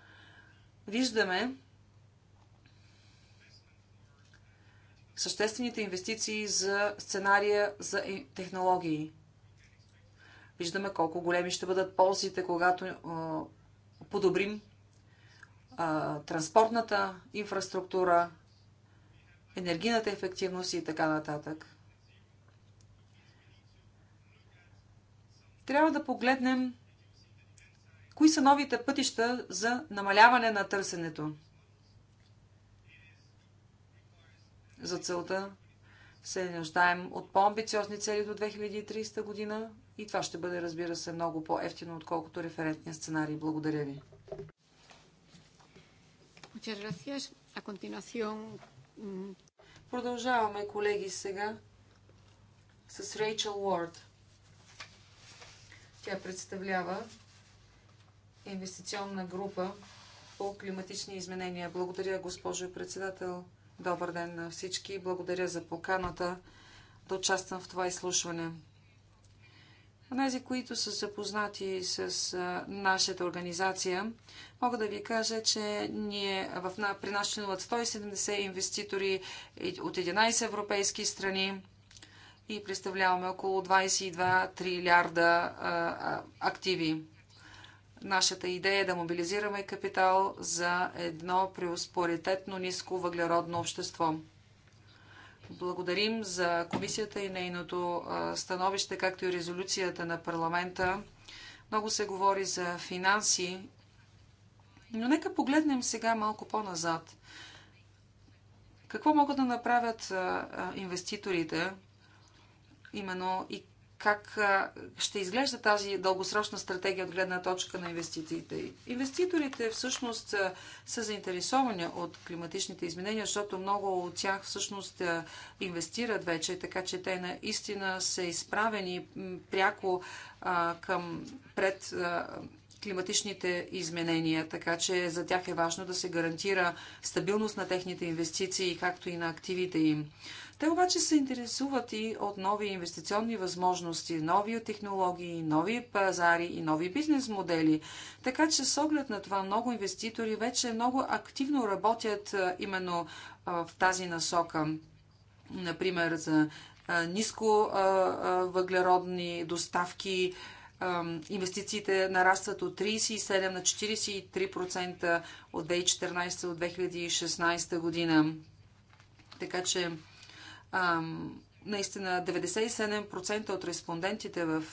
виждаме съществените инвестиции за сценария за технологии. Виждаме колко големи ще бъдат ползите, когато а, подобрим а, транспортната инфраструктура, енергийната ефективност и така нататък. трябва да погледнем кои са новите пътища за намаляване на търсенето. За целта се нуждаем от по-амбициозни цели до 2030 година и това ще бъде, разбира се, много по-ефтино, отколкото референтния сценарий. Благодаря ви. Mm, Продължаваме, колеги, сега с Рейчел Уорд. Тя представлява инвестиционна група по климатични изменения. Благодаря, госпожо председател. Добър ден на всички. Благодаря за поканата да участвам в това изслушване. Тези, които са запознати с нашата организация, мога да ви кажа, че ние в, при нас членуват 170 инвеститори от 11 европейски страни и представляваме около 22 трилиарда активи. Нашата идея е да мобилизираме капитал за едно приоритетно ниско въглеродно общество. Благодарим за комисията и нейното становище, както и резолюцията на парламента. Много се говори за финанси, но нека погледнем сега малко по-назад. Какво могат да направят инвеститорите – именно и как ще изглежда тази дългосрочна стратегия от гледна точка на инвестициите. Инвеститорите всъщност са, заинтересовани от климатичните изменения, защото много от тях всъщност инвестират вече, така че те наистина са изправени пряко към пред климатичните изменения, така че за тях е важно да се гарантира стабилност на техните инвестиции, както и на активите им. Те обаче се интересуват и от нови инвестиционни възможности, нови технологии, нови пазари и нови бизнес модели. Така че с оглед на това много инвеститори вече много активно работят именно в тази насока. Например, за ниско въглеродни доставки, инвестициите нарастват от 37 на 43% от 2014 до 2016 година. Така че наистина 97% от респондентите в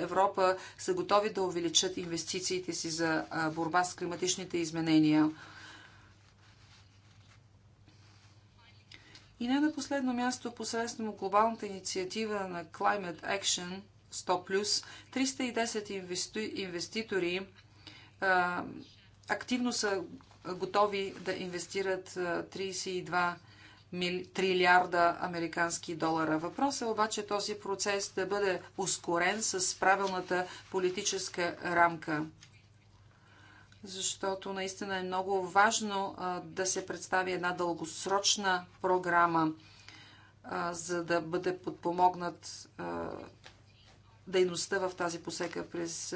Европа са готови да увеличат инвестициите си за борба с климатичните изменения. И не на последно място, посредством глобалната инициатива на Climate Action – 100+, плюс 310 инвеститори а, активно са готови да инвестират 32 мили, трилиарда американски долара. Въпросът е обаче този процес да бъде ускорен с правилната политическа рамка. Защото наистина е много важно а, да се представи една дългосрочна програма, а, за да бъде подпомогнат а, дейността в тази посека. През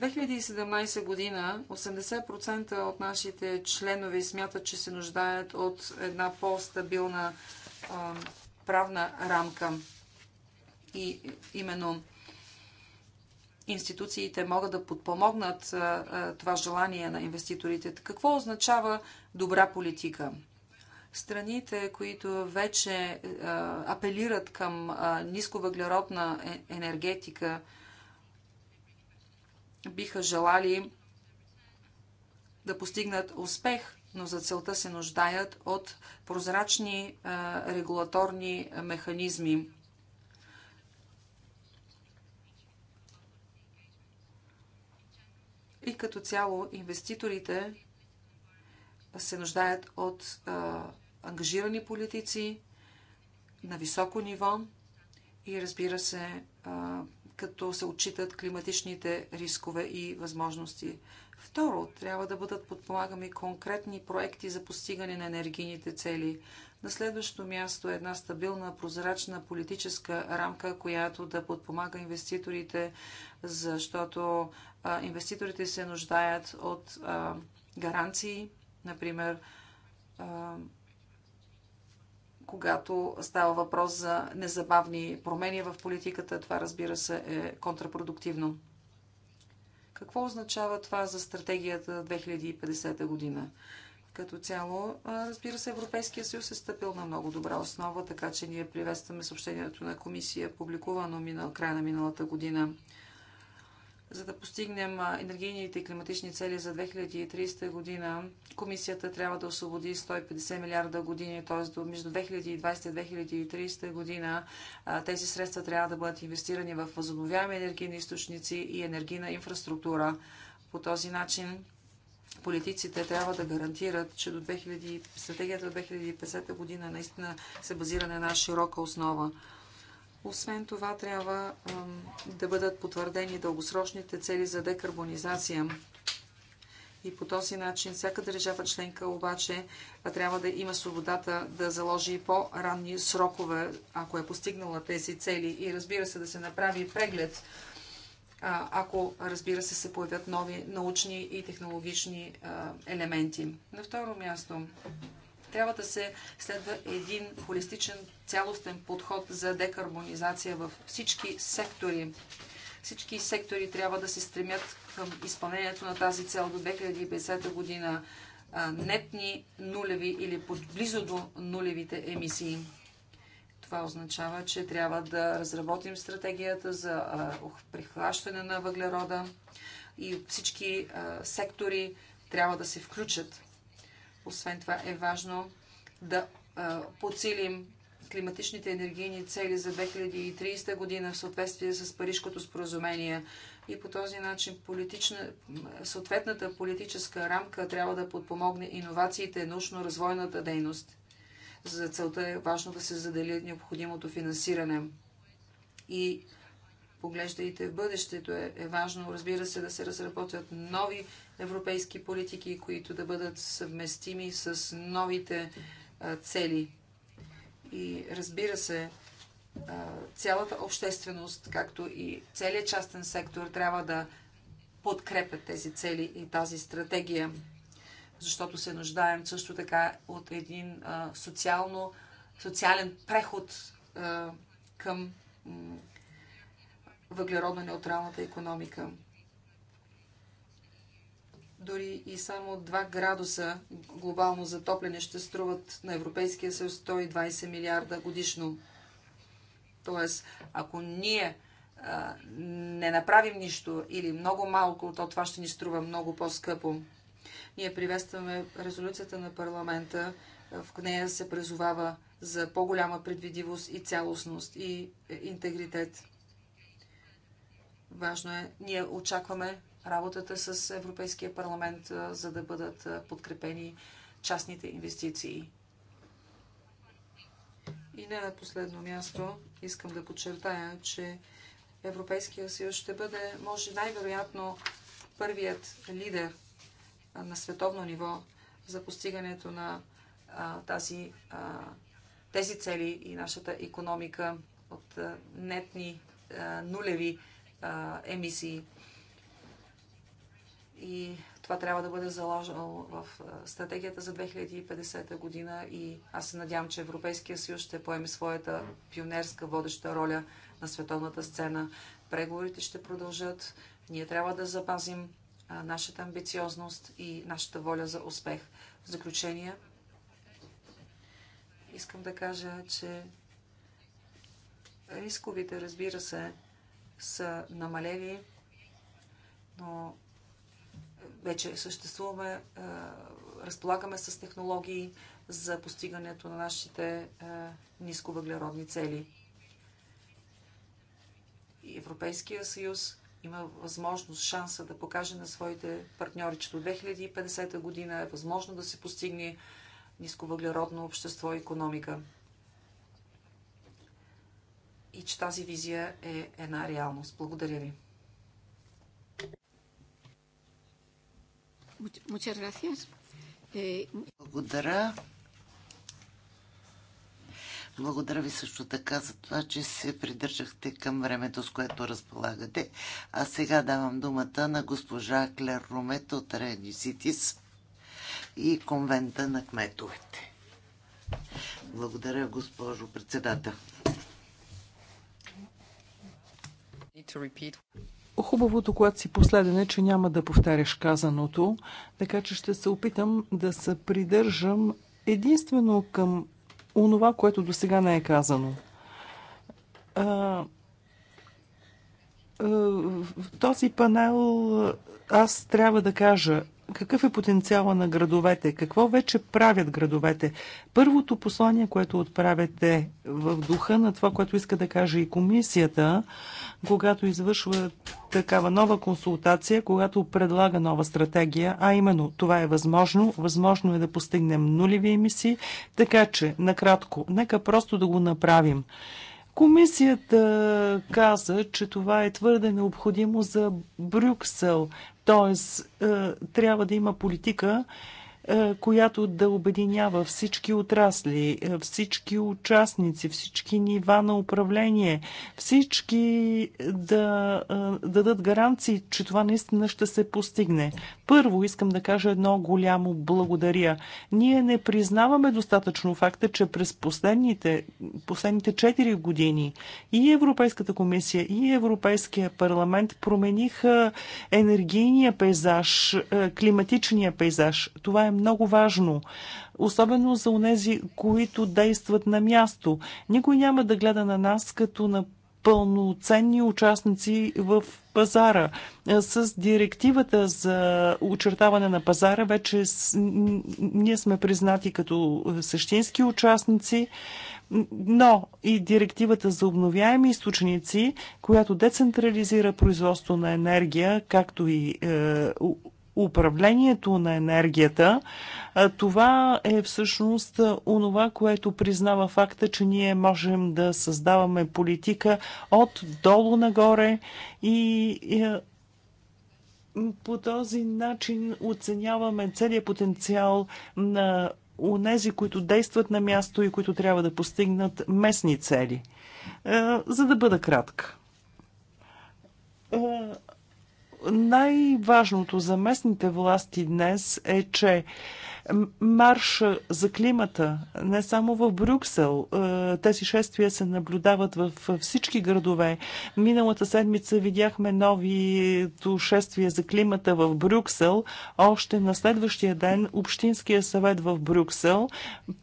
2017 е, година 80% от нашите членове смятат, че се нуждаят от една по-стабилна е, правна рамка. И именно институциите могат да подпомогнат е, това желание на инвеститорите. Какво означава добра политика? страните, които вече апелират към нисковъглеродна е, енергетика, биха желали да постигнат успех, но за целта се нуждаят от прозрачни регулаторни механизми. И като цяло инвеститорите се нуждаят от а, ангажирани политици на високо ниво и разбира се, а, като се отчитат климатичните рискове и възможности. Второ, трябва да бъдат подпомагами конкретни проекти за постигане на енергийните цели. На следващото място е една стабилна, прозрачна политическа рамка, която да подпомага инвеститорите, защото а, инвеститорите се нуждаят от а, гаранции Например, когато става въпрос за незабавни промени в политиката, това разбира се е контрапродуктивно. Какво означава това за стратегията 2050 година? Като цяло, разбира се, Европейския съюз е стъпил на много добра основа, така че ние приветстваме съобщението на комисия, публикувано на края на миналата година за да постигнем енергийните и климатични цели за 2030 година, комисията трябва да освободи 150 милиарда години, т.е. между 2020 и 2030 година тези средства трябва да бъдат инвестирани в възобновяеми енергийни източници и енергийна инфраструктура. По този начин политиците трябва да гарантират, че до 2000, стратегията до 2050 година наистина се базира на една широка основа. Освен това, трябва да бъдат потвърдени дългосрочните цели за декарбонизация. И по този начин всяка държава членка обаче трябва да има свободата да заложи и по-ранни срокове, ако е постигнала тези цели. И разбира се, да се направи преглед, ако разбира се се появят нови научни и технологични елементи. На второ място, трябва да се следва един холистичен, цялостен подход за декарбонизация във всички сектори. Всички сектори трябва да се стремят към изпълнението на тази цел до 2050 година нетни нулеви или близо до нулевите емисии. Това означава, че трябва да разработим стратегията за прихващане на въглерода и всички сектори трябва да се включат освен това е важно да подсилим климатичните енергийни цели за 2030 година в съответствие с Парижкото споразумение. И по този начин политична, съответната политическа рамка трябва да подпомогне иновациите, научно-развойната дейност. За целта е важно да се задели необходимото финансиране. И поглеждайте в бъдещето. Е, е важно, разбира се, да се разработят нови европейски политики, които да бъдат съвместими с новите а, цели. И разбира се, а, цялата общественост, както и целият частен сектор, трябва да подкрепят тези цели и тази стратегия, защото се нуждаем също така от един а, социално, социален преход към въглеродно-неутралната економика. Дори и само 2 градуса глобално затопляне ще струват на Европейския съюз 120 милиарда годишно. Тоест, ако ние а, не направим нищо или много малко, то това ще ни струва много по-скъпо. Ние приветстваме резолюцията на парламента. В нея се призовава за по-голяма предвидивост и цялостност и е, интегритет. Важно е, ние очакваме работата с Европейския парламент, за да бъдат подкрепени частните инвестиции. И не на последно място искам да подчертая, че Европейския съюз ще бъде, може най-вероятно, първият лидер на световно ниво за постигането на а, тази, а, тези цели и нашата економика от а, нетни нулеви а, емисии. И това трябва да бъде заложено в стратегията за 2050 година и аз се надявам, че Европейския съюз ще поеме своята пионерска водеща роля на световната сцена. Преговорите ще продължат. Ние трябва да запазим нашата амбициозност и нашата воля за успех. В заключение, искам да кажа, че рисковите, разбира се, са намалели, но вече съществуваме, е, разполагаме с технологии за постигането на нашите е, нисковъглеродни цели. И Европейския съюз има възможност, шанса да покаже на своите партньори, че до 2050 година е възможно да се постигне нисковъглеродно общество и економика и че тази визия е една реалност. Благодаря ви. Е, Благодаря. Благодаря ви също така за това, че се придържахте към времето, с което разполагате. А сега давам думата на госпожа Клер Румет от Ситис и конвента на кметовете. Благодаря, госпожо председател. Хубавото, когато си последен е, че няма да повтаряш казаното, така че ще се опитам да се придържам единствено към онова, което до сега не е казано. А, а, в този панел аз трябва да кажа, какъв е потенциала на градовете? Какво вече правят градовете? Първото послание, което отправяте в духа на това, което иска да каже и комисията, когато извършва такава нова консултация, когато предлага нова стратегия, а именно това е възможно. Възможно е да постигнем нулеви емисии, така че, накратко, нека просто да го направим. Комисията каза, че това е твърде необходимо за Брюксел, т.е. трябва да има политика, е, която да обединява всички отрасли, е, всички участници, всички нива на управление, всички да, е, дадат гаранции, че това наистина ще се постигне. Първо искам да кажа едно голямо благодаря. Ние не признаваме достатъчно факта, че през последните, последните 4 години и Европейската комисия, и Европейския парламент промениха енергийния пейзаж, е, климатичния пейзаж. Това е много важно особено за онези, които действат на място. Никой няма да гледа на нас като на пълноценни участници в пазара. Е, с директивата за очертаване на пазара вече ние сме признати като е, същински участници, но и директивата за обновяеми източници, която децентрализира производство на енергия, както и е, управлението на енергията, това е всъщност онова, което признава факта, че ние можем да създаваме политика от долу нагоре и по този начин оценяваме целият потенциал на онези, които действат на място и които трябва да постигнат местни цели. За да бъда кратка. Най-важното за местните власти днес е, че Марш за климата, не само в Брюксел. Е, тези шествия се наблюдават в всички градове. Миналата седмица видяхме нови шествия за климата в Брюксел. Още на следващия ден Общинския съвет в Брюксел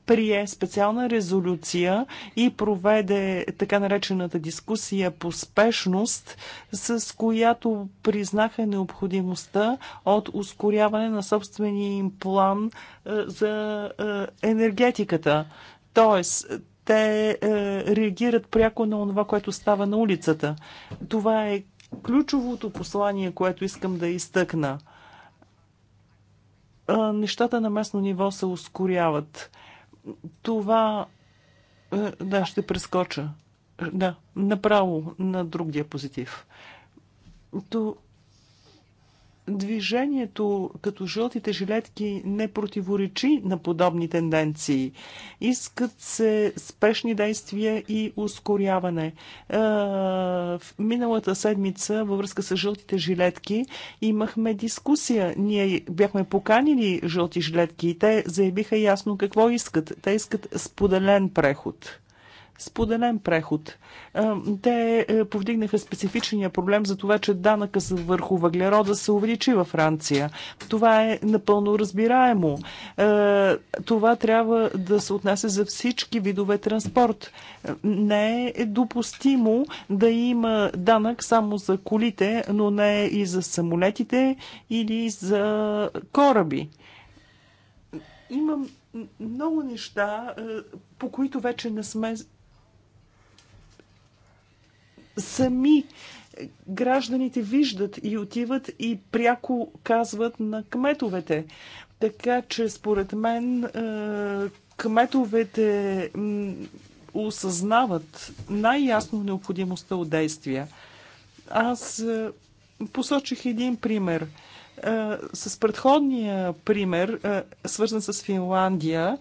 прие специална резолюция и проведе така наречената дискусия по спешност, с която признаха необходимостта от ускоряване на собствения им план – е, за е, енергетиката. Тоест, те е, реагират пряко на това, което става на улицата. Това е ключовото послание, което искам да изтъкна. Нещата на местно ниво се ускоряват. Това. Да, ще прескоча. Да, направо на друг диапозитив. То, Движението като жълтите жилетки не противоречи на подобни тенденции. Искат се спешни действия и ускоряване. Е, в миналата седмица във връзка с жълтите жилетки имахме дискусия. Ние бяхме поканили жълти жилетки и те заявиха ясно какво искат. Те искат споделен преход споделен преход. Те е, повдигнаха специфичния проблем за това, че данъка върху въглерода се увеличи във Франция. Това е напълно разбираемо. Това трябва да се отнася за всички видове транспорт. Не е допустимо да има данък само за колите, но не и за самолетите или за кораби. Имам много неща, е, по които вече не сме сами гражданите виждат и отиват и пряко казват на кметовете. Така че според мен е, кметовете осъзнават най-ясно необходимостта от действия. Аз е, посочих един пример – е, с предходния пример, е, свързан с Финландия,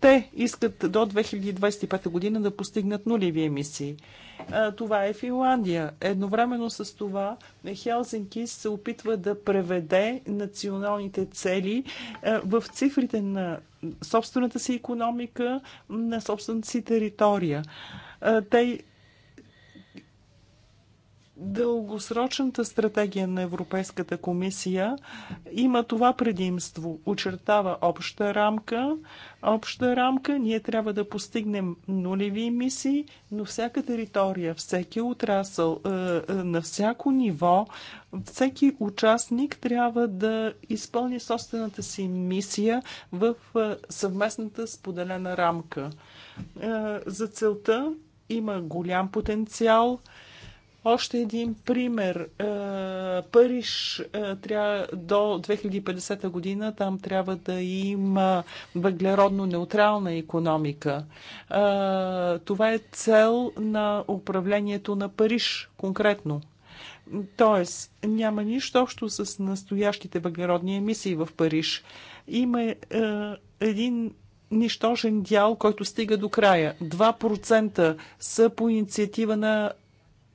те искат до 2025 година да постигнат нулеви емисии. Е, това е Финландия. Едновременно с това Хелсинки се опитва да преведе националните цели в цифрите на собствената си економика, на собствената си територия. Те дългосрочната стратегия на Европейската комисия има това предимство. Очертава обща рамка. Обща рамка ние трябва да постигнем нулеви емисии, но всяка територия, всеки отрасъл, е, е, на всяко ниво, всеки участник трябва да изпълни собствената си мисия в е, съвместната споделена рамка. За целта има голям потенциал. Още един пример. Е, Париж е, трябва до 2050 година, там трябва да има въглеродно неутрална економика. Е, това е цел на управлението на Париж конкретно. Тоест, няма нищо общо с настоящите въглеродни емисии в Париж. Има един нищожен дял, който стига до края. 2% са по инициатива на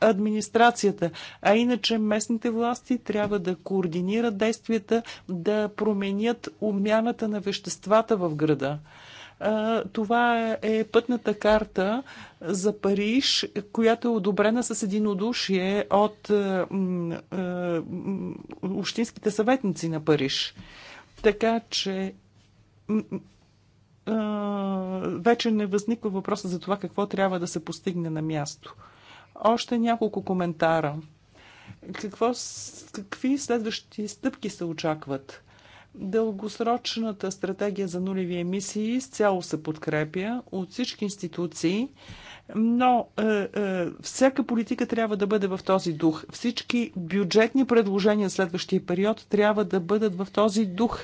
администрацията. А иначе местните власти трябва да координират действията, да променят обмяната на веществата в града. Това е пътната карта за Париж, която е одобрена с единодушие от общинските съветници на Париж. Така че вече не възниква въпроса за това какво трябва да се постигне на място. Още няколко коментара. Какво, какви следващи стъпки се очакват? Дългосрочната стратегия за нулеви емисии изцяло се подкрепя от всички институции но е, е, всяка политика трябва да бъде в този дух. Всички бюджетни предложения следващия период трябва да бъдат в този дух.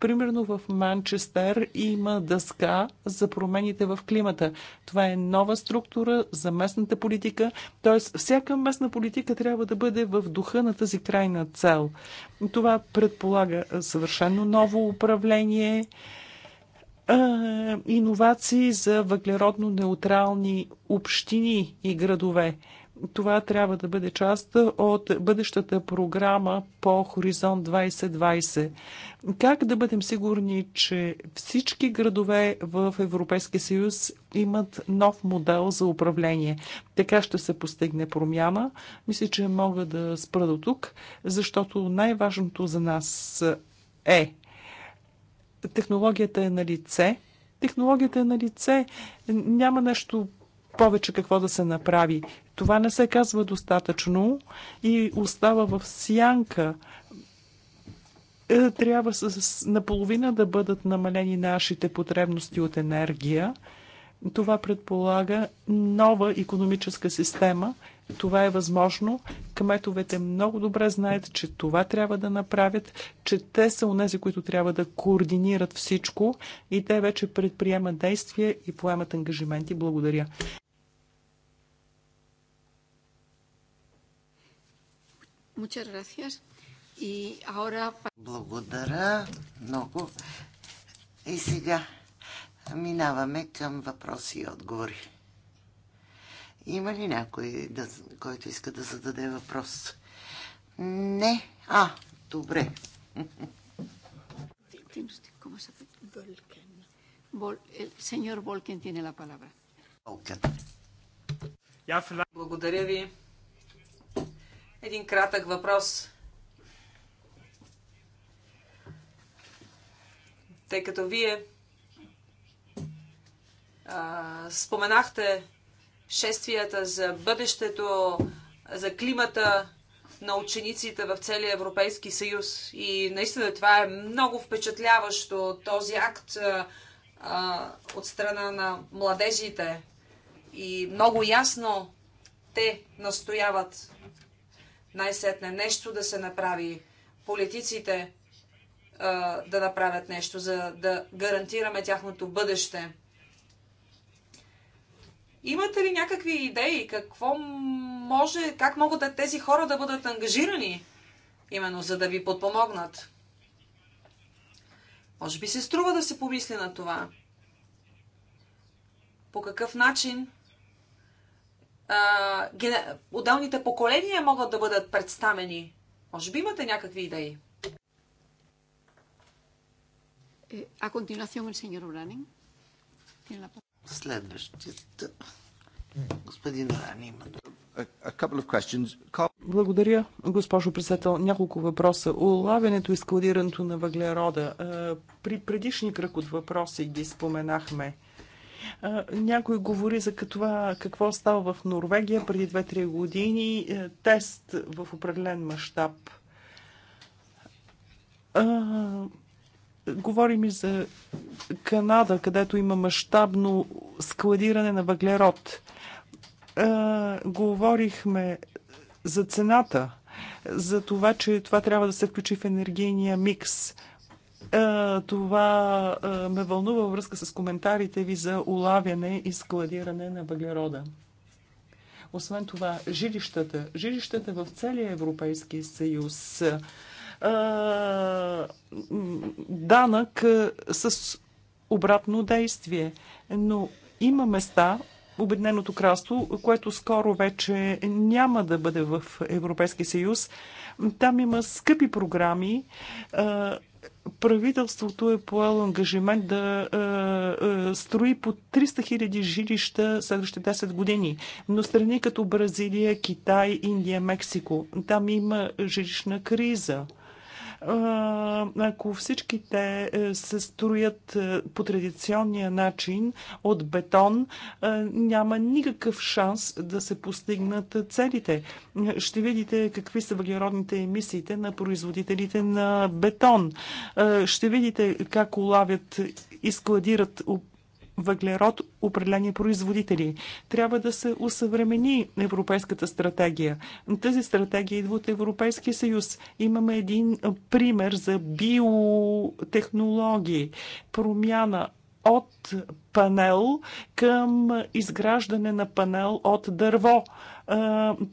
Примерно в Манчестер има дъска за промените в климата. Това е нова структура за местната политика, т.е. всяка местна политика трябва да бъде в духа на тази крайна цел. Това предполага е, съвършено ново управление иновации за въглеродно неутрални общини и градове. Това трябва да бъде част от бъдещата програма по Хоризонт 2020. Как да бъдем сигурни, че всички градове в Европейския съюз имат нов модел за управление? Така ще се постигне промяна. Мисля, че мога да спра до тук, защото най-важното за нас е Технологията е на лице. Технологията е на лице. Няма нещо повече какво да се направи. Това не се казва достатъчно и остава в сянка. Е, трябва с, наполовина да бъдат намалени нашите потребности от енергия. Това предполага нова економическа система, това е възможно. Кметовете много добре знаят, че това трябва да направят, че те са унези, които трябва да координират всичко и те вече предприемат действия и поемат ангажименти. Благодаря. Благодаря много. И сега минаваме към въпроси и отговори. Има ли някой, да, който иска да зададе въпрос? Не. А, добре. Сеньор Волкен тине ла палабра. Благодаря ви. Един кратък въпрос. Тъй като вие а, споменахте шествията за бъдещето, за климата на учениците в целия Европейски съюз. И наистина това е много впечатляващо, този акт а, от страна на младежите. И много ясно те настояват най-сетне нещо да се направи. Политиците а, да направят нещо, за да гарантираме тяхното бъдеще. Имате ли някакви идеи какво може, как могат тези хора да бъдат ангажирани, именно за да ви подпомогнат? Може би се струва да се помисли на това. По какъв начин а, гене... отделните поколения могат да бъдат представени? Може би имате някакви идеи? A е, continuación, el señor Uranen. Следващият. Господин Рани. има благодаря, госпожо председател. Няколко въпроса. Улавянето и складирането на въглерода. При предишни кръг от въпроси ги споменахме. Някой говори за това какво става в Норвегия преди 2-3 години. Е, тест в определен мащаб Говорим и за Канада, където има мащабно складиране на въглерод. Говорихме за цената, за това, че това трябва да се включи в енергийния микс. Това ме вълнува във връзка с коментарите ви за улавяне и складиране на въглерода. Освен това, жилищата, жилищата в целия Европейски съюз данък с обратно действие. Но има места, Обединеното кралство, което скоро вече няма да бъде в Европейския съюз. Там има скъпи програми. Правителството е поел ангажимент да строи по 300 хиляди жилища следващите 10 години. Но страни като Бразилия, Китай, Индия, Мексико, там има жилищна криза ако всичките е, се строят е, по традиционния начин от бетон, е, няма никакъв шанс да се постигнат целите. Ще видите какви са въглеродните емисиите на производителите на бетон. Ще видите как улавят и складират въглерод определени производители. Трябва да се усъвремени европейската стратегия. Тази стратегия идва от Европейския съюз. Имаме един пример за биотехнологии, промяна от панел към изграждане на панел от дърво.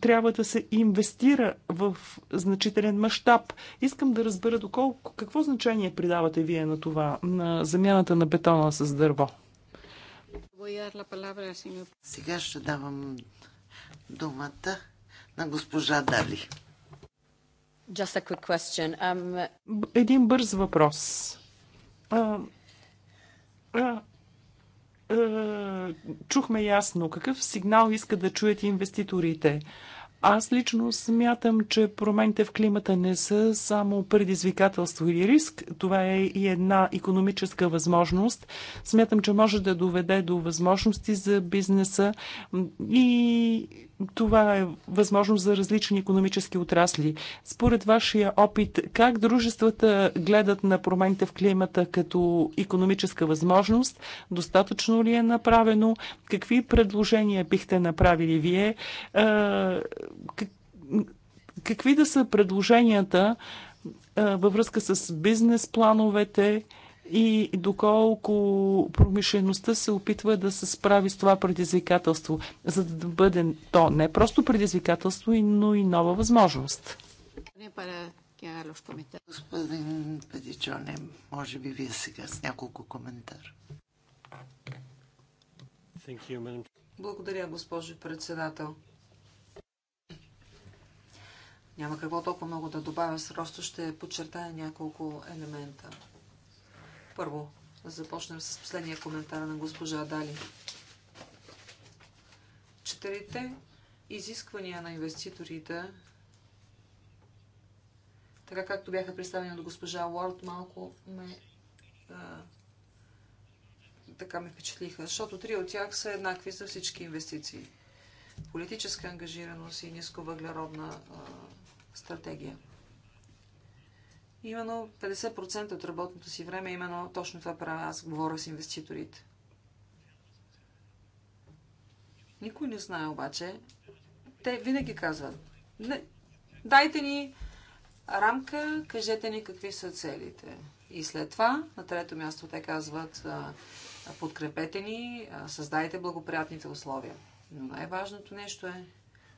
Трябва да се инвестира в значителен мащаб. Искам да разбера доколко, какво значение придавате вие на това, на замяната на бетона с дърво? Сега ще давам думата на госпожа Дали. Um... Един бърз въпрос. А, а, а, чухме ясно какъв сигнал иска да чуят инвеститорите. Аз лично смятам, че промените в климата не са само предизвикателство или риск. Това е и една економическа възможност. Смятам, че може да доведе до възможности за бизнеса и това е възможност за различни економически отрасли. Според вашия опит, как дружествата гледат на промените в климата като економическа възможност? Достатъчно ли е направено? Какви предложения бихте направили вие? как, какви да са предложенията във връзка с бизнес плановете и доколко промишлеността се опитва да се справи с това предизвикателство, за да бъде то не просто предизвикателство, но и нова възможност. Господин Петичоне, може би вие сега с няколко коментар. Благодаря, госпожо председател. Няма какво толкова много да добавя, просто ще подчертая няколко елемента. Първо, да започнем с последния коментар на госпожа Дали. Четирите изисквания на инвеститорите, така както бяха представени от госпожа Уорд, малко ме а, така ме впечатлиха, защото три от тях са еднакви за всички инвестиции. Политическа ангажираност и нисковъглеродна а, стратегия. Именно 50% от работното си време, е именно точно това правя. Аз говоря с инвеститорите. Никой не знае обаче. Те винаги казват, не, дайте ни рамка, кажете ни какви са целите. И след това, на трето място, те казват, подкрепете ни, създайте благоприятните условия. Но най-важното нещо е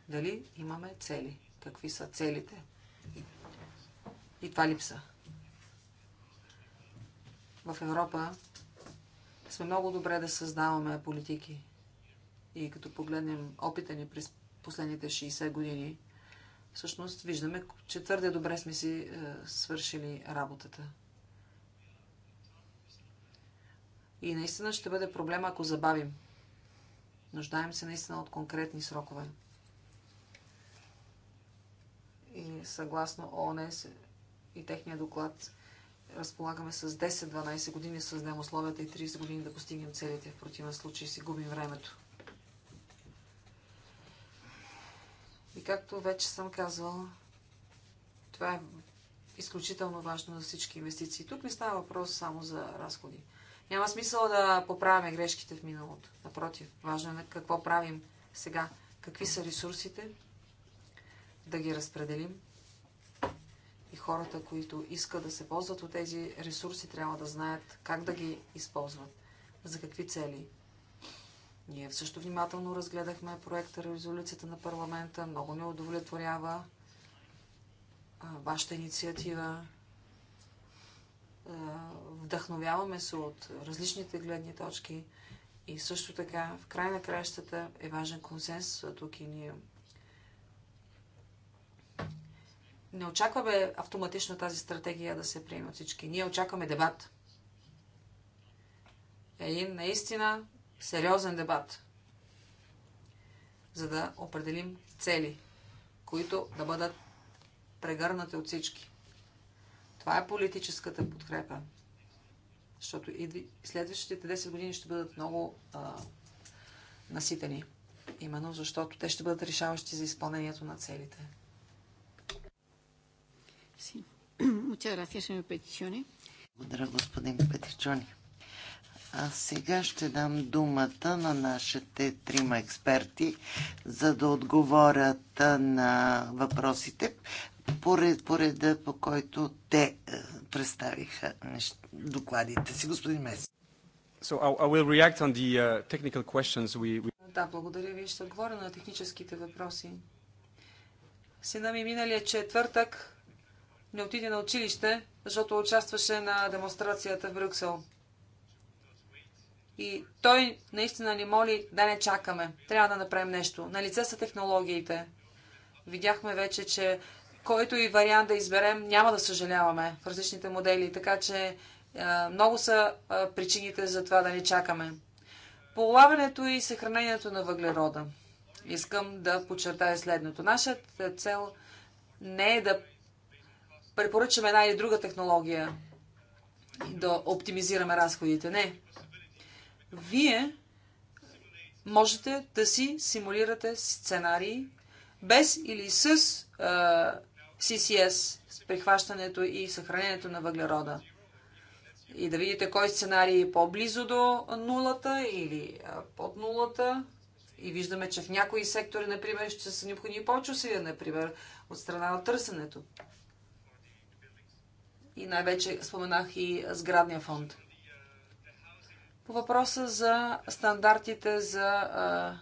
дали имаме цели какви са целите. И, това липса. В Европа сме много добре да създаваме политики. И като погледнем опита ни през последните 60 години, всъщност виждаме, че твърде добре сме си е, свършили работата. И наистина ще бъде проблема, ако забавим. Нуждаем се наистина от конкретни срокове и съгласно ООН и техния доклад разполагаме с 10-12 години, създадем условията и 30 години да постигнем целите. В противен случай си губим времето. И както вече съм казвала, това е изключително важно за всички инвестиции. Тук не става въпрос само за разходи. Няма смисъл да поправяме грешките в миналото. Напротив, важно е какво правим сега, какви са ресурсите, да ги разпределим. И хората, които искат да се ползват от тези ресурси, трябва да знаят как да ги използват, за какви цели. Ние също внимателно разгледахме проекта резолюцията на парламента. Много не удовлетворява вашата инициатива. Вдъхновяваме се от различните гледни точки. И също така, в край на кращата е важен консенс. тук и ние Не очакваме автоматично тази стратегия да се приеме от всички. Ние очакваме дебат. Един наистина сериозен дебат. За да определим цели, които да бъдат прегърнати от всички. Това е политическата подкрепа. Защото и следващите 10 години ще бъдат много а, наситени. Именно защото те ще бъдат решаващи за изпълнението на целите. Петичони. Благодаря, господин Петичони. А сега ще дам думата на нашите трима експерти, за да отговорят на въпросите поред, пореда, по който те е, представиха докладите си. Господин Мес. So I will react on the uh, technical questions we, we... Да, благодаря ви. Ще отговоря на техническите въпроси. Сина ми миналия четвъртък не отиде на училище, защото участваше на демонстрацията в Брюксел. И той наистина ни моли да не чакаме. Трябва да направим нещо. На лице са технологиите. Видяхме вече, че който и вариант да изберем, няма да съжаляваме в различните модели. Така че е, много са е, причините за това да не чакаме. Полаването и съхранението на въглерода. Искам да подчертая следното. Нашата цел не е да препоръчаме една или друга технология да оптимизираме разходите. Не. Вие можете да си симулирате сценарии без или с uh, CCS, с прихващането и съхранението на въглерода. И да видите кой сценарий е по-близо до нулата или под нулата. И виждаме, че в някои сектори, например, ще са необходими повече усилия, например, от страна на търсенето и най-вече споменах и сградния фонд. По въпроса за стандартите за а,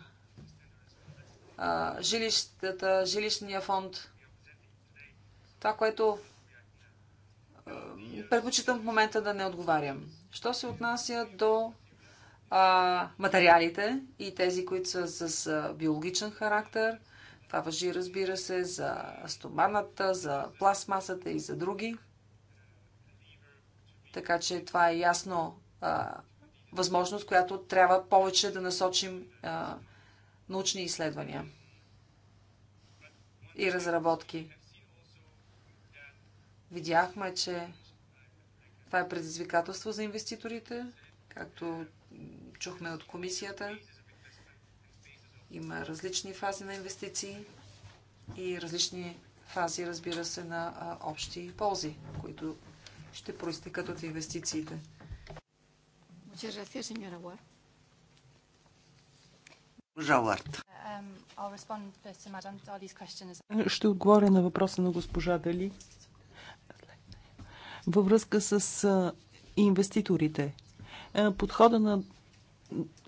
а, жилищата, жилищния фонд, това, което а, предпочитам в момента да не отговарям. Що се отнася до а, материалите и тези, които са с а, биологичен характер, това въжи, разбира се, за стоманата, за пластмасата и за други. Така че това е ясно а, възможност, която трябва повече да насочим а, научни изследвания и разработки. Видяхме, че това е предизвикателство за инвеститорите, както чухме от комисията. Има различни фази на инвестиции и различни фази, разбира се, на общи ползи, които ще проистекат от инвестициите. Um, ще отговоря на въпроса на госпожа Дали. Във връзка с инвеститорите, подхода на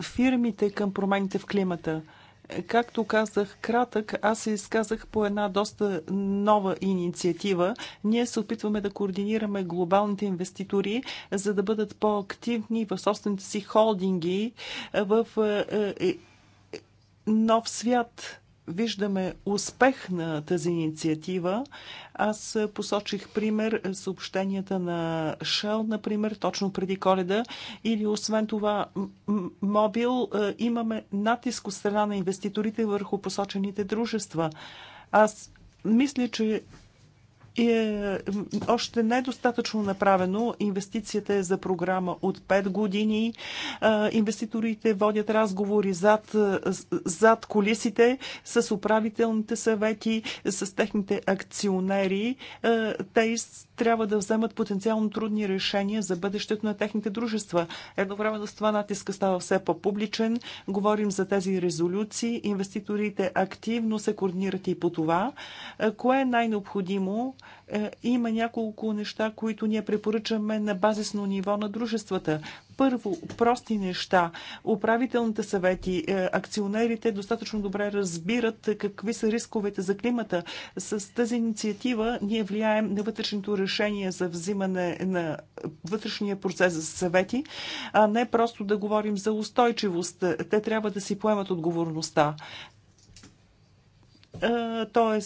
фирмите към промените в климата – Както казах кратък, аз се изказах по една доста нова инициатива. Ние се опитваме да координираме глобалните инвеститори, за да бъдат по-активни в собствените си холдинги в е, е, е, нов свят виждаме успех на тази инициатива. Аз посочих пример съобщенията на Shell, например, точно преди коледа. Или освен това, мобил, имаме натиск от страна на инвеститорите върху посочените дружества. Аз мисля, че е, още недостатъчно направено. Инвестицията е за програма от 5 години. инвеститорите водят разговори зад, зад колисите с управителните съвети, с техните акционери. те трябва да вземат потенциално трудни решения за бъдещето на техните дружества. Едновременно с това натиска става все по-публичен. Говорим за тези резолюции. Инвеститорите активно се координират и по това. Кое е най-необходимо? Е, има няколко неща, които ние препоръчаме на базисно ниво на дружествата. Първо, прости неща. Управителните съвети, е, акционерите достатъчно добре разбират какви са рисковете за климата. С тази инициатива ние влияем на вътрешното решение за взимане на вътрешния процес за съвети, а не просто да говорим за устойчивост. Те трябва да си поемат отговорността т.е.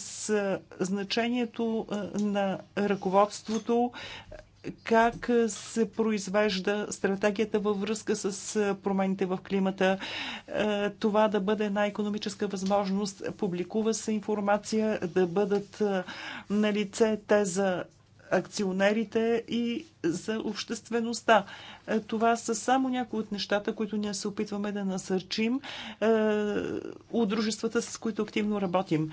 значението на ръководството как се произвежда стратегията във връзка с промените в климата. Това да бъде една економическа възможност. Публикува се информация, да бъдат на лице те за акционерите и за обществеността. Е, това са само някои от нещата, които ние се опитваме да насърчим от е, дружествата, с които активно работим.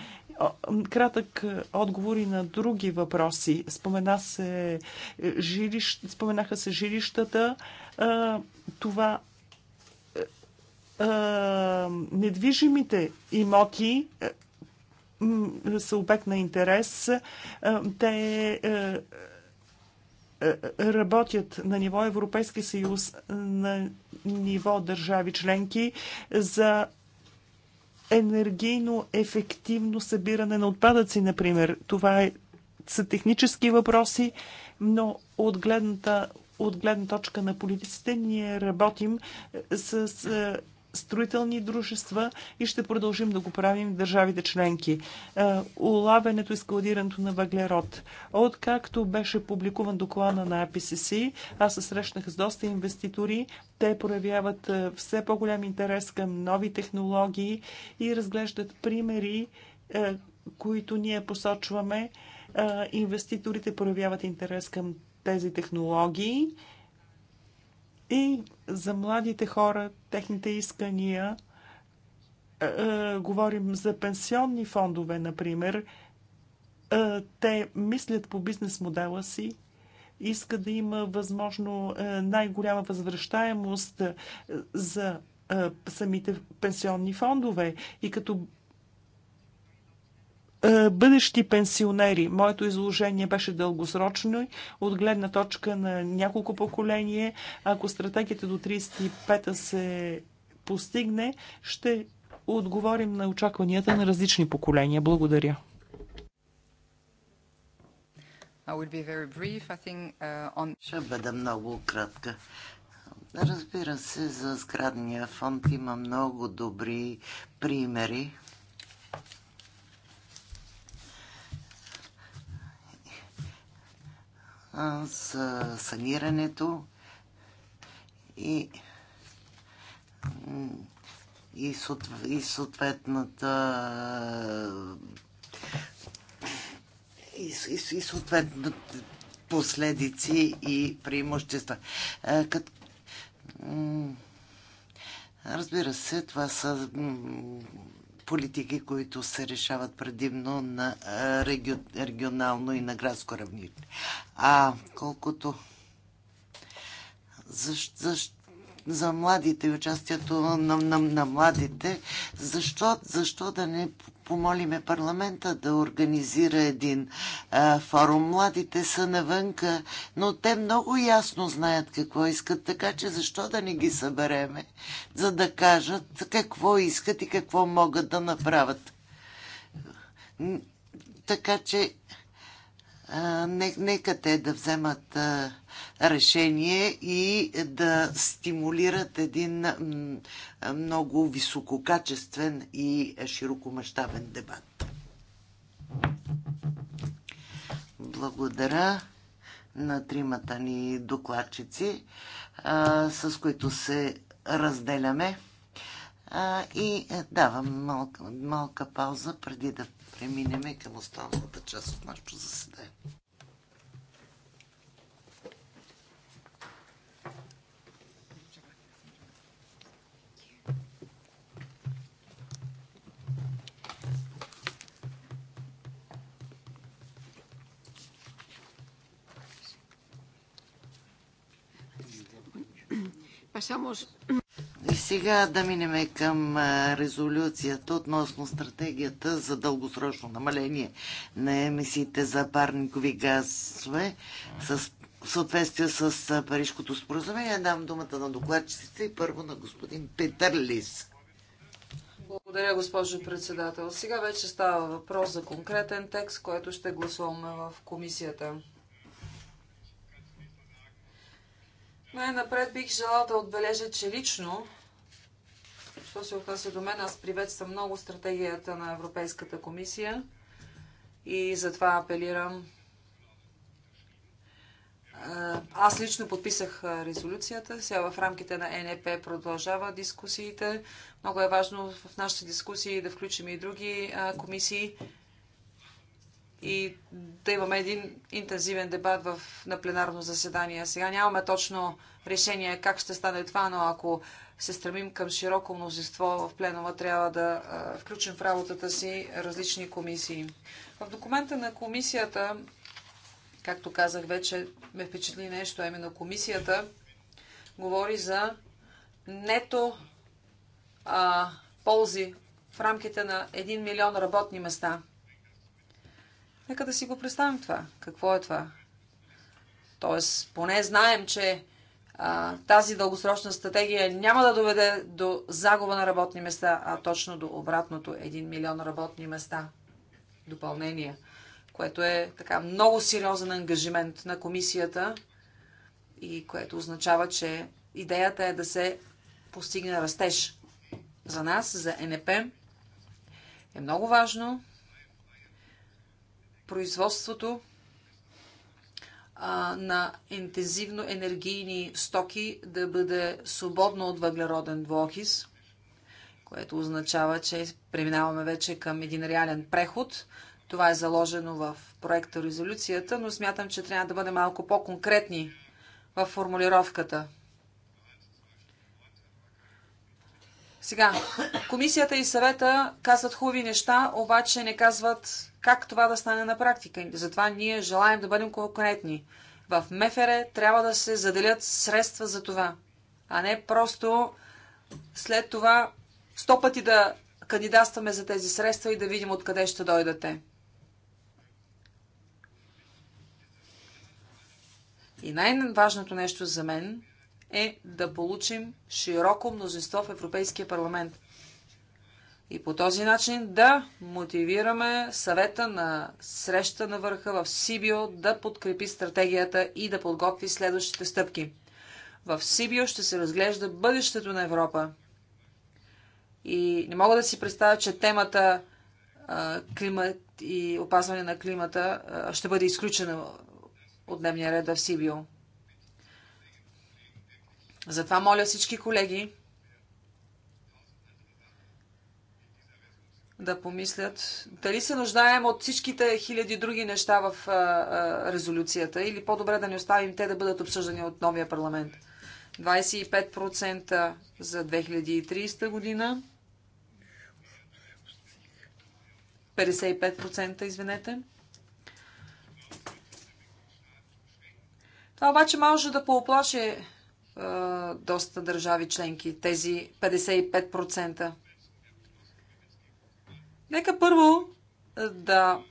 Кратък е, отговори на други въпроси. Спомена се жилищ, споменаха се жилищата. Това недвижимите имоти са обект на интерес. Те е, е, работят на ниво Европейски съюз, на ниво държави членки за енергийно ефективно събиране на отпадъци, например. Това е, са технически въпроси, но от гледната от гледна точка на политиците, ние работим е, с строителни дружества и ще продължим да го правим в държавите членки. Е, улавянето и складирането на въглерод. Откакто беше публикуван доклада на APCC, аз се срещнах с доста инвеститори. Те проявяват е, все по-голям интерес към нови технологии и разглеждат примери, е, които ние посочваме. Инвеститорите проявяват интерес към тези технологии и за младите хора, техните искания. Е, е, говорим за пенсионни фондове, например. Е, те мислят по бизнес модела си, иска да има възможно е, най-голяма възвръщаемост е, за е, самите пенсионни фондове. И като е, бъдещи пенсионери. Моето изложение беше дългосрочно от гледна точка на няколко поколение. Ако стратегията до 35-та се постигне, ще отговорим на очакванията на различни поколения. Благодаря. Uh, ще бъда много кратка. Разбира се, за сградния фонд има много добри примери с санирането и, и, и съответната и, и, и последици и преимущества. Кът... Разбира се, това са политики, които се решават предимно на реги... регионално и на градско равнище. А колкото защ, защ, за младите и участието на, на, на младите, защо, защо да не помолиме парламента да организира един а, форум. Младите са навънка, но те много ясно знаят какво искат, така че защо да не ги събереме, за да кажат какво искат и какво могат да направят. Така че а, не, нека те да вземат а, решение и да стимулират един много висококачествен и широкомащабен дебат. Благодаря на тримата ни докладчици, а, с които се разделяме. А, и е, давам малка, малка пауза преди да преминем към останалата част от нашето заседание. И сега да минеме към резолюцията относно стратегията за дългосрочно намаление на емисиите за парникови газове с в съответствие с Парижкото споразумение. Дам думата на докладчиците и първо на господин Петър Лис. Благодаря, госпожо председател. Сега вече става въпрос за конкретен текст, който ще гласуваме в комисията. Най-напред бих желала да отбележа, че лично, що се отнася до мен, аз приветствам много стратегията на Европейската комисия и затова апелирам. Е, аз лично подписах е, резолюцията. Сега в рамките на НЕП продължава дискусиите. Много е важно в нашите дискусии да включим и други е, комисии и да имаме един интензивен дебат в, на пленарно заседание. Сега нямаме точно решение как ще стане това, но ако се стремим към широко мнозинство в пленома, трябва да а, включим в работата си различни комисии. В документа на комисията, както казах вече, ме впечатли нещо, а именно комисията говори за нето а, ползи в рамките на 1 милион работни места – Нека да си го представим това. Какво е това? Тоест, поне знаем, че а, тази дългосрочна стратегия няма да доведе до загуба на работни места, а точно до обратното 1 милион работни места. Допълнение, което е така много сериозен ангажимент на комисията и което означава, че идеята е да се постигне растеж. За нас, за НП, е много важно производството на интензивно енергийни стоки да бъде свободно от въглероден двуокис, което означава, че преминаваме вече към един реален преход. Това е заложено в проекта резолюцията, но смятам, че трябва да бъдем малко по-конкретни в формулировката – Сега, комисията и съвета казват хубави неща, обаче не казват как това да стане на практика. И затова ние желаем да бъдем конкретни. В МЕФЕРЕ трябва да се заделят средства за това, а не просто след това сто пъти да кандидатстваме за тези средства и да видим откъде ще дойдете. И най-важното нещо за мен – е да получим широко мнозинство в Европейския парламент. И по този начин да мотивираме съвета на среща на върха в Сибио да подкрепи стратегията и да подготви следващите стъпки. В Сибио ще се разглежда бъдещето на Европа. И не мога да си представя, че темата а, климат и опазване на климата а, ще бъде изключена от дневния ред в Сибио. Затова моля всички колеги да помислят дали се нуждаем от всичките хиляди други неща в а, а, резолюцията или по-добре да не оставим те да бъдат обсъждани от новия парламент. 25% за 2030 година. 55%, извинете. Това обаче може да пооплаши доста държави членки, тези 55%. Нека първо да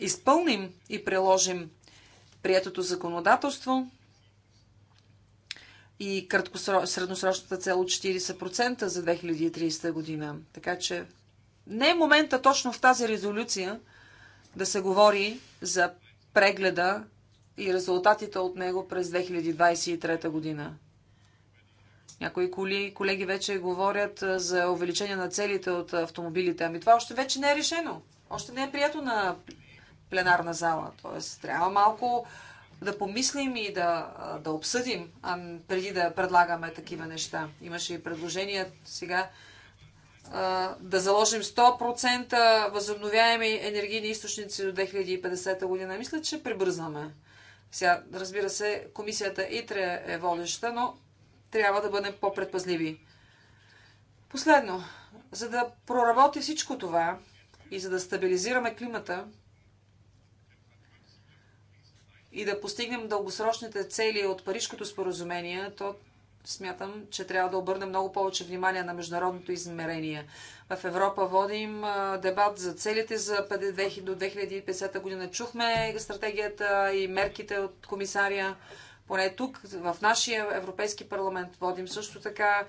изпълним и приложим приетото законодателство и средносрочната цел от 40% за 2030 година. Така че не е момента точно в тази резолюция да се говори за прегледа и резултатите от него през 2023 година. Някои коли, колеги вече говорят за увеличение на целите от автомобилите. Ами това още вече не е решено. Още не е прието на пленарна зала. Тоест трябва малко да помислим и да, да обсъдим, а преди да предлагаме такива неща. Имаше и предложение сега а, да заложим 100% възобновяеми енергийни източници до 2050 година. Мисля, че прибързваме. Сега, разбира се, комисията ИТРЕ е водеща, но трябва да бъдем по-предпазливи. Последно, за да проработи всичко това и за да стабилизираме климата и да постигнем дългосрочните цели от Парижкото споразумение, то смятам, че трябва да обърнем много повече внимание на международното измерение. В Европа водим дебат за целите за до 2050 година. Чухме стратегията и мерките от комисария. Поне тук, в нашия Европейски парламент, водим също така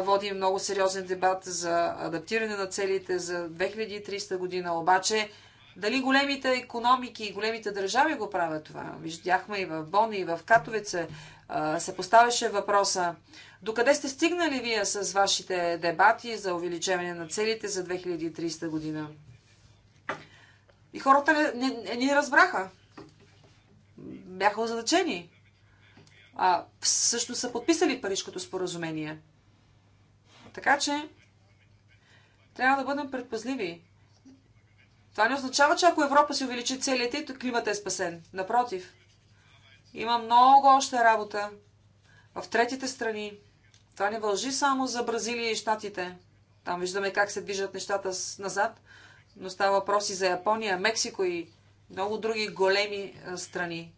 водим много сериозен дебат за адаптиране на целите за 2300 година. Обаче дали големите економики и големите държави го правят това? Виждяхме и в Бон, и в Катовице се поставяше въпроса. Докъде сте стигнали вие с вашите дебати за увеличение на целите за 2300 година? И хората не, не, не разбраха. Бяха озадачени. А, също са подписали Парижкото споразумение. Така че трябва да бъдем предпазливи това не означава, че ако Европа си увеличи целите, то климата е спасен. Напротив, има много още работа в третите страни. Това не вължи само за Бразилия и Штатите. Там виждаме как се движат нещата назад, но става въпроси за Япония, Мексико и много други големи е, страни.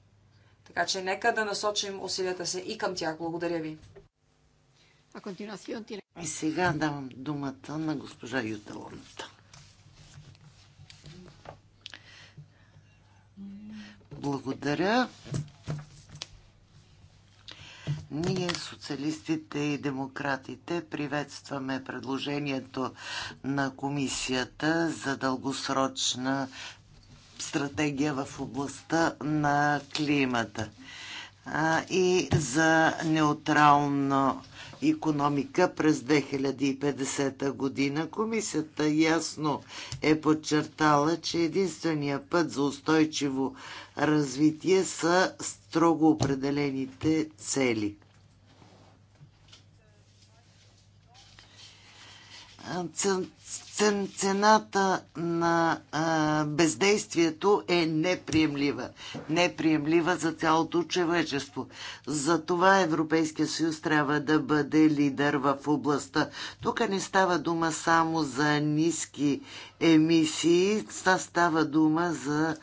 Така че нека да насочим усилията се и към тях. Благодаря ви. И сега давам думата на госпожа Юта Лонта. Благодаря. Ние, социалистите и демократите, приветстваме предложението на комисията за дългосрочна стратегия в областта на климата и за неутрално економика през 2050 година. Комисията ясно е подчертала, че единствения път за устойчиво развитие са строго определените цели. Цент цената на а, бездействието е неприемлива. Неприемлива за цялото човечество. Затова Европейския съюз трябва да бъде лидер в областта. Тук не става дума само за ниски емисии, това става дума за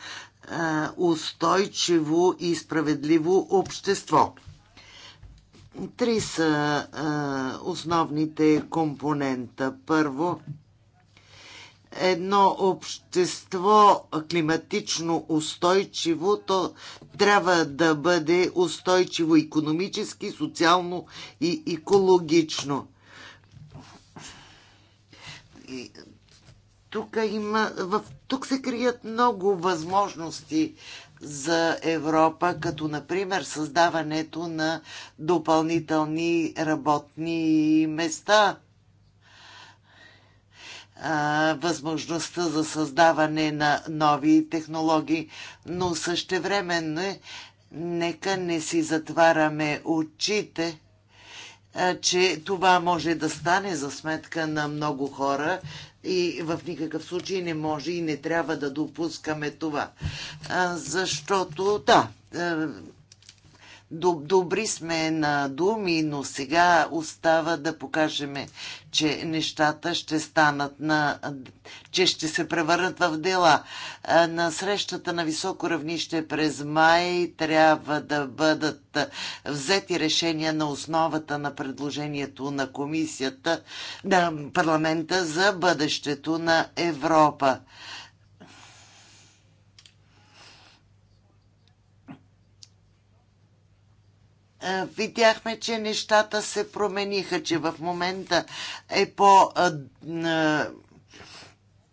а, устойчиво и справедливо общество. Три са а, основните компонента. Първо, едно общество климатично устойчиво, то трябва да бъде устойчиво економически, социално и екологично. И тук, има, в, тук се крият много възможности за Европа, като например създаването на допълнителни работни места – възможността за създаване на нови технологии, но същевременно е, нека не си затваряме очите, че това може да стане за сметка на много хора и в никакъв случай не може и не трябва да допускаме това. Защото, да, добри сме на думи, но сега остава да покажем че нещата ще станат на... че ще се превърнат в дела. На срещата на високо равнище през май трябва да бъдат взети решения на основата на предложението на комисията, на парламента за бъдещето на Европа. Е, видяхме, че нещата се промениха, че в момента е по е, е,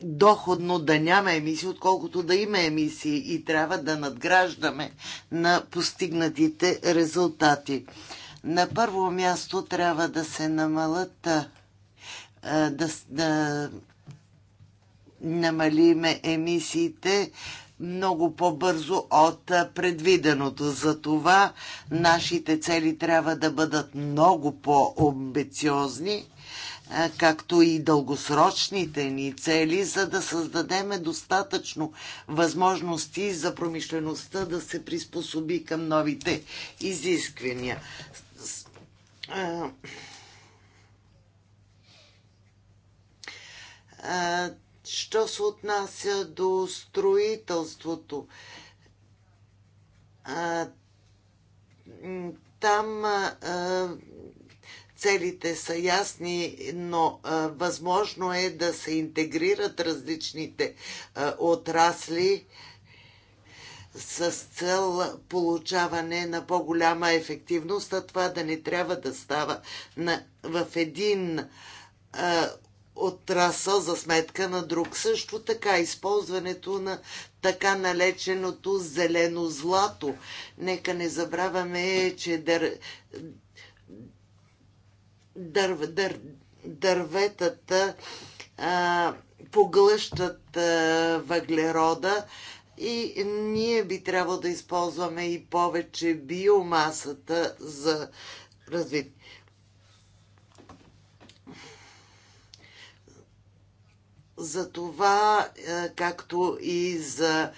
доходно да няма емисии, отколкото да има емисии и трябва да надграждаме на постигнатите резултати. На първо място трябва да се намалят да, да намалиме емисиите много по-бързо от предвиденото. За това нашите цели трябва да бъдат много по-амбициозни, както и дългосрочните ни цели, за да създадеме достатъчно възможности за промишлеността да се приспособи към новите изисквания. Що се отнася до строителството? А, там а, целите са ясни, но а, възможно е да се интегрират различните а, отрасли с цел получаване на по-голяма ефективност, а това да не трябва да става на, в един а, отрасъл за сметка на друг. Също така използването на така налеченото зелено злато. Нека не забравяме, че дър... Дър... Дър... дърветата а, поглъщат а, въглерода и ние би трябвало да използваме и повече биомасата за развитие. за това, е, както и за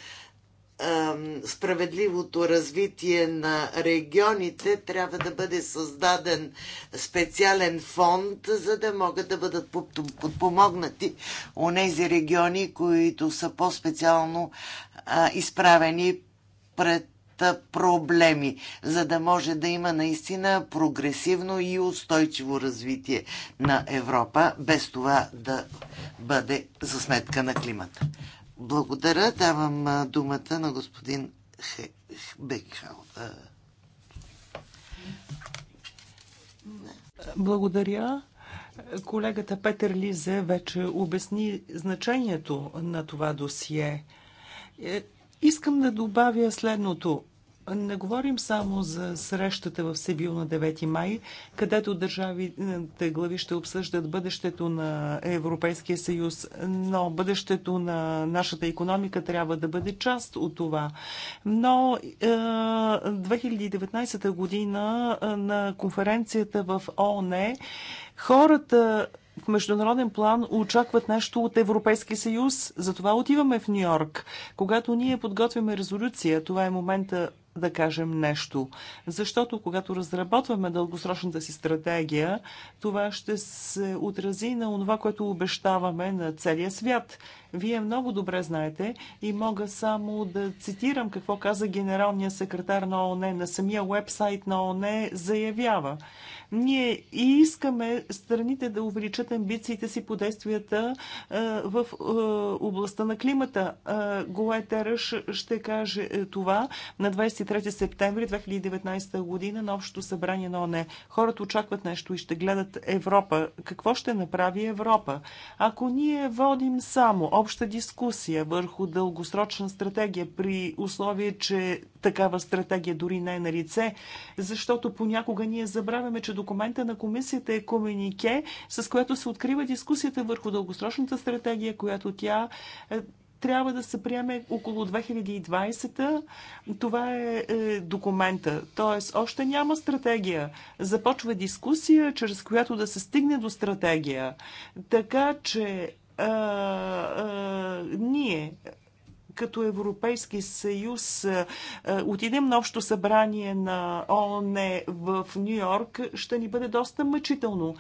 справедливото развитие на регионите, трябва да бъде създаден специален фонд, за да могат да бъдат подпомогнати у нези региони, които са по-специално изправени пред проблеми, за да може да има наистина прогресивно и устойчиво развитие на Европа, без това да бъде за сметка на климата. Благодаря. Давам думата на господин Бекхал. Благодаря. Колегата Петър Лизе вече обясни значението на това досие. Е, искам да добавя следното. Не говорим само за срещата в Севил на 9 май, където държавите глави ще обсъждат бъдещето на Европейския съюз, но бъдещето на нашата економика трябва да бъде част от това. Но 2019 е, година е, на конференцията в ООН хората в международен план очакват нещо от Европейския съюз. Затова отиваме в Нью Йорк. Когато ние подготвяме резолюция, това е момента да кажем нещо. Защото когато разработваме дългосрочната си стратегия, това ще се отрази на това, което обещаваме на целия свят. Вие много добре знаете и мога само да цитирам какво каза Генералният секретар на ООН на самия вебсайт на ООН заявява. Ние искаме страните да увеличат амбициите си по действията е, в е, областта на климата. Е, Голай Тереш ще каже това на 23 септември 2019 година на Общото събрание на ОНЕ. Хората очакват нещо и ще гледат Европа. Какво ще направи Европа? Ако ние водим само обща дискусия върху дългосрочна стратегия при условие, че такава стратегия дори не е на лице, защото понякога ние забравяме, че документа на комисията е комунике, с което се открива дискусията върху дългосрочната стратегия, която тя е, трябва да се приеме около 2020. Това е, е документа. Тоест, още няма стратегия. Започва дискусия, чрез която да се стигне до стратегия. Така че ние, като Европейски съюз е, е, отидем на общо събрание на ООН в Нью Йорк, ще ни бъде доста мъчително.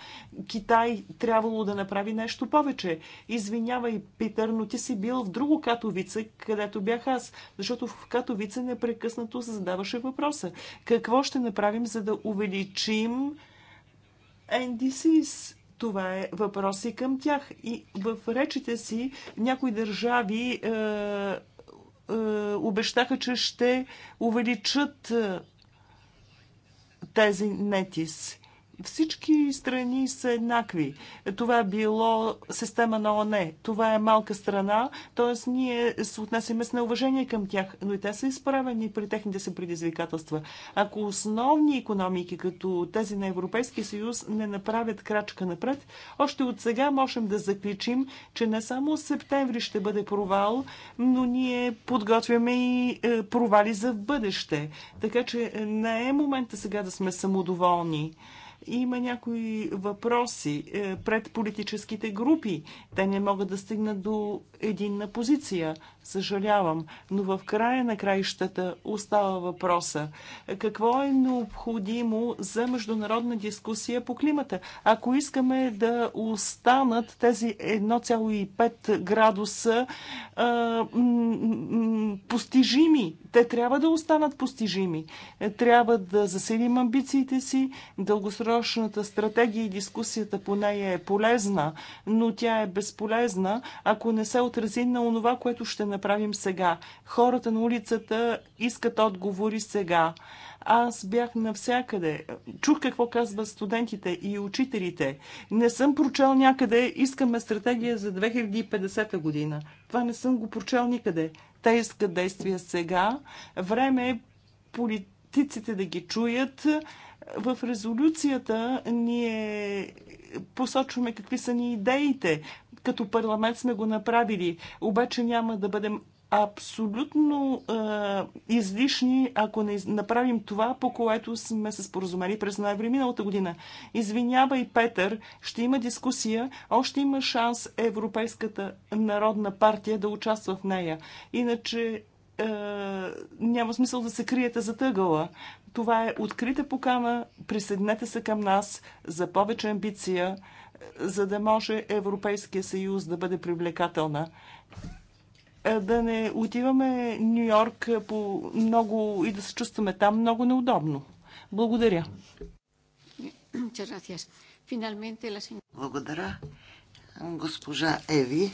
Китай трябвало да направи нещо повече. Извинявай, Питър, но ти си бил в друго Катовице, където бях аз, защото в Катовице непрекъснато се задаваше въпроса. Какво ще направим, за да увеличим NDCs? Това е въпрос и към тях. И в речите си някои държави е, е, обещаха, че ще увеличат е, тези нетис. Всички страни са еднакви. Това е било система на ОНЕ. Това е малка страна, т.е. ние се отнасяме с неуважение към тях, но и те са изправени при техните си предизвикателства. Ако основни економики, като тези на Европейския съюз, не направят крачка напред, още от сега можем да заключим, че не само септември ще бъде провал, но ние подготвяме и е, провали за бъдеще. Така че не е момента сега да сме самодоволни. Има някои въпроси е, пред политическите групи. Те не могат да стигнат до единна позиция. Съжалявам, но в края на краищата остава въпроса. Какво е необходимо за международна дискусия по климата? Ако искаме да останат тези 1,5 градуса а, постижими, те трябва да останат постижими. Трябва да засилим амбициите си. Дългосрочната стратегия и дискусията по нея е полезна, но тя е безполезна, ако не се отрази на онова, което ще направим сега. Хората на улицата искат отговори сега. Аз бях навсякъде. Чух какво казват студентите и учителите. Не съм прочел някъде. Искаме стратегия за 2050 година. Това не съм го прочел никъде. Те искат действия сега. Време е политиците да ги чуят. В резолюцията ние посочваме какви са ни идеите като парламент сме го направили. Обаче няма да бъдем абсолютно е, излишни, ако не направим това, по което сме се споразумели през ноември миналата година. Извинявай, Петър, ще има дискусия, още има шанс Европейската народна партия да участва в нея. Иначе е, няма смисъл да се криете за тъгала. Това е открита покана, присъединете се към нас за повече амбиция, за да може Европейския съюз да бъде привлекателна. Е, да не отиваме Нью Йорк по много и да се чувстваме там много неудобно. Благодаря. Благодаря. Госпожа Еви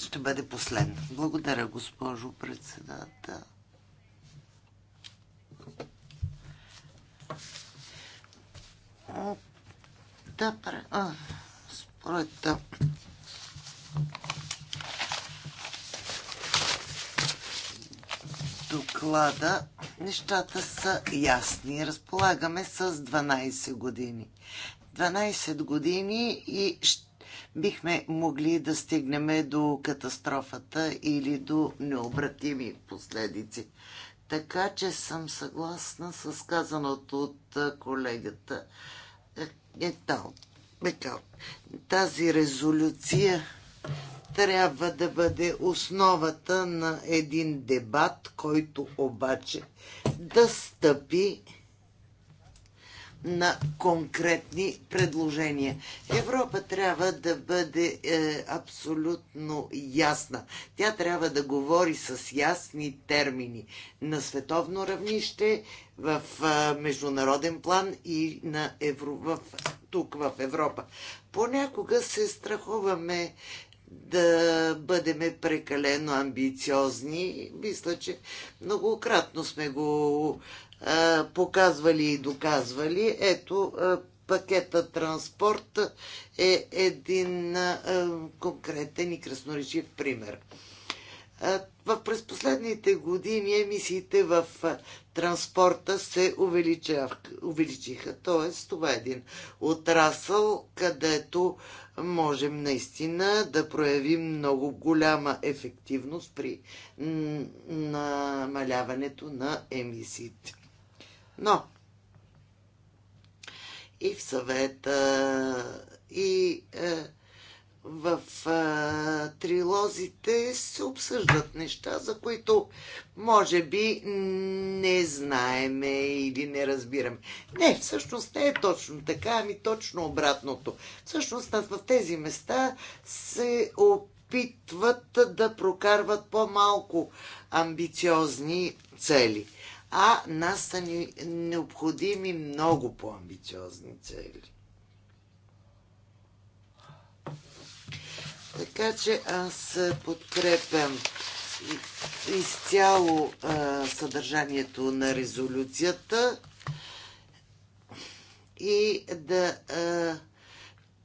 ще бъде последна. Благодаря, госпожо председател. От да, а, според да. доклада нещата са ясни. Разполагаме с 12 години. 12 години и бихме могли да стигнем до катастрофата или до необратими последици. Така че съм съгласна с казаното от колегата Гетал. Бекал. Тази резолюция трябва да бъде основата на един дебат, който обаче да стъпи на конкретни предложения. Европа трябва да бъде е, абсолютно ясна. Тя трябва да говори с ясни термини на световно равнище, в е, международен план и на евро, в, тук в Европа. Понякога се страхуваме да бъдеме прекалено амбициозни. Мисля, че многократно сме го показвали и доказвали. Ето, пакета транспорт е един конкретен и красноречив пример. В през последните години емисиите в транспорта се увеличиха. Т.е. това е един отрасъл, където можем наистина да проявим много голяма ефективност при намаляването на емисиите. Но и в съвета, и е, в е, трилозите се обсъждат неща, за които може би не знаеме или не разбираме. Не, всъщност не е точно така, ами точно обратното. Всъщност в тези места се опитват да прокарват по-малко амбициозни цели а нас са ни необходими много по-амбициозни цели. Така че аз подкрепям изцяло съдържанието на резолюцията и да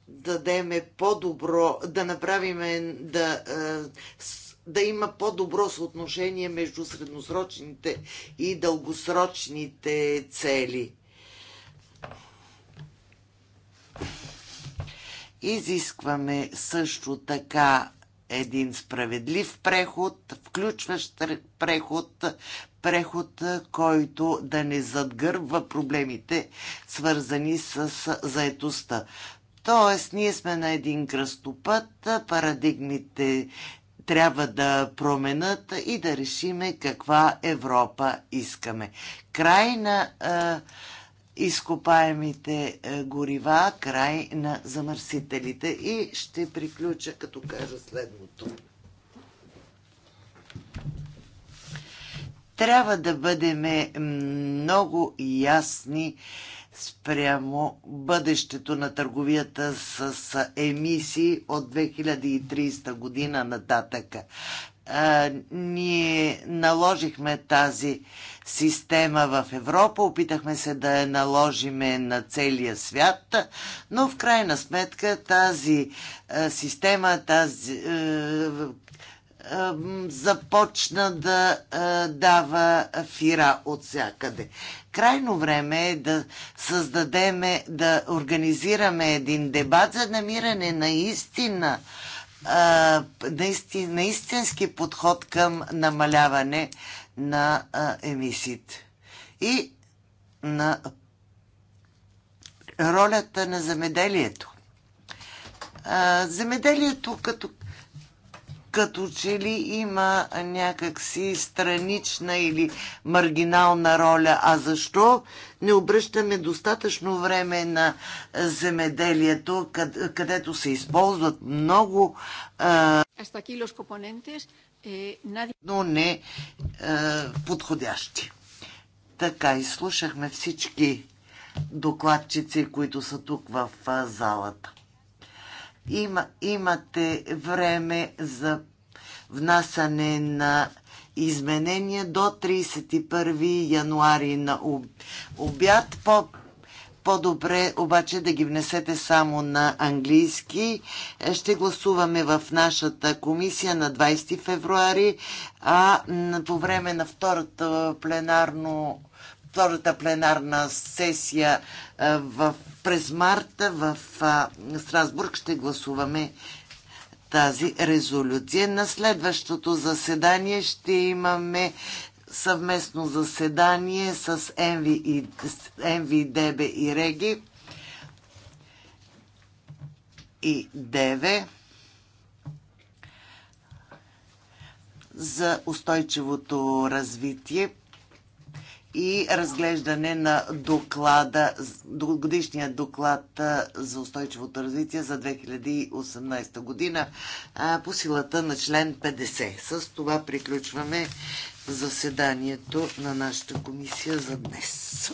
дадеме по-добро, да направиме, да а, да има по-добро съотношение между средносрочните и дългосрочните цели. Изискваме също така един справедлив преход, включващ преход, преход, който да не задгърбва проблемите, свързани с заетостта. Тоест, ние сме на един кръстопът, парадигмите трябва да променят и да решиме каква Европа искаме. Край на а, изкопаемите горива, край на замърсителите. И ще приключа като кажа следното. Трябва да бъдем много ясни спрямо бъдещето на търговията с емисии от 2030 година нататък. А, ние наложихме тази система в Европа, опитахме се да я наложиме на целия свят, но в крайна сметка тази а, система, тази, започна да дава фира от всякъде. Крайно време е да създадеме, да организираме един дебат за намиране наистина на истински подход към намаляване на емисиите и на ролята на земеделието. Земеделието като като че ли има някакси странична или маргинална роля. А защо не обръщаме достатъчно време на земеделието, където се използват много. А... Eh, но не а, подходящи. Така, изслушахме всички докладчици, които са тук в залата. Има, имате време за внасане на изменения до 31 януари на обяд. По, по-добре обаче да ги внесете само на английски. Ще гласуваме в нашата комисия на 20 февруари, а по време на втората пленарно втората пленарна сесия в, през марта в а, Страсбург ще гласуваме тази резолюция. На следващото заседание ще имаме съвместно заседание с МВДБ и, и Реги и ДВ за устойчивото развитие и разглеждане на доклада, годишния доклад за устойчивото развитие за 2018 година по силата на член 50. С това приключваме заседанието на нашата комисия за днес.